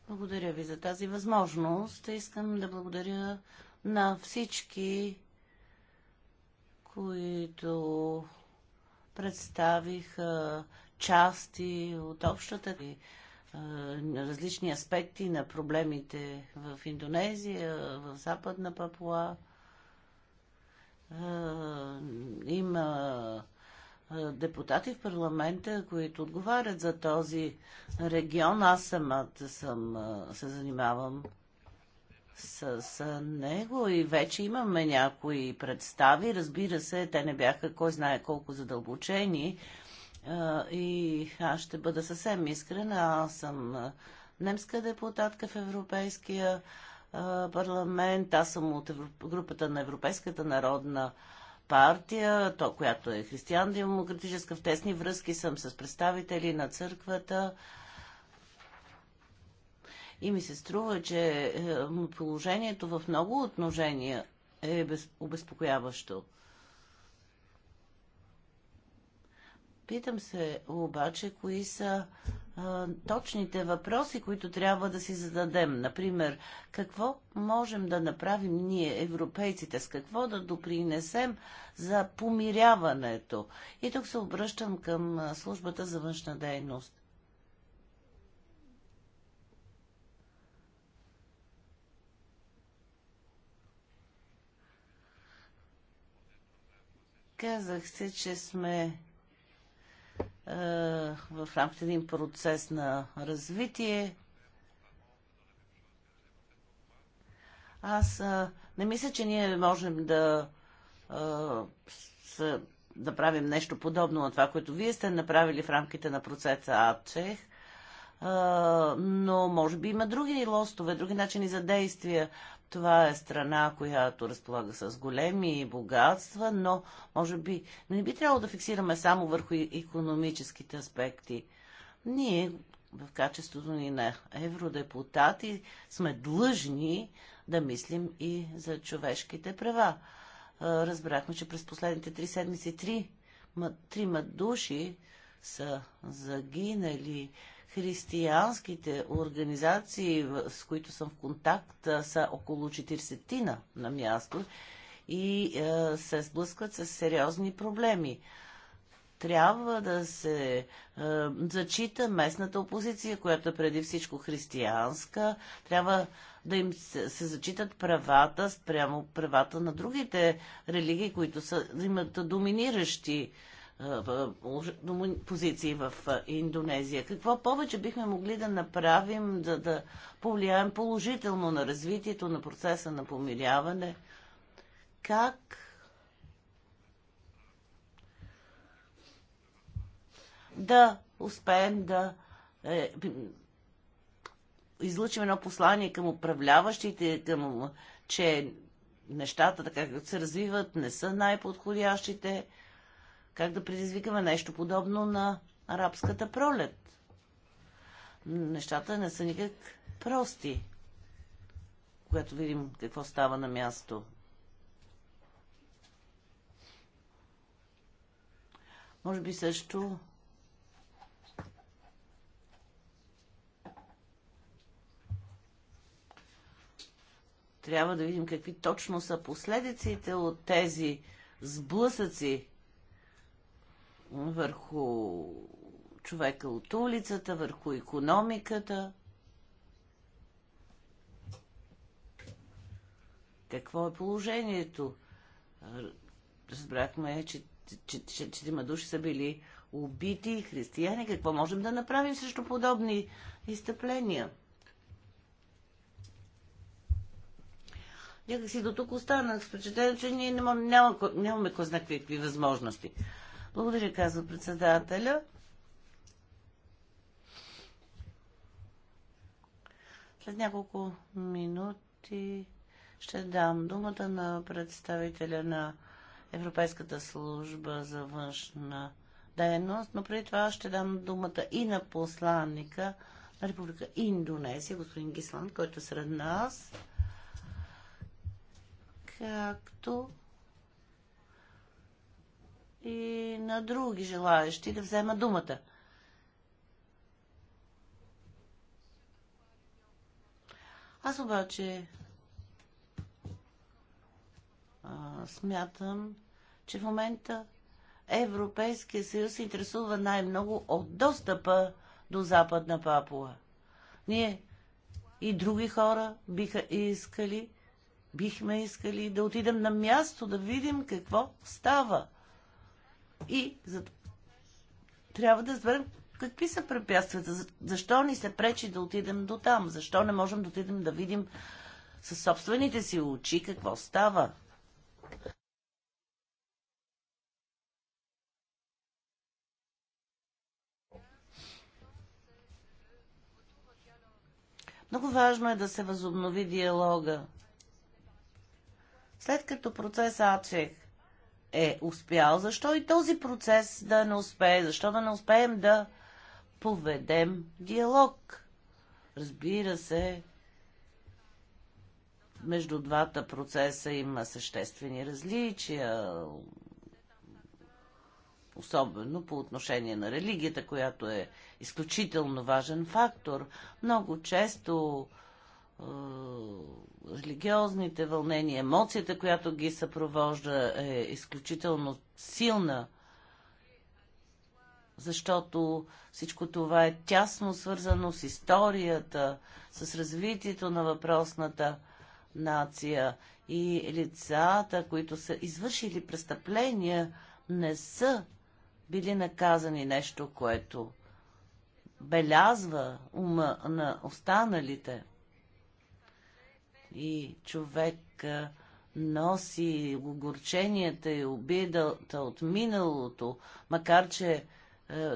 Благодаря ви за тази възможност. Искам да благодаря на всички, които представиха части от общата и различни аспекти на проблемите в Индонезия, в Западна Папуа има депутати в парламента, които отговарят за този регион. Аз самата съм, се занимавам с, с него и вече имаме някои представи. Разбира се, те не бяха кой знае колко задълбочени. И аз ще бъда съвсем искрена. Аз съм немска депутатка в Европейския парламент. Аз съм от групата на Европейската народна партия, то, която е християн-демократическа. В тесни връзки съм с представители на църквата. И ми се струва, че е, положението в много отношения е обезпокояващо. Питам се обаче, кои са точните въпроси, които трябва да си зададем. Например, какво можем да направим ние, европейците, с какво да допринесем за помиряването. И тук се обръщам към службата за външна дейност. Казах се, че сме е, в рамките един процес на развитие. Аз е, не мисля, че ние можем да е, да правим нещо подобно на това, което вие сте направили в рамките на процеса АДЧЕХ, но може би има други лостове, други начини за действия. Това е страна, която разполага с големи богатства, но може би не би трябвало да фиксираме само върху економическите аспекти. Ние, в качеството ни на евродепутати, сме длъжни да мислим и за човешките права. Разбрахме, че през последните три седмици три, трима души са загинали християнските организации, с които съм в контакт, са около 40 на място и е, се сблъскват с сериозни проблеми. Трябва да се е, зачита местната опозиция, която е преди всичко християнска. Трябва да им се, се зачитат правата спрямо правата на другите религии, които са, имат доминиращи позиции в Индонезия. Какво повече бихме могли да направим, да, да повлияем положително на развитието на процеса на помиряване? Как да успеем да е, излучим едно послание към управляващите, към, че нещата, така както се развиват, не са най-подходящите как да предизвикаме нещо подобно на арабската пролет? Нещата не са никак прости, когато видим какво става на място. Може би също трябва да видим какви точно са последиците от тези сблъсъци върху човека от улицата, върху економиката. Какво е положението? Разбрахме, че четирима души са били убити християни. Какво можем да направим срещу подобни изтъпления? Някакси до тук останах с впечатление, че ние нямаме, нямаме кой какви възможности. Благодаря, казва председателя. След няколко минути ще дам думата на представителя на Европейската служба за външна дейност, но преди това ще дам думата и на посланника на Република Индонезия, господин Гисланд, който е сред нас, както и на други желаящи да взема думата. Аз обаче а, смятам, че в момента Европейския съюз се интересува най-много от достъпа до Западна Папуа. Ние и други хора биха искали, бихме искали да отидем на място, да видим какво става. И за... трябва да разберем какви са препятствията, защо ни се пречи да отидем до там, защо не можем да отидем да видим със собствените си очи какво става. Много важно е да се възобнови диалога. След като процеса Ачех е успял, защо и този процес да не успее? Защо да не успеем да поведем диалог? Разбира се, между двата процеса има съществени различия, особено по отношение на религията, която е изключително важен фактор. Много често е, религиозните вълнения, емоцията, която ги съпровожда е изключително силна, защото всичко това е тясно свързано с историята, с развитието на въпросната нация и лицата, които са извършили престъпления, не са били наказани нещо, което белязва ума на останалите – и човек носи огорченията и обидата от миналото, макар че е,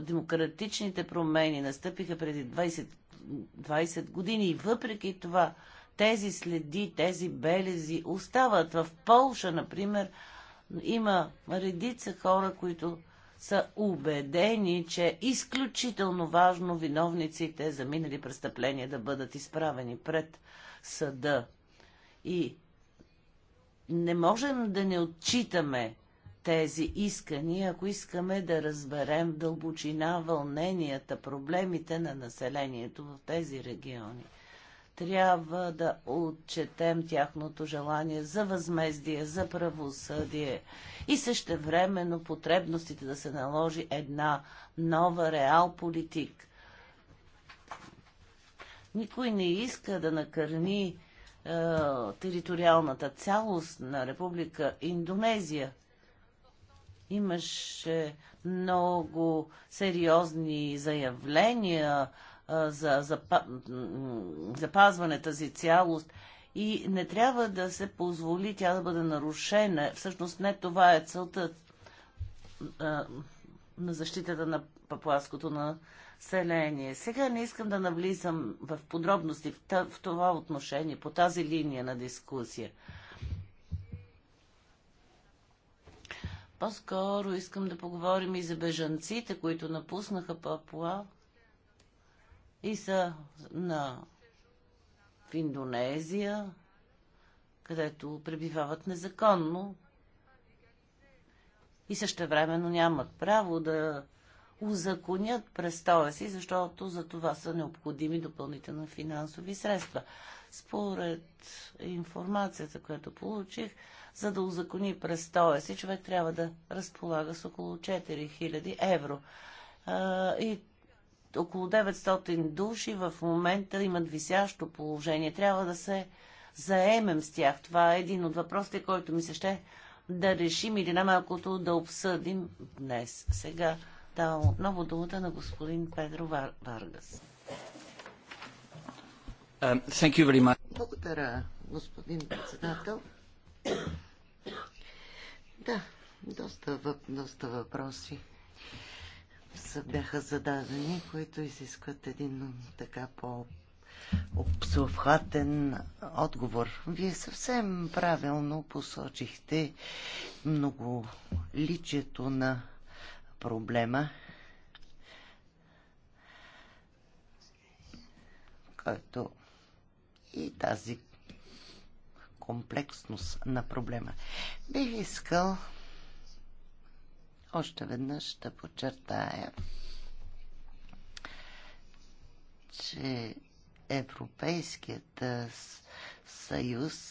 демократичните промени настъпиха преди 20, 20 години и въпреки това тези следи, тези белези остават. В Полша, например, има редица хора, които са убедени, че е изключително важно виновниците за минали престъпления да бъдат изправени пред съда. И не можем да не отчитаме тези искания, ако искаме да разберем дълбочина вълненията, проблемите на населението в тези региони. Трябва да отчетем тяхното желание за възмездие, за правосъдие и същевременно потребностите да се наложи една нова реал политик. Никой не иска да накърни е, териториалната цялост на Република Индонезия. Имаше много сериозни заявления е, за запазване тази цялост и не трябва да се позволи тя да бъде нарушена. Всъщност не това е целта е, на защитата на папуаското на население. Сега не искам да навлизам в подробности в това отношение, по тази линия на дискусия. По-скоро искам да поговорим и за бежанците, които напуснаха Папуа и са на... в Индонезия, където пребивават незаконно и същевременно нямат право да узаконят престоя си, защото за това са необходими допълнителни финансови средства. Според информацията, която получих, за да узакони престоя си, човек трябва да разполага с около 4000 евро. И около 900 души в момента имат висящо положение. Трябва да се заемем с тях. Това е един от въпросите, който ми се ще да решим или най-малкото да обсъдим днес. Сега Давам отново думата на господин Педро Варгас. Um, Благодаря, господин председател. Да, доста, въп, доста въпроси са, бяха зададени, които изискват един така по обсъвхатен отговор. Вие съвсем правилно посочихте много личието на проблема, който и тази комплексност на проблема. Бих искал още веднъж да подчертая, че Европейският съюз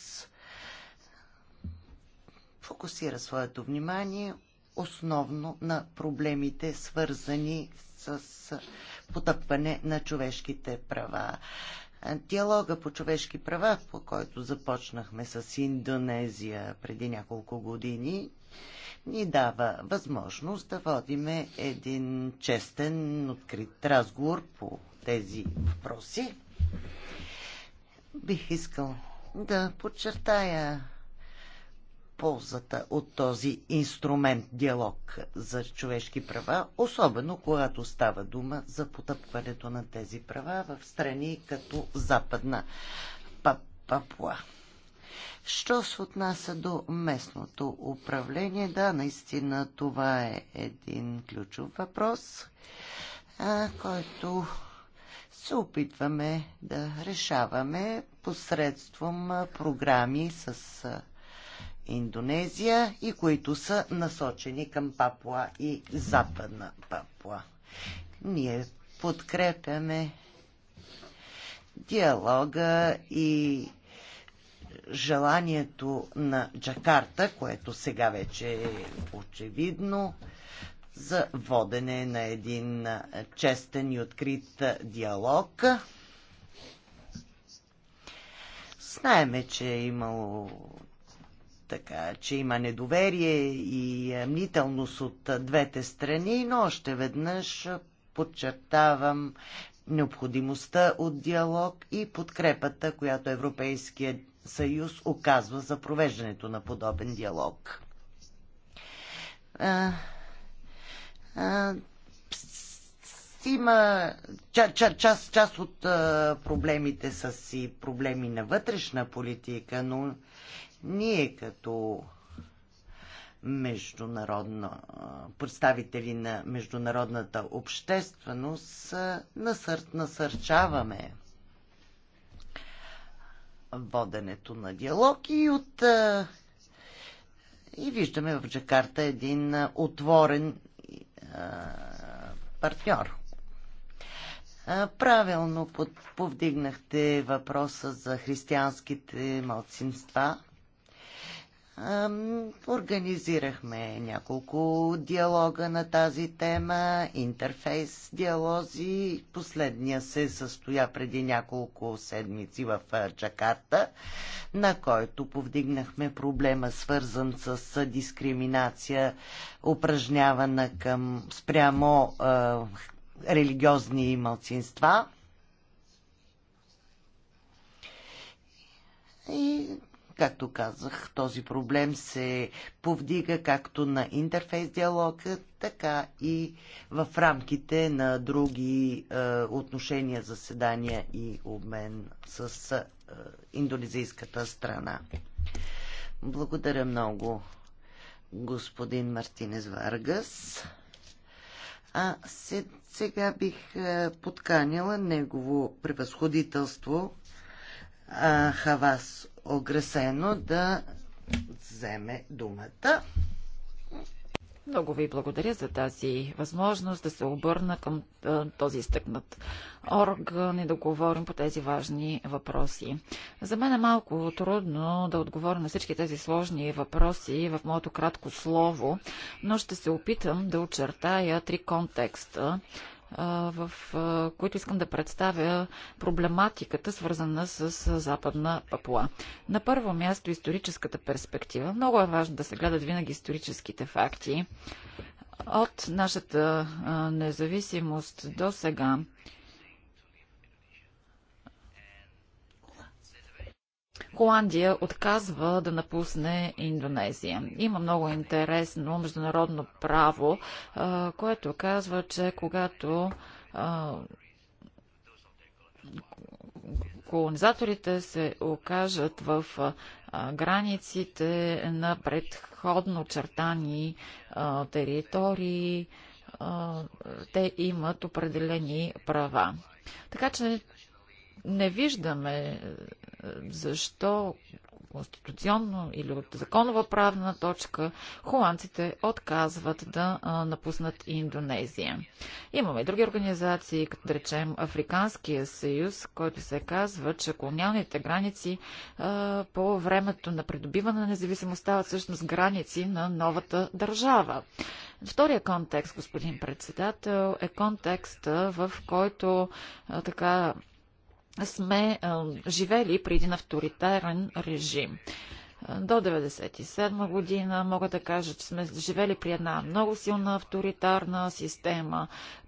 фокусира своето внимание основно на проблемите, свързани с потъпване на човешките права. Диалога по човешки права, по който започнахме с Индонезия преди няколко години, ни дава възможност да водиме един честен, открит разговор по тези въпроси. Бих искал да подчертая ползата от този инструмент диалог за човешки права, особено когато става дума за потъпването на тези права в страни като Западна Папуа. Що се отнася до местното управление? Да, наистина това е един ключов въпрос, който се опитваме да решаваме посредством програми с Индонезия и които са насочени към Папуа и Западна Папуа. Ние подкрепяме диалога и желанието на Джакарта, което сега вече е очевидно, за водене на един честен и открит диалог. Знаеме, че е имало така че има недоверие и е, мнителност от е, двете страни, но още веднъж е, подчертавам необходимостта от диалог и подкрепата, която Европейския съюз оказва за провеждането на подобен диалог. има част, част, част от проблемите са си проблеми на вътрешна политика, но ние като международно, представители на международната общественост насърт, насърчаваме воденето на диалог и от и виждаме в Джакарта един отворен партньор. Правилно повдигнахте въпроса за християнските малцинства. Организирахме няколко диалога на тази тема, интерфейс диалози. Последния се състоя преди няколко седмици в Джакарта, на който повдигнахме проблема, свързан с дискриминация, упражнявана към спрямо е, религиозни малцинства. И Както казах, този проблем се повдига както на интерфейс диалога, така и в рамките на други е, отношения, заседания и обмен с е, индонезийската страна. Благодаря много, господин Мартинес Варгас. А сега бих е, подканила негово превъзходителство Хавас огресено да вземе думата. Много ви благодаря за тази възможност да се обърна към този стъкнат орган и да говорим по тези важни въпроси. За мен е малко трудно да отговоря на всички тези сложни въпроси в моето кратко слово, но ще се опитам да очертая три контекста, в които искам да представя проблематиката, свързана с Западна Папуа. На първо място историческата перспектива. Много е важно да се гледат винаги историческите факти. От нашата независимост до сега Холандия отказва да напусне Индонезия. Има много интересно международно право, което казва, че когато колонизаторите се окажат в границите на предходно очертани територии, те имат определени права. Така че не виждаме защо конституционно или от законова правна точка холандците отказват да напуснат Индонезия. Имаме и други организации, като да речем Африканския съюз, който се казва, че колониалните граници а, по времето на придобиване на независимост стават всъщност граници на новата държава. Втория контекст, господин председател, е контекста, в който а, така сме живели при един авторитарен режим до 1997 година. Мога да кажа, че сме живели при една много силна авторитарна система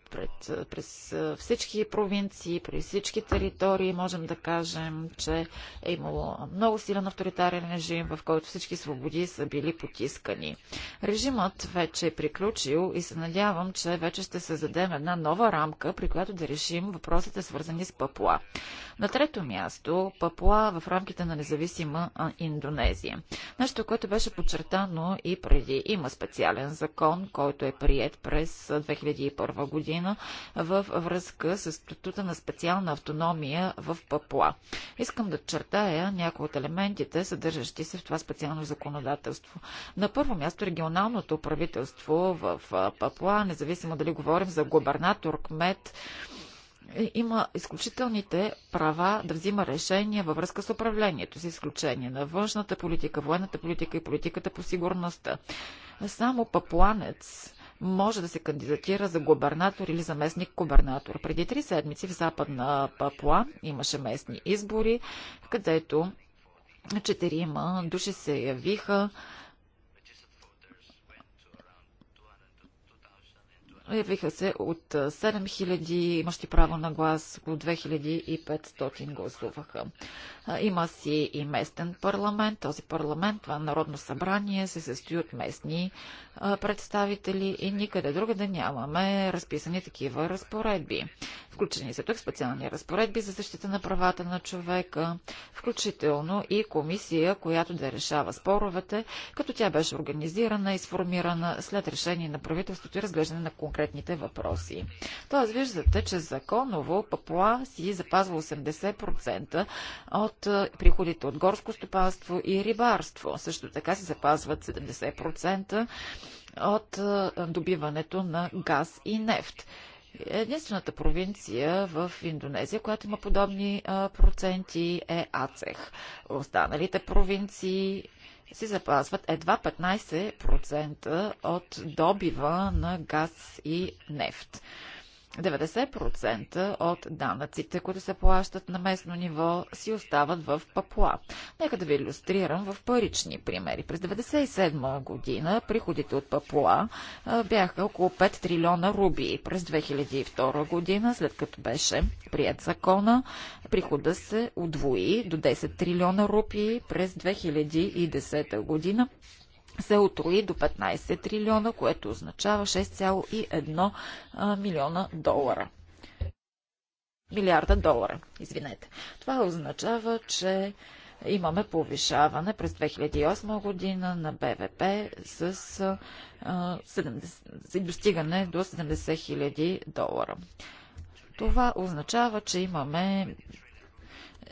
пред, през всички провинции, при всички територии можем да кажем, че е имало много силен авторитарен режим, в който всички свободи са били потискани. Режимът вече е приключил и се надявам, че вече ще се една нова рамка, при която да решим въпросите свързани с Папуа. На трето място Папуа в рамките на независима Индонезия. Нещо, което беше подчертано и преди. Има специален закон, който е прият през 2001 година година във връзка с статута на специална автономия в Папуа. Искам да чертая някои от елементите, съдържащи се в това специално законодателство. На първо място регионалното правителство в Папуа, независимо дали говорим за губернатор, кмет, има изключителните права да взима решения във връзка с управлението, с изключение на външната политика, военната политика и политиката по сигурността. Само папуанец може да се кандидатира за губернатор или заместник губернатор. Преди три седмици в Западна Папуа имаше местни избори, където четирима души се явиха Явиха се от 7000, имащи право на глас, около 2500 гласуваха. Има си и местен парламент. Този парламент, това Народно събрание, се състои от местни представители и никъде друга да нямаме разписани такива разпоредби. Включени са тук специални разпоредби за защита на правата на човека, включително и комисия, която да решава споровете, като тя беше организирана и сформирана след решение на правителството и разглеждане на конкретните въпроси. Тоест виждате, че законово Папуа си запазва 80% от от приходите от горско стопанство и рибарство. Също така се запазват 70% от добиването на газ и нефт. Единствената провинция в Индонезия, която има подобни проценти е Ацех. Останалите провинции си запазват едва 15% от добива на газ и нефт. 90% от данъците, които се плащат на местно ниво, си остават в Папуа. Нека да ви иллюстрирам в парични примери. През 1997 година приходите от Папуа бяха около 5 трилиона руби. През 2002 година, след като беше прият закона, прихода се удвои до 10 трилиона рупии през 2010 година се отрои до 15 трилиона, което означава 6,1 милиона долара. Милиарда долара, извинете. Това означава, че имаме повишаване през 2008 година на БВП с, а, 70, достигане до 70 хиляди долара. Това означава, че имаме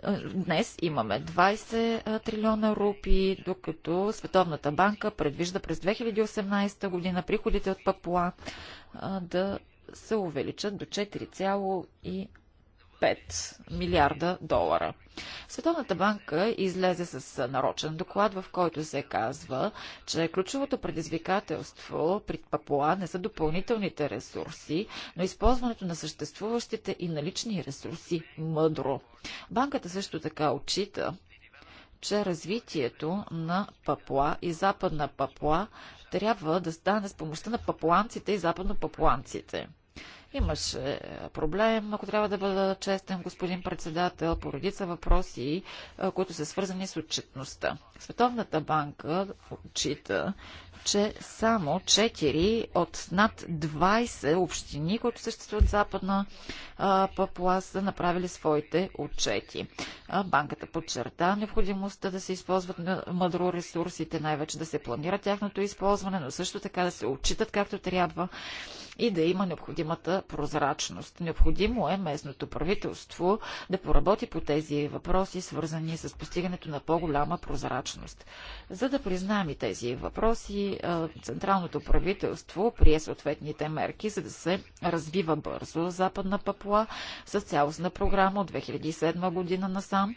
е, днес имаме 20 е, трилиона рупи, докато Световната банка предвижда през 2018 година приходите от Папуа да се увеличат до 5 милиарда долара. Световната банка излезе с нарочен доклад, в който се казва, че ключовото предизвикателство при Папуа не са допълнителните ресурси, но използването на съществуващите и налични ресурси мъдро. Банката също така отчита, че развитието на Папуа и Западна Папуа трябва да стане с помощта на папуанците и западно папуанците. Имаше проблем, ако трябва да бъда честен, господин председател, по редица въпроси, които са свързани с отчетността. Световната банка отчита, че само 4 от над 20 общини, които съществуват в Западна Папуа, са направили своите отчети. Банката подчерта необходимостта да се използват мъдро ресурсите, най-вече да се планира тяхното използване, но също така да се отчитат както трябва и да има необходимата прозрачност. Необходимо е местното правителство да поработи по тези въпроси, свързани с постигането на по-голяма прозрачност. За да признаем и тези въпроси, централното правителство прие съответните мерки, за да се развива бързо Западна Папуа с цялостна програма от 2007 година насам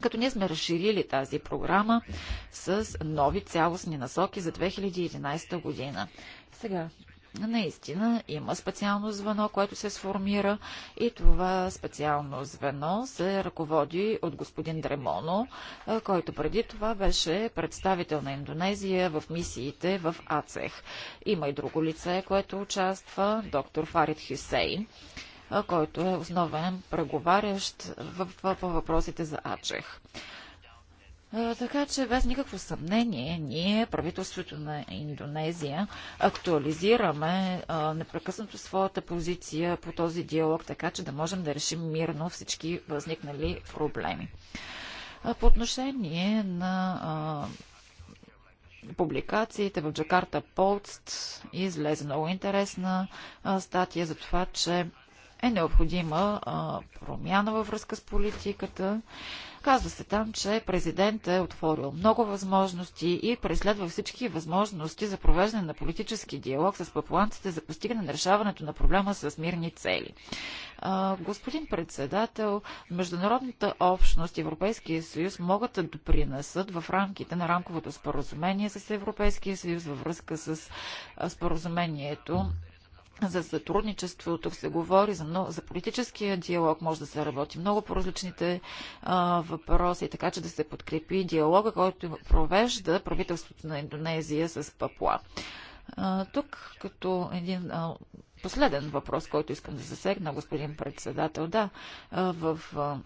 като ние сме разширили тази програма с нови цялостни насоки за 2011 година. Сега, Наистина има специално звено, което се сформира и това специално звено се ръководи от господин Дремоно, който преди това беше представител на Индонезия в мисиите в АЦЕХ. Има и друго лице, което участва, доктор Фарид Хюсейн който е основен преговарящ в, в, по въпросите за АЧЕХ. Така че без никакво съмнение ние, правителството на Индонезия, актуализираме а, непрекъснато своята позиция по този диалог, така че да можем да решим мирно всички възникнали проблеми. А, по отношение на а, публикациите в Джакарта Полст излезе много интересна статия за това, че е необходима промяна във връзка с политиката Казва се там, че президента е отворил много възможности и преследва всички възможности за провеждане на политически диалог с папуанците за постигане на решаването на проблема с мирни цели. А, господин председател, международната общност и Европейския съюз могат да допринесат в рамките на рамковото споразумение с Европейския съюз във връзка с споразумението за сътрудничество, тук се говори за, много, за политическия диалог, може да се работи много по различните а, въпроси, така че да се подкрепи диалога, който провежда правителството на Индонезия с Папуа. А, тук като един а, последен въпрос, който искам да засегна, господин председател, да, а, в. А,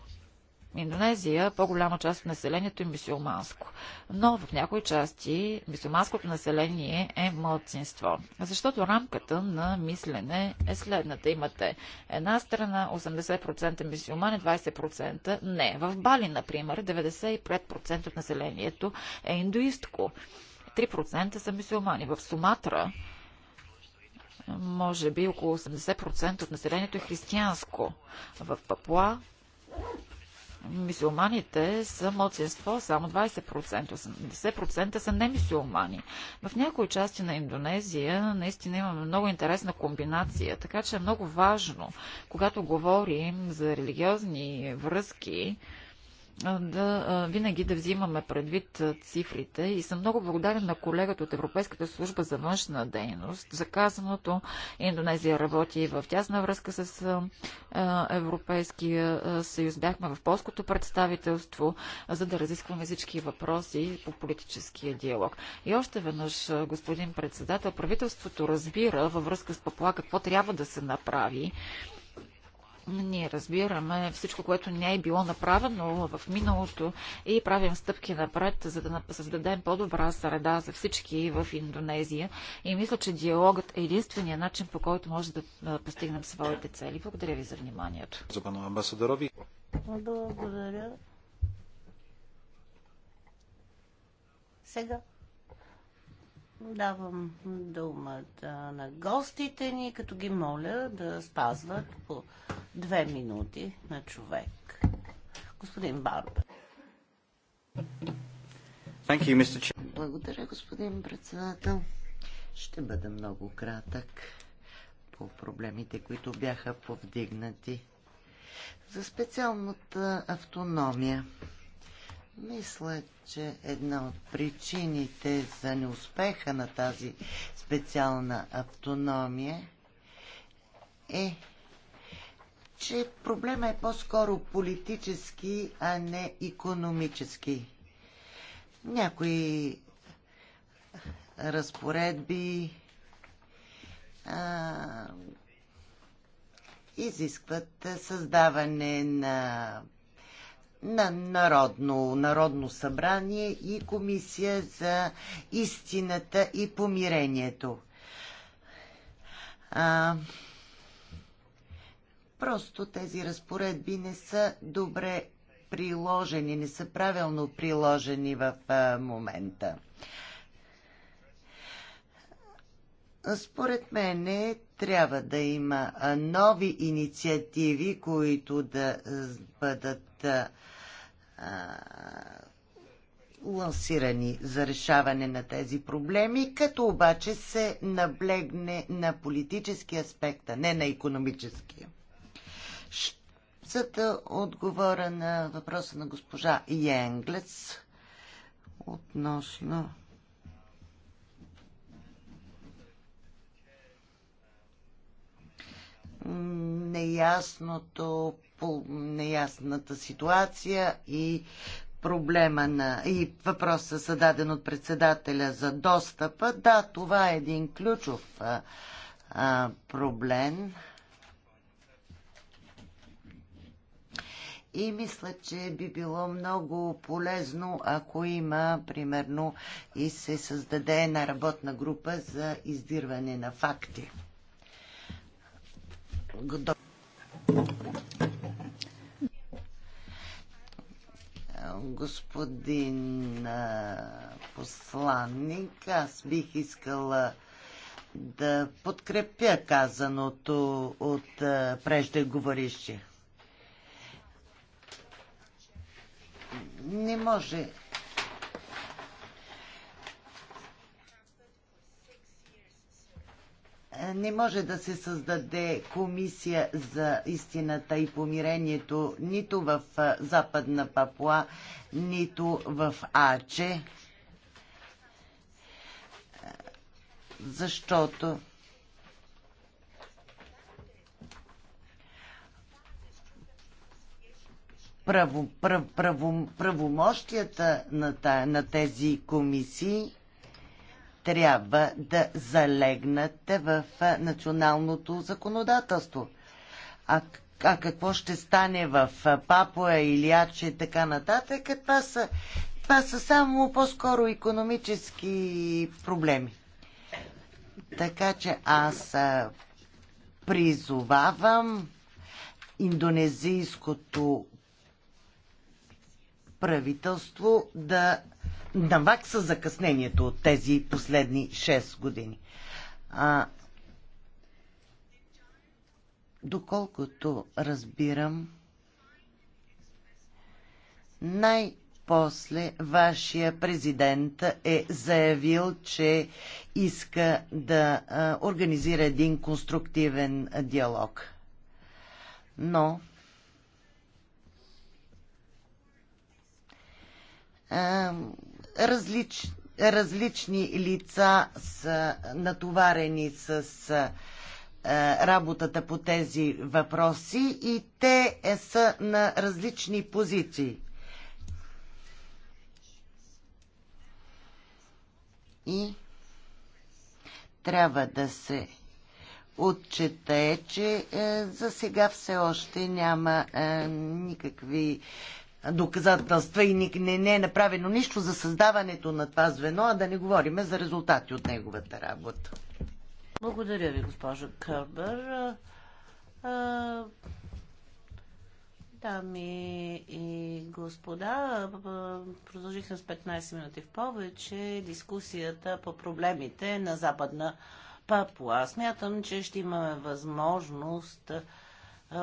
Индонезия по-голяма част от населението е мисиоманско. Но в някои части мисиоманското население е младсинство. Защото рамката на мислене е следната. Имате една страна 80% мисиомани, 20% не. В Бали, например, 95% от населението е индуистко. 3% са мисиомани. В Суматра може би около 80% от населението е християнско. В Папуа мисулманите са младсинство, само 20%, 80% са немисулмани. В някои части на Индонезия наистина имаме много интересна комбинация, така че е много важно, когато говорим за религиозни връзки, да винаги да взимаме предвид цифрите и съм много благодарен на колегата от Европейската служба за външна дейност за казаното. Индонезия работи в тясна връзка с Европейския съюз. Бяхме в полското представителство, за да разискваме всички въпроси по политическия диалог. И още веднъж, господин председател, правителството разбира във връзка с Папуа какво трябва да се направи ние разбираме всичко, което не е било направено в миналото и правим стъпки напред, за да създадем по-добра среда за всички в Индонезия. И мисля, че диалогът е единствения начин, по който може да постигнем своите цели. Благодаря ви за вниманието. амбасадорови. Благодаря. Сега Давам думата на гостите ни, като ги моля да спазват по две минути на човек. Господин Барбер. You, Благодаря, господин председател. Ще бъда много кратък по проблемите, които бяха повдигнати. За специалната автономия. Мисля, че една от причините за неуспеха на тази специална автономия е, че проблема е по-скоро политически, а не економически. Някои разпоредби а, изискват създаване на на Народно, Народно събрание и Комисия за истината и помирението. А, просто тези разпоредби не са добре приложени, не са правилно приложени в а, момента. Според мен трябва да има нови инициативи, които да бъдат лансирани за решаване на тези проблеми, като обаче се наблегне на политически аспект, а не на економическия. За да отговоря на въпроса на госпожа Йенглец относно неясното, неясната ситуация и проблема на и въпроса създаден от председателя за достъпа. Да, това е един ключов а, а, проблем. И мисля, че би било много полезно, ако има, примерно, и се създаде една работна група за издирване на факти. Господин посланник, аз бих искала да подкрепя казаното от преждеговорище. Не може не може да се създаде комисия за истината и помирението нито в Западна Папуа, нито в Аче, защото право, право, право, правомощията на, на тези комисии трябва да залегнат в националното законодателство. А, а какво ще стане в Папуа или Аче и така нататък, това са, това са само по-скоро економически проблеми. Така че аз призовавам индонезийското правителство да навакса закъснението от тези последни 6 години. А, доколкото разбирам, най-после вашия президент е заявил, че иска да а, организира един конструктивен диалог. Но а, различ, различни лица са натоварени с работата по тези въпроси и те е са на различни позиции. И трябва да се отчете, че е, за сега все още няма е, никакви доказателства и не, не е направено нищо за създаването на това звено, а да не говорим за резултати от неговата работа. Благодаря ви, госпожо Кърбър. Дами и господа, продължихме с 15 минути в повече дискусията по проблемите на Западна Папуа. Смятам, че ще имаме възможност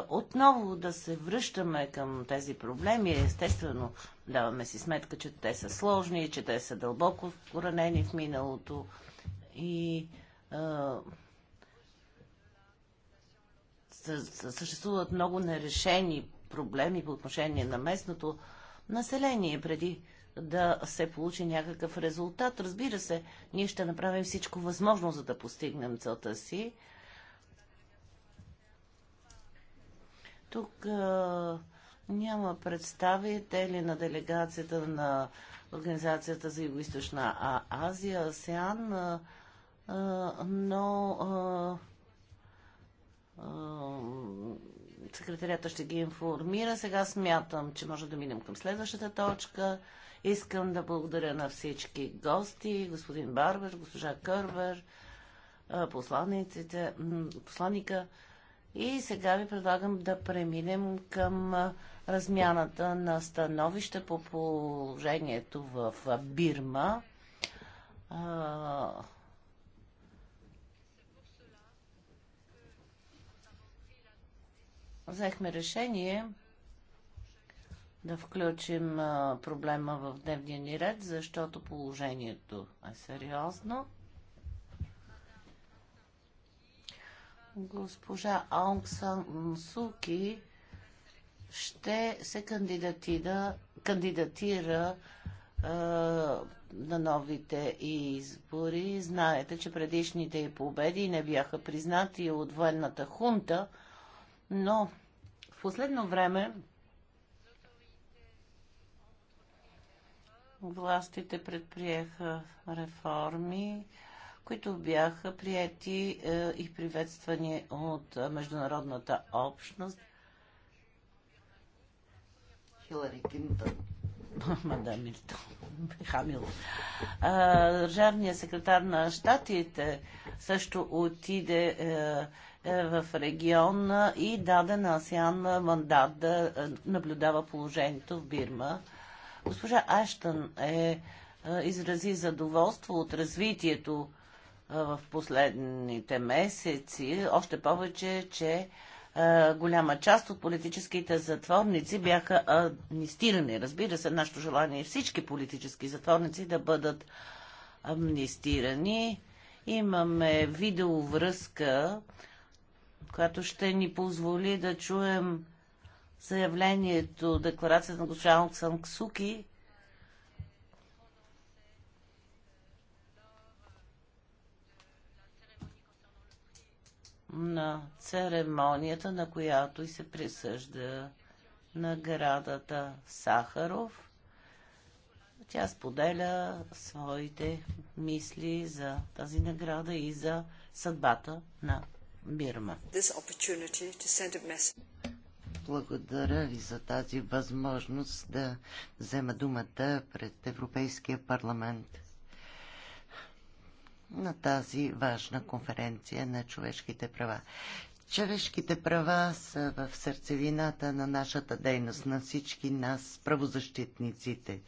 отново да се връщаме към тези проблеми. Естествено, даваме си сметка, че те са сложни, че те са дълбоко коранени в миналото. И съществуват много нерешени проблеми по отношение на местното население преди да се получи някакъв резултат. Разбира се, ние ще направим всичко възможно, за да постигнем целта си. Тук а, няма представители на делегацията на Организацията за Юго-Источна Азия, АСЕАН, а, а, но а, а, секретарията ще ги информира. Сега смятам, че може да минем към следващата точка. Искам да благодаря на всички гости, господин Барбер, госпожа Кървер, посланиците, посланника. И сега ви предлагам да преминем към размяната на становища по положението в Бирма. Взехме решение да включим проблема в дневния ни ред, защото положението е сериозно. Госпожа Аунг Сан Суки ще се кандидатира, кандидатира на новите избори. Знаете, че предишните й победи не бяха признати от военната хунта, но в последно време властите предприеха реформи които бяха прияти е, и приветствани от е, международната общност. Хилари Клинтон. Мадам Милтон. Хамил. Държавният секретар на щатите също отиде е, в регион и даде на Асиан мандат да наблюдава положението в Бирма. Госпожа Аштън е, изрази задоволство от развитието в последните месеци, още повече, че голяма част от политическите затворници бяха амнистирани. Разбира се, нашето желание е всички политически затворници да бъдат амнистирани. Имаме видеовръзка, която ще ни позволи да чуем заявлението, декларацията на госпожа Аунг Сан Ксуки, на церемонията, на която и се присъжда наградата Сахаров. Тя споделя своите мисли за тази награда и за съдбата на Бирма. Благодаря ви за тази възможност да взема думата пред Европейския парламент на тази важна конференция на човешките права. Човешките права са в сърцевината на нашата дейност, на всички нас, правозащитниците.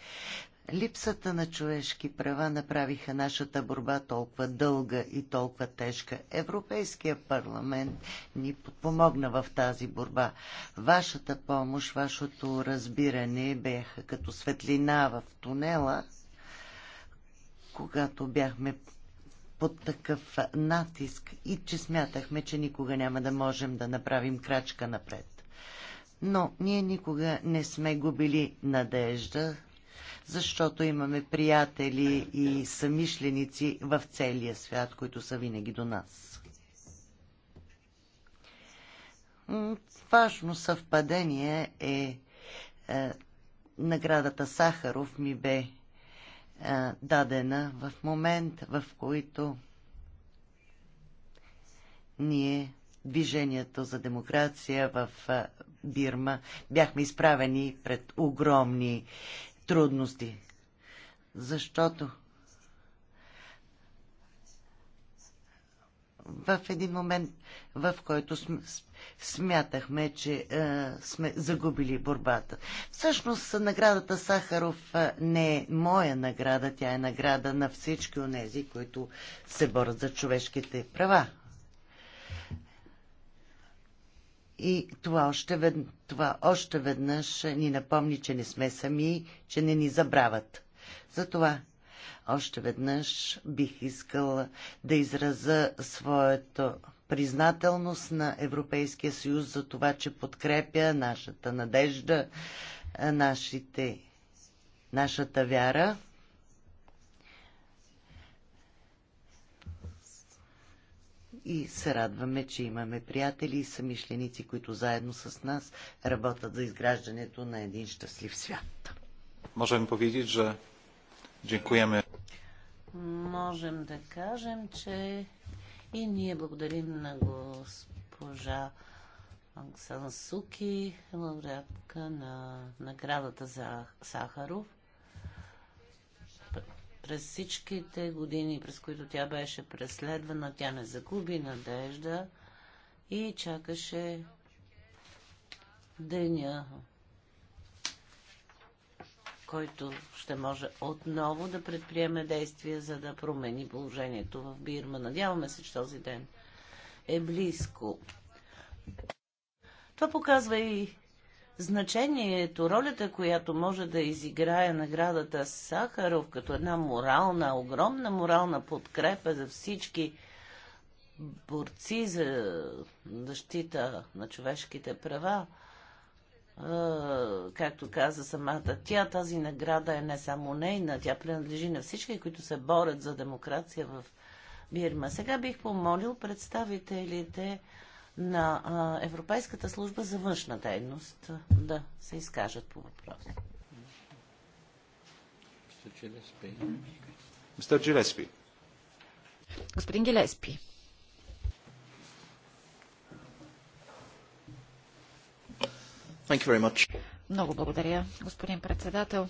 Липсата на човешки права направиха нашата борба толкова дълга и толкова тежка. Европейския парламент ни подпомогна в тази борба. Вашата помощ, вашето разбиране бяха като светлина в тунела, когато бяхме под такъв натиск и че смятахме, че никога няма да можем да направим крачка напред. Но ние никога не сме губили надежда, защото имаме приятели и самишленици в целия свят, които са винаги до нас. Важно съвпадение е, е наградата Сахаров ми бе е, дадена в момент, в който ние, движението за демокрация в е, Бирма, бяхме изправени пред огромни трудности. Защото в един момент, в който смятахме, че а, е, сме загубили борбата. Всъщност наградата Сахаров е, не е моя награда, тя е награда на всички онези, които се борят за човешките права. И това още, вед... това още веднъж ни напомни, че не сме сами, че не ни забравят. Затова още веднъж бих искала да израза своето признателност на Европейския съюз за това, че подкрепя нашата надежда, е, нашите, нашата вяра. и се радваме, че имаме приятели и самишленици, които заедно с нас работят за изграждането на един щастлив свят. Можем повидеть, че Дякуваме. Можем да кажем, че и ние благодарим на госпожа Анксан Суки, лауреатка на наградата за Сахаров. През всичките години, през които тя беше преследвана, тя не загуби надежда и чакаше деня, който ще може отново да предприеме действия, за да промени положението в Бирма. Надяваме се, че този ден е близко. Това показва и значението, ролята, която може да изиграе наградата Сахаров като една морална, огромна морална подкрепа за всички борци за защита на човешките права както каза самата тя, тази награда е не само нейна, тя принадлежи на всички, които се борят за демокрация в Бирма. Сега бих помолил представителите на Европейската служба за външна дейност да се изкажат по въпроса. Мистер Джилеспи. Господин Гилеспи. Много благодаря, господин председател.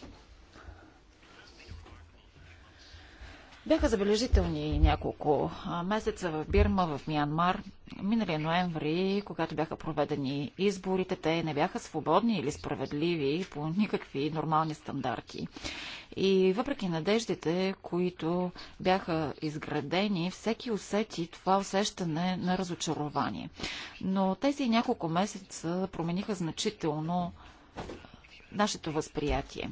Бяха забележителни няколко месеца в Бирма, в Миянмар. Миналия ноември, когато бяха проведени изборите, те не бяха свободни или справедливи по никакви нормални стандарти. И въпреки надеждите, които бяха изградени, всеки усети това усещане на разочарование. Но тези няколко месеца промениха значително нашето възприятие.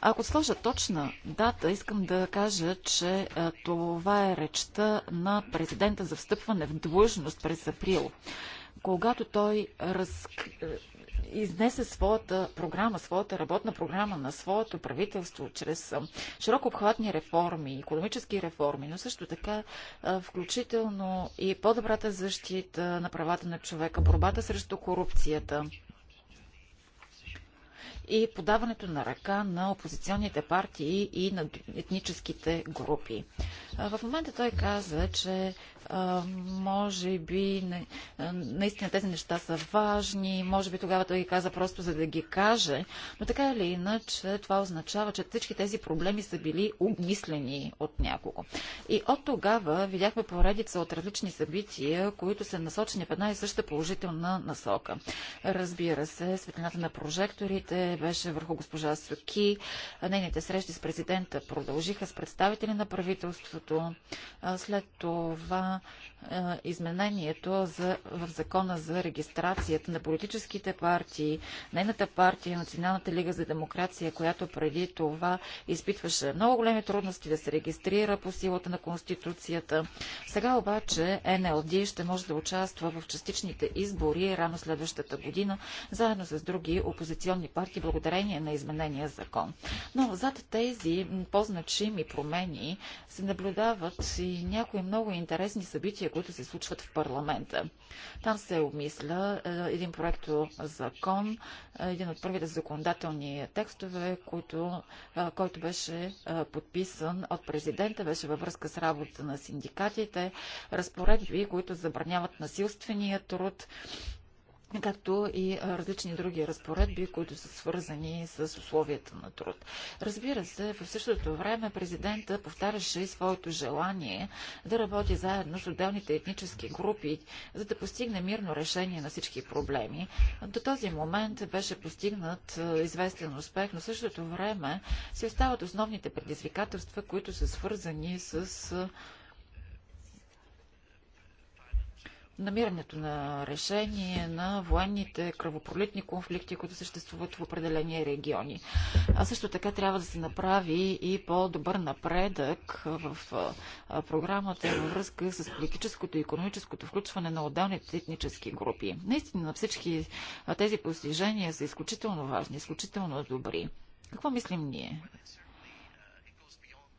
Ако сложа точна дата, искам да кажа, че е, това е речта на президента за встъпване в длъжност през април, когато той раз... Е, изнесе своята програма, своята работна програма на своето правителство чрез е, широко обхватни реформи, економически реформи, но също така включително и по-добрата защита на правата на човека, борбата срещу корупцията – и подаването на ръка на опозиционните партии и на етническите групи. В момента той каза, че може би не, наистина тези неща са важни, може би тогава той ги каза просто за да ги каже, но така или иначе това означава, че всички тези проблеми са били обмислени от някого. И от тогава видяхме поредица от различни събития, които са насочени в една и съща положителна насока. Разбира се, светлината на прожекторите беше върху госпожа Соки, нейните срещи с президента продължиха с представители на правителството. След това на изменението за, в закона за регистрацията на политическите партии, нейната партия, е Националната лига за демокрация, която преди това изпитваше много големи трудности да се регистрира по силата на Конституцията. Сега обаче НЛД ще може да участва в частичните избори рано следващата година, заедно с други опозиционни партии, благодарение на изменения закон. Но зад тези по-значими промени се наблюдават и някои много интересни събития, събития, които се случват в парламента. Там се обмисля е, един проект закон, е, един от първите законодателни текстове, който, е, който беше подписан от президента, беше във връзка с работа на синдикатите, разпоредби, които забраняват насилствения труд, както и различни други разпоредби, които са свързани с условията на труд. Разбира се, в същото време президента повтаряше и своето желание да работи заедно с отделните етнически групи, за да постигне мирно решение на всички проблеми. До този момент беше постигнат известен успех, но в същото време си остават основните предизвикателства, които са свързани с намирането на решение на военните кръвопролитни конфликти, които съществуват в определени региони. А също така трябва да се направи и по-добър напредък в програмата във връзка с политическото и економическото включване на отделните етнически групи. Наистина всички тези постижения са изключително важни, изключително добри. Какво мислим ние?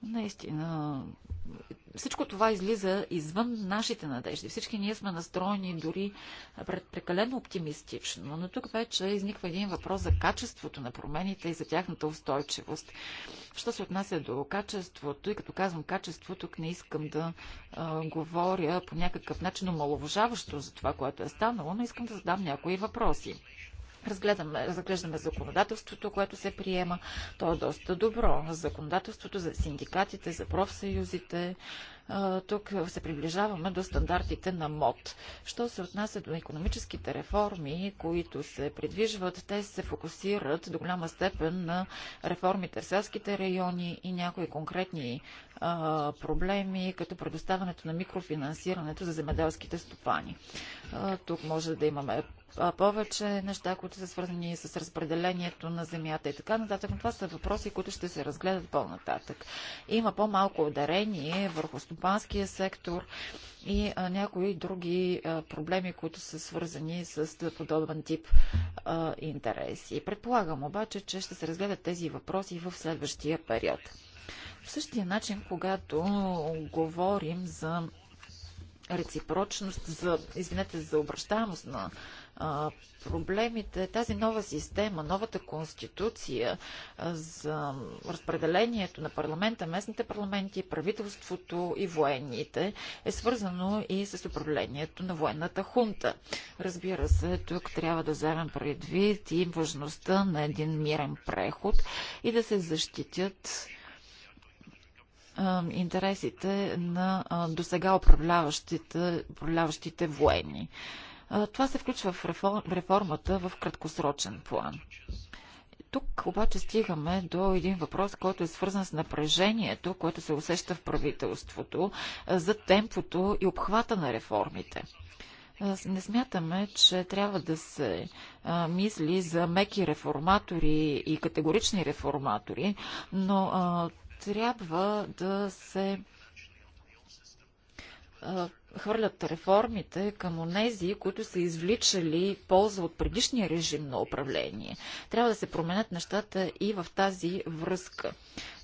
Наистина, всичко това излиза извън нашите надежди. Всички ние сме настроени дори прекалено оптимистично, но тук вече изниква един въпрос за качеството на промените и за тяхната устойчивост. Що се отнася до качеството, и като казвам качество, тук не искам да а, говоря по някакъв начин омалуважаващо за това, което е станало, но искам да задам някои въпроси. Разгледаме, разглеждаме законодателството, което се приема. То е доста добро. Законодателството за синдикатите, за профсъюзите. Тук се приближаваме до стандартите на МОД. Що се отнася до економическите реформи, които се придвижват, те се фокусират до голяма степен на реформите в селските райони и някои конкретни а, проблеми, като предоставянето на микрофинансирането за земеделските стопани. А, тук може да имаме повече неща, които са свързани с разпределението на земята и така нататък. Но това са въпроси, които ще се разгледат по-нататък. Има по-малко ударение върху стопанския сектор и а, някои други а, проблеми, които са свързани с подобен тип а, интереси. Предполагам обаче, че ще се разгледат тези въпроси в следващия период. В същия начин, когато говорим за реципрочност, за, извинете, за обращаемост на проблемите, тази нова система, новата конституция за разпределението на парламента, местните парламенти, правителството и военните е свързано и с управлението на военната хунта. Разбира се, тук трябва да вземем предвид и важността на един мирен преход и да се защитят интересите на досега управляващите, управляващите военни. Това се включва в реформата в краткосрочен план. Тук обаче стигаме до един въпрос, който е свързан с напрежението, което се усеща в правителството за темпото и обхвата на реформите. Не смятаме, че трябва да се а, мисли за меки реформатори и категорични реформатори, но а, трябва да се а, хвърлят реформите към онези, които са извличали полза от предишния режим на управление. Трябва да се променят нещата и в тази връзка.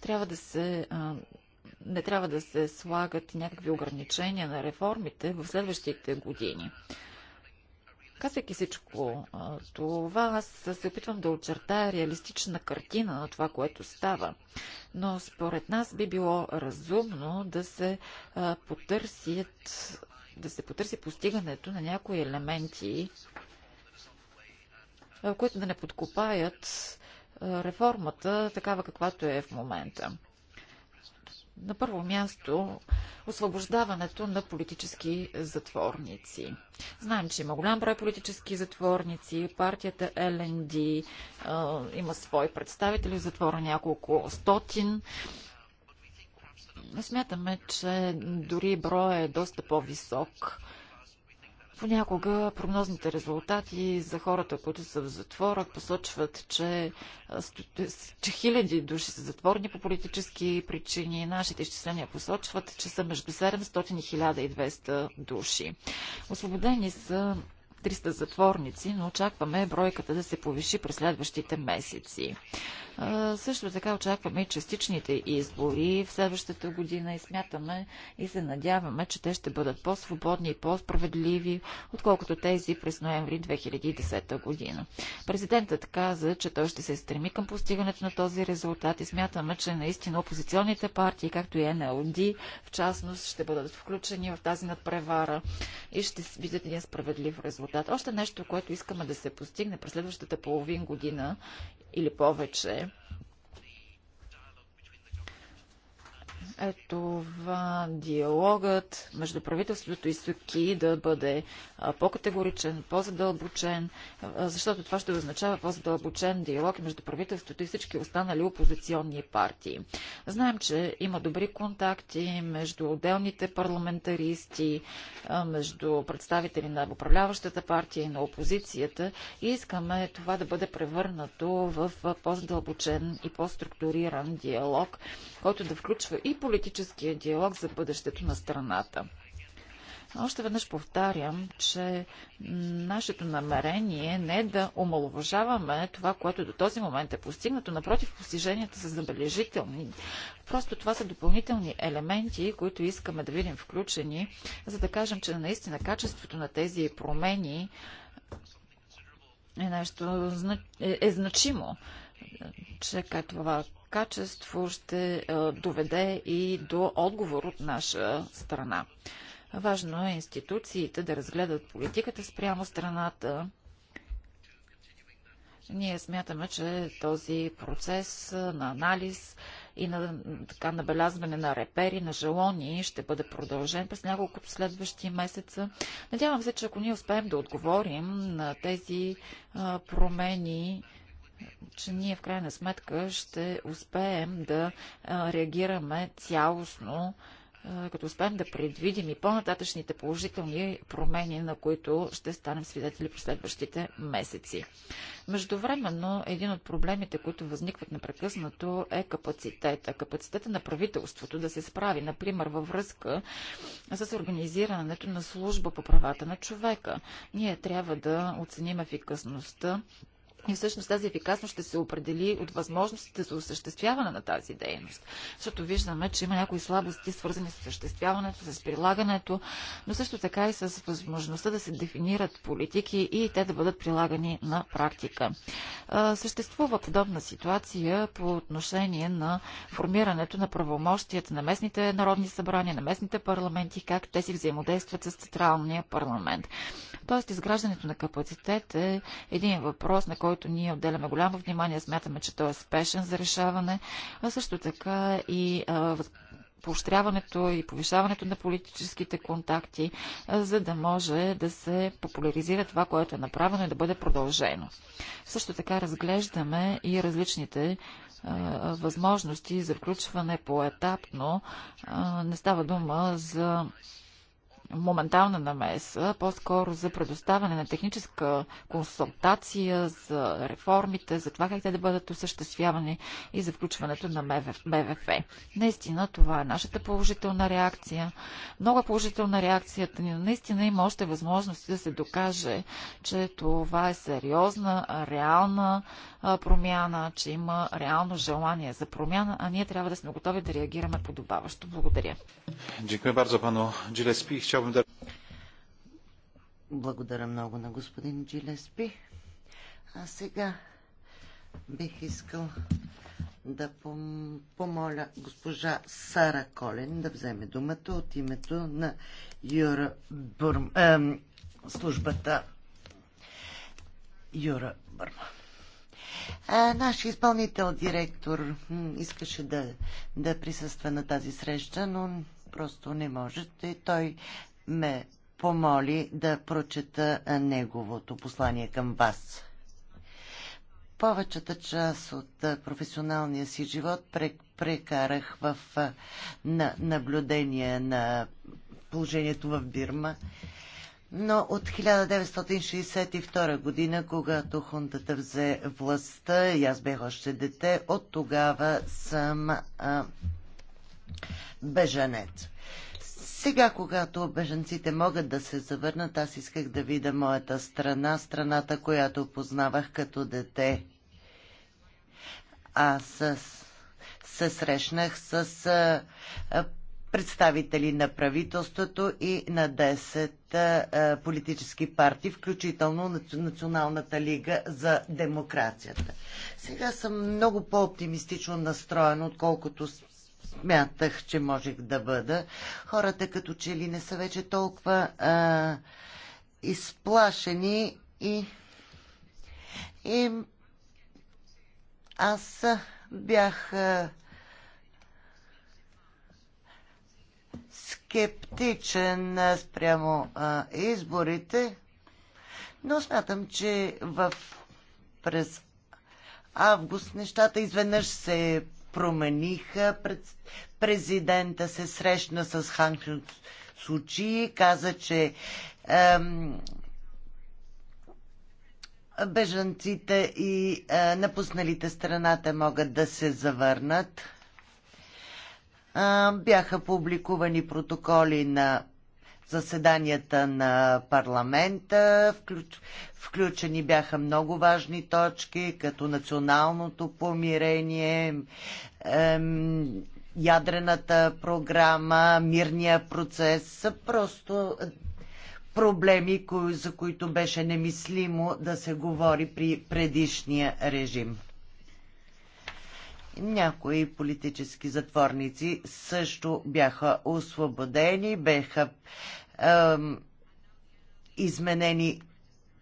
Трябва да се не трябва да се слагат някакви ограничения на реформите в следващите години. Казвайки всичко това, аз се опитвам да очертая реалистична картина на това, което става. Но според нас би било разумно да се потърсят да се потърси постигането на някои елементи, които да не подкопаят реформата, такава каквато е в момента. На първо място освобождаването на политически затворници. Знаем, че има голям брой политически затворници. Партията ЛНД а, има свои представители в затвора няколко стотин. Смятаме, че дори броя е доста по-висок. Понякога прогнозните резултати за хората, които са в затвора, посочват, че, е, че хиляди души са затворни по политически причини. Нашите изчисления посочват, че са между 700 и 1200 души. Освободени са 300 затворници, но очакваме бройката да се повиши през следващите месеци. Също така очакваме и частичните избори в следващата година и смятаме и се надяваме, че те ще бъдат по-свободни и по-справедливи, отколкото тези през ноември 2010 година. Президентът каза, че той ще се стреми към постигането на този резултат и смятаме, че наистина опозиционните партии, както и НЛД, в частност, ще бъдат включени в тази надпревара и ще видят един справедлив резултат. Още нещо, което искаме да се постигне през следващата половин година или повече е това диалогът между правителството и СУКИ да бъде по-категоричен, по-задълбочен, защото това ще означава по-задълбочен диалог между правителството и всички останали опозиционни партии. Знаем, че има добри контакти между отделните парламентаристи, между представители на управляващата партия и на опозицията и искаме това да бъде превърнато в по-задълбочен и по-структуриран диалог, който да включва и политическия диалог за бъдещето на страната. Още веднъж повтарям, че нашето намерение не е да омалуважаваме това, което до този момент е постигнато. Напротив, постиженията са забележителни. Просто това са допълнителни елементи, които искаме да видим включени, за да кажем, че наистина качеството на тези промени е нещо е, е значимо че това качество ще доведе и до отговор от наша страна. Важно е институциите да разгледат политиката спрямо страната. Ние смятаме, че този процес на анализ и на така набелязване на репери, на желони ще бъде продължен през няколко следващи месеца. Надявам се, че ако ние успеем да отговорим на тези промени, че ние в крайна сметка ще успеем да реагираме цялостно, като успеем да предвидим и по-нататъчните положителни промени, на които ще станем свидетели през следващите месеци. Междувременно, един от проблемите, които възникват непрекъснато е капацитета. Капацитета на правителството да се справи, например, във връзка с организирането на служба по правата на човека. Ние трябва да оценим ефикасността и всъщност тази ефикасност ще се определи от възможностите за осъществяване на тази дейност. Защото виждаме, че има някои слабости, свързани с осъществяването, с прилагането, но също така и с възможността да се дефинират политики и те да бъдат прилагани на практика. Съществува подобна ситуация по отношение на формирането на правомощията на местните народни събрания, на местните парламенти, как те си взаимодействат с централния парламент. Тоест, изграждането на капацитет е един въпрос, на който който ние отделяме голямо внимание, смятаме, че той е спешен за решаване, а също така и поощряването и повишаването на политическите контакти, за да може да се популяризира това, което е направено и да бъде продължено. Също така разглеждаме и различните възможности за включване поетапно. Не става дума за моментална намеса, по-скоро за предоставяне на техническа консултация за реформите, за това как те да бъдат осъществявани и за включването на МВФ. Наистина това е нашата положителна реакция. Много е положителна реакцията ни, но наистина има още възможности да се докаже, че това е сериозна, реална промяна, че има реално желание за промяна, а ние трябва да сме готови да реагираме подобаващо. Благодаря. Dziękuję благодаря много на господин Джилеспи. А сега бих искал да пом помоля госпожа Сара Колен да вземе думата от името на Юра Бърм, э, службата Юра Бърма. А, изпълнител директор искаше да, да присъства на тази среща, но просто не може. И той ме помоли да прочета неговото послание към вас. Повечета част от професионалния си живот прекарах в на, наблюдение на положението в Бирма. Но от 1962 година, когато хунтата взе властта, и аз бях още дете, от тогава съм а, беженец. Сега, когато беженците могат да се завърнат, аз исках да видя моята страна, страната, която познавах като дете. Аз се срещнах с а, представители на правителството и на 10 а, политически партии, включително Националната лига за демокрацията. Сега съм много по-оптимистично настроен, отколкото смятах, че можех да бъда. Хората като че ли не са вече толкова а, изплашени и, и аз бях а, скептичен спрямо а, изборите, но смятам, че в, през август нещата изведнъж се промениха. Президента се срещна с Ханкин Сучи, каза, че ем, бежанците и е, напусналите страната могат да се завърнат. Е, бяха публикувани протоколи на заседанията на парламента, Включени бяха много важни точки, като националното помирение, ем, ядрената програма, мирния процес. са Просто проблеми, за които беше немислимо да се говори при предишния режим. Някои политически затворници също бяха освободени, беха ем, изменени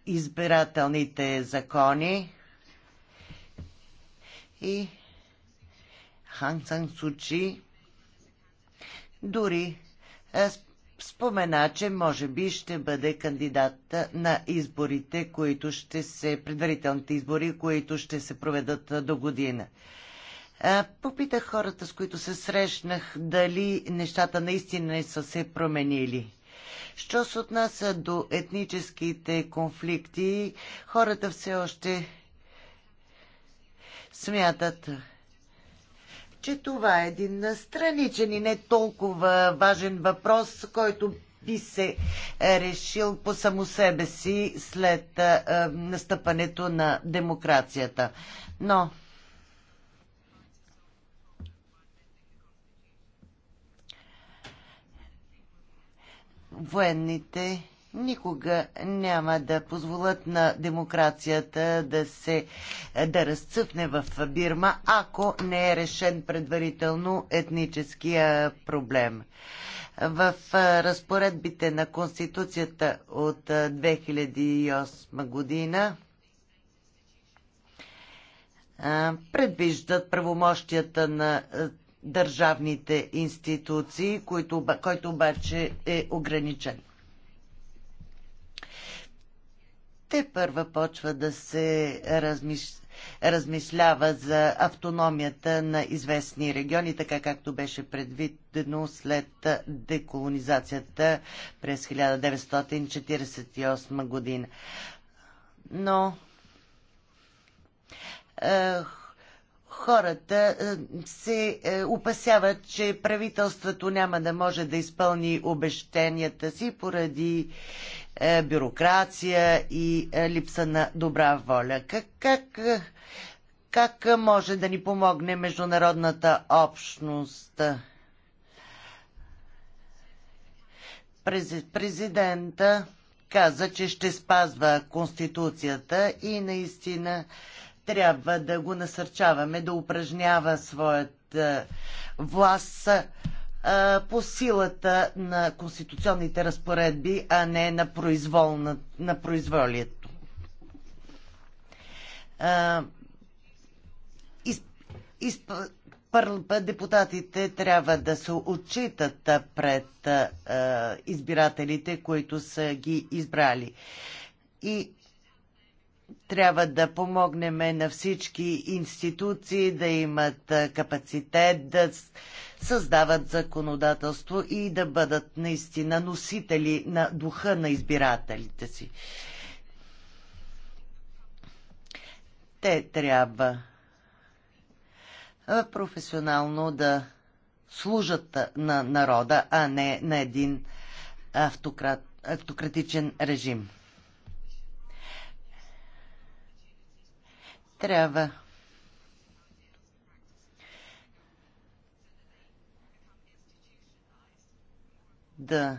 избирателните закони и Хан Сан Сучи дори е, спомена, че може би ще бъде кандидат на изборите, които ще се, предварителните избори, които ще се проведат е, до година. Е, попитах хората, с които се срещнах, дали нещата наистина не са се променили. Що се отнася до етническите конфликти, хората все още смятат, че това е един страничен и не толкова важен въпрос, който би се решил по само себе си след настъпането на демокрацията. Но военните никога няма да позволят на демокрацията да се да разцъфне в Бирма, ако не е решен предварително етническия проблем. В разпоредбите на Конституцията от 2008 година предвиждат правомощията на държавните институции, който, който обаче е ограничен. Те първа почва да се размиш... размислява за автономията на известни региони, така както беше предвидено след деколонизацията през 1948 година. Но хората е, се е, опасяват, че правителството няма да може да изпълни обещанията си поради е, бюрокрация и липса на добра воля. Как, как, как може да ни помогне международната общност? Президента каза, че ще спазва Конституцията и наистина трябва да го насърчаваме да упражнява своят е, власт е, по силата на конституционните разпоредби, а не на, произволна, на произволието. Е, депутатите трябва да се отчитат пред избирателите, които са ги избрали. И трябва да помогнем на всички институции да имат капацитет да създават законодателство и да бъдат наистина носители на духа на избирателите си. Те трябва професионално да служат на народа, а не на един автократ, автократичен режим. трябва да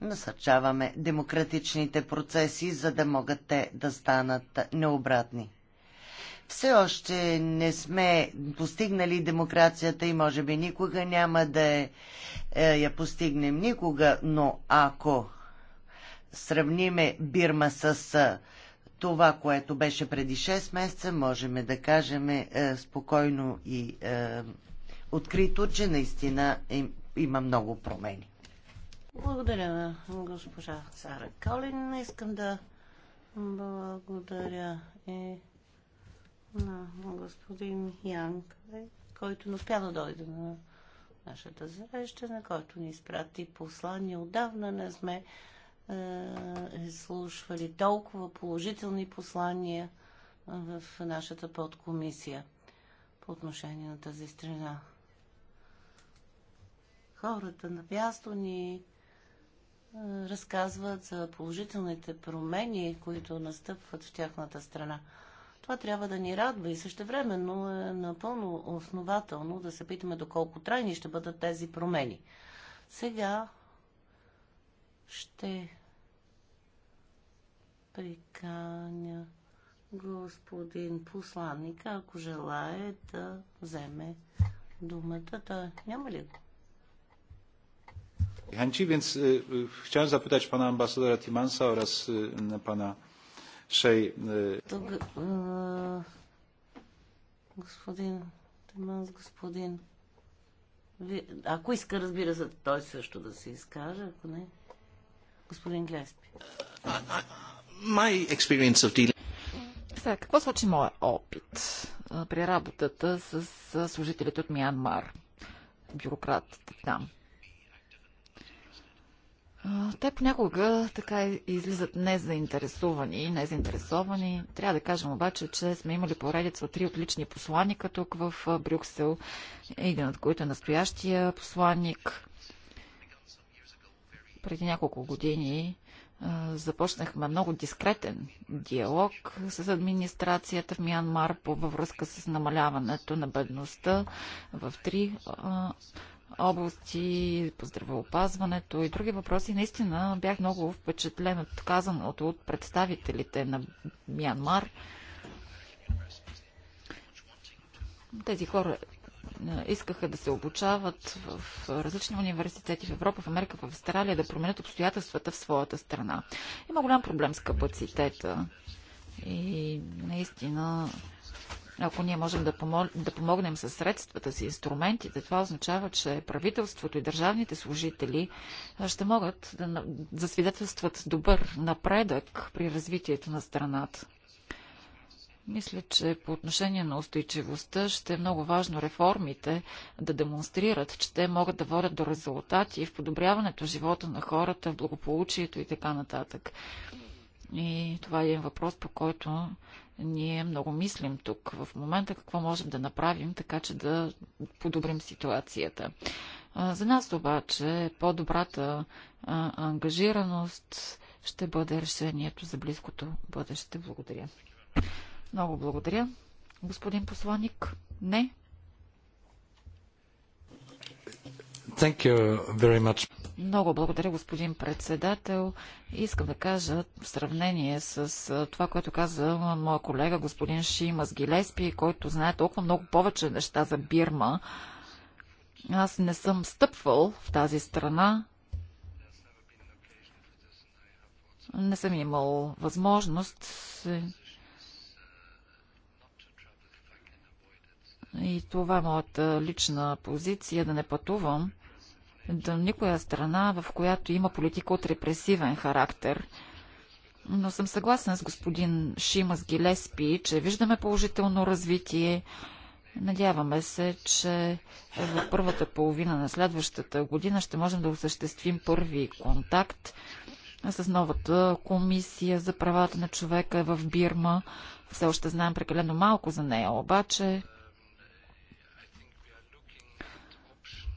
насърчаваме демократичните процеси, за да могат те да станат необратни. Все още не сме постигнали демокрацията и може би никога няма да е, е, я постигнем никога, но ако сравниме Бирма с е, това, което беше преди 6 месеца, можем да кажем е, спокойно и е, открито, че наистина им, има много промени. Благодаря на госпожа Сара Колин. Искам да благодаря и на господин Янг, който не успя да дойде на нашата среща, на който ни изпрати послание. Отдавна не сме е, слушвали толкова положителни послания в нашата подкомисия по отношение на тази страна. Хората на място ни е, разказват за положителните промени, които настъпват в тяхната страна. Това трябва да ни радва и същевременно е напълно основателно да се питаме доколко трайни ще бъдат тези промени. Сега ще приканя господин посланник, ако желая да вземе думата. Да, няма ли го? chęci, więc е, chciałem zapytać pana ambasadora Timansa oraz е, pana Szej. E, е, господин Тиманс, господин. Ако иска, разбира се, той също да се изкаже, ако не. Господин Глеспи. Dealing... Сега, какво случи моят опит при работата с служителите от Мянмар, бюрократите там? Те понякога така излизат незаинтересовани, незаинтересовани. Трябва да кажем обаче, че сме имали поредица от три отлични посланика тук в Брюксел, един от които е настоящия посланник. Преди няколко години започнахме много дискретен диалог с администрацията в Мянмар по във връзка с намаляването на бедността в три области, по здравеопазването и други въпроси. Наистина бях много впечатлен от казаното от представителите на Мянмар. Тези хора искаха да се обучават в различни университети в Европа, в Америка, в Австралия, да променят обстоятелствата в своята страна. Има голям проблем с капацитета и наистина ако ние можем да, помол... да помогнем с средствата, с инструментите, това означава, че правителството и държавните служители ще могат да засвидетелстват добър напредък при развитието на страната. Мисля, че по отношение на устойчивостта ще е много важно реформите да демонстрират, че те могат да водят до резултати в подобряването живота на хората, в благополучието и така нататък. И това е един въпрос, по който ние много мислим тук в момента какво можем да направим, така че да подобрим ситуацията. За нас обаче по-добрата ангажираност ще бъде решението за близкото бъдеще. Благодаря. Много благодаря. Господин посланник, не? Thank you very much. Много благодаря, господин председател. Искам да кажа в сравнение с това, което каза моя колега, господин Шимас Гилеспи, който знае толкова много повече неща за Бирма. Аз не съм стъпвал в тази страна. Не съм имал възможност И това е моята лична позиция да не пътувам до никоя страна, в която има политика от репресивен характер. Но съм съгласен с господин Шимас Гилеспи, че виждаме положително развитие. Надяваме се, че е в първата половина на следващата година ще можем да осъществим първи контакт с новата комисия за правата на човека в Бирма. Все още знаем прекалено малко за нея, обаче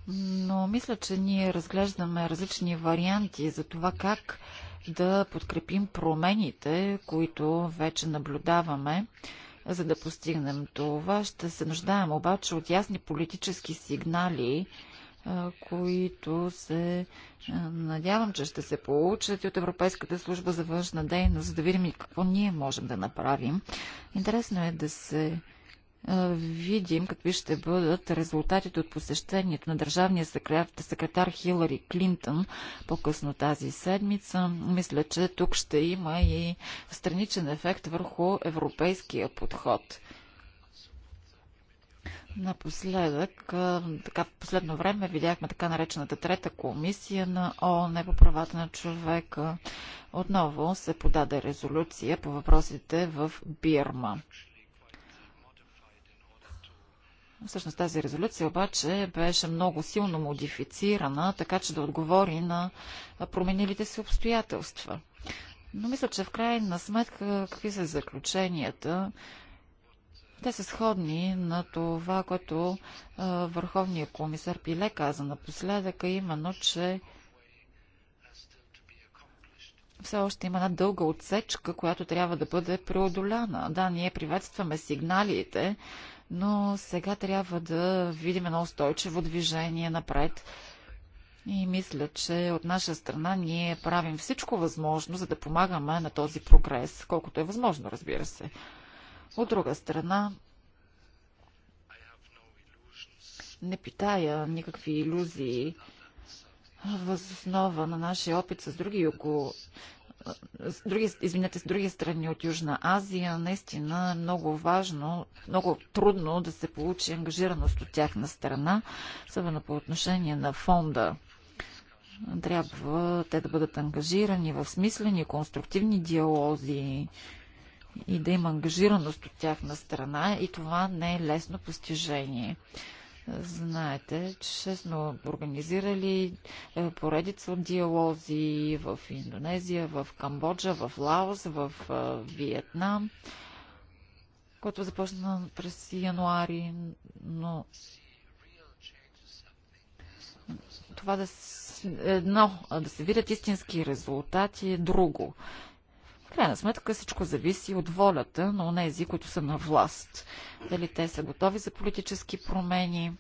но мисля, че ние разглеждаме различни варианти за това как да подкрепим промените, които вече наблюдаваме, за да постигнем това. Ще се нуждаем обаче от ясни политически сигнали, които се надявам, че ще се получат и от Европейската служба за външна дейност, за да видим и какво ние можем да направим. Интересно е да се видим какви ще бъдат резултатите от посещението на държавния секретар, секретар Хилари Клинтон по-късно тази седмица. Мисля, че тук ще има и страничен ефект върху европейския подход. Напоследък, така в последно време видяхме така наречената трета комисия на ООН по правата на човека. Отново се подаде резолюция по въпросите в Бирма. Всъщност тази резолюция обаче беше много силно модифицирана, така че да отговори на променилите се обстоятелства. Но мисля, че в крайна сметка какви са заключенията? Те са сходни на това, което Върховният комисар Пиле каза напоследък, а именно, че все още има една дълга отсечка, която трябва да бъде преодоляна. Да, ние приветстваме сигналите, но сега трябва да видим едно устойчиво движение напред. И мисля, че от наша страна ние правим всичко възможно, за да помагаме на този прогрес, колкото е възможно, разбира се. От друга страна, не питая никакви иллюзии възоснова на нашия опит с други юго с други, извинете, с други страни от Южна Азия, наистина е много важно, много трудно да се получи ангажираност от тяхна страна, особено по отношение на фонда. Трябва те да бъдат ангажирани в смислени, конструктивни диалози и да има ангажираност от тяхна страна и това не е лесно постижение. Знаете, че сме организирали е, поредица от диалози в Индонезия, в Камбоджа, в Лаос, в е, Виетнам, който започна през януари, но това да, едно, да се видят истински резултати е друго крайна сметка всичко зависи от волята на онези, които са на власт. Дали те са готови за политически промени.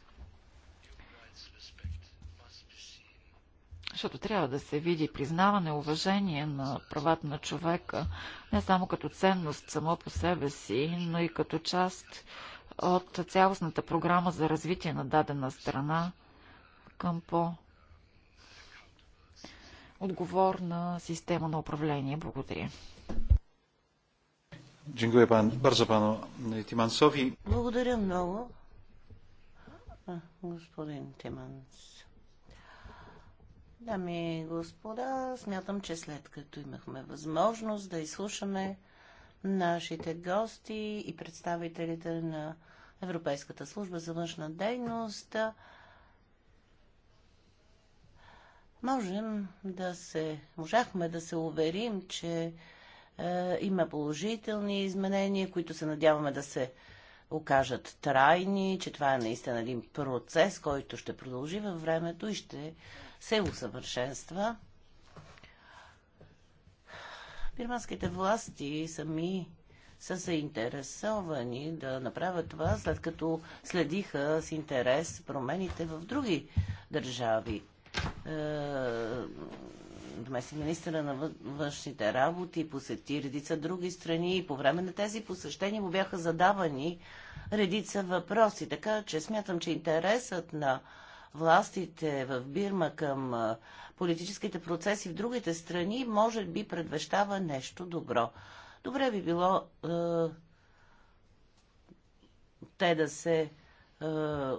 Защото трябва да се види признаване, уважение на правата на човека, не само като ценност само по себе си, но и като част от цялостната програма за развитие на дадена страна към по отговорна система на управление. Благодаря. Dziękuję pan, bardzo panu Timansowi. Благодаря много, господин Тиманс. Дами и господа, смятам, че след като имахме възможност да изслушаме нашите гости и представителите на Европейската служба за външна дейност, можем да се, можахме да се уверим, че е, има положителни изменения, които се надяваме да се окажат трайни, че това е наистина един процес, който ще продължи във времето и ще се усъвършенства. Бирманските власти сами са заинтересовани да направят това, след като следиха с интерес промените в други държави. Е, заместник министра на външните работи посети редица други страни и по време на тези посещения му бяха задавани редица въпроси. Така че смятам, че интересът на властите в Бирма към политическите процеси в другите страни може би предвещава нещо добро. Добре би било е, те да се е,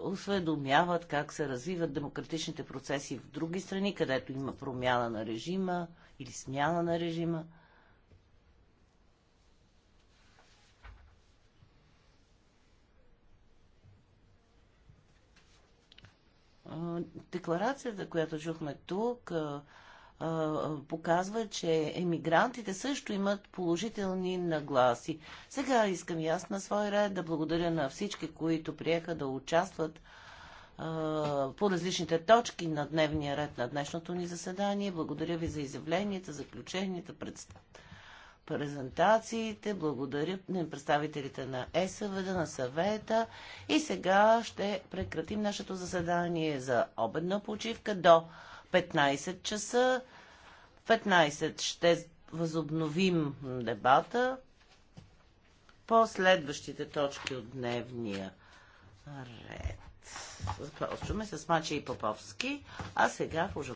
осведомяват как се развиват демократичните процеси в други страни, където има промяна на режима или смяна на режима. Е, декларацията, която чухме тук, е, показва, че емигрантите също имат положителни нагласи. Сега искам и аз на свой ред да благодаря на всички, които приеха да участват по различните точки на дневния ред на днешното ни заседание. Благодаря ви за изявленията, заключенията, презентациите. Благодаря на представителите на ЕСВД, на съвета. И сега ще прекратим нашето заседание за обедна почивка до 15 часа. 15 ще възобновим дебата по следващите точки от дневния ред. Започваме с Мачи и Поповски, а сега в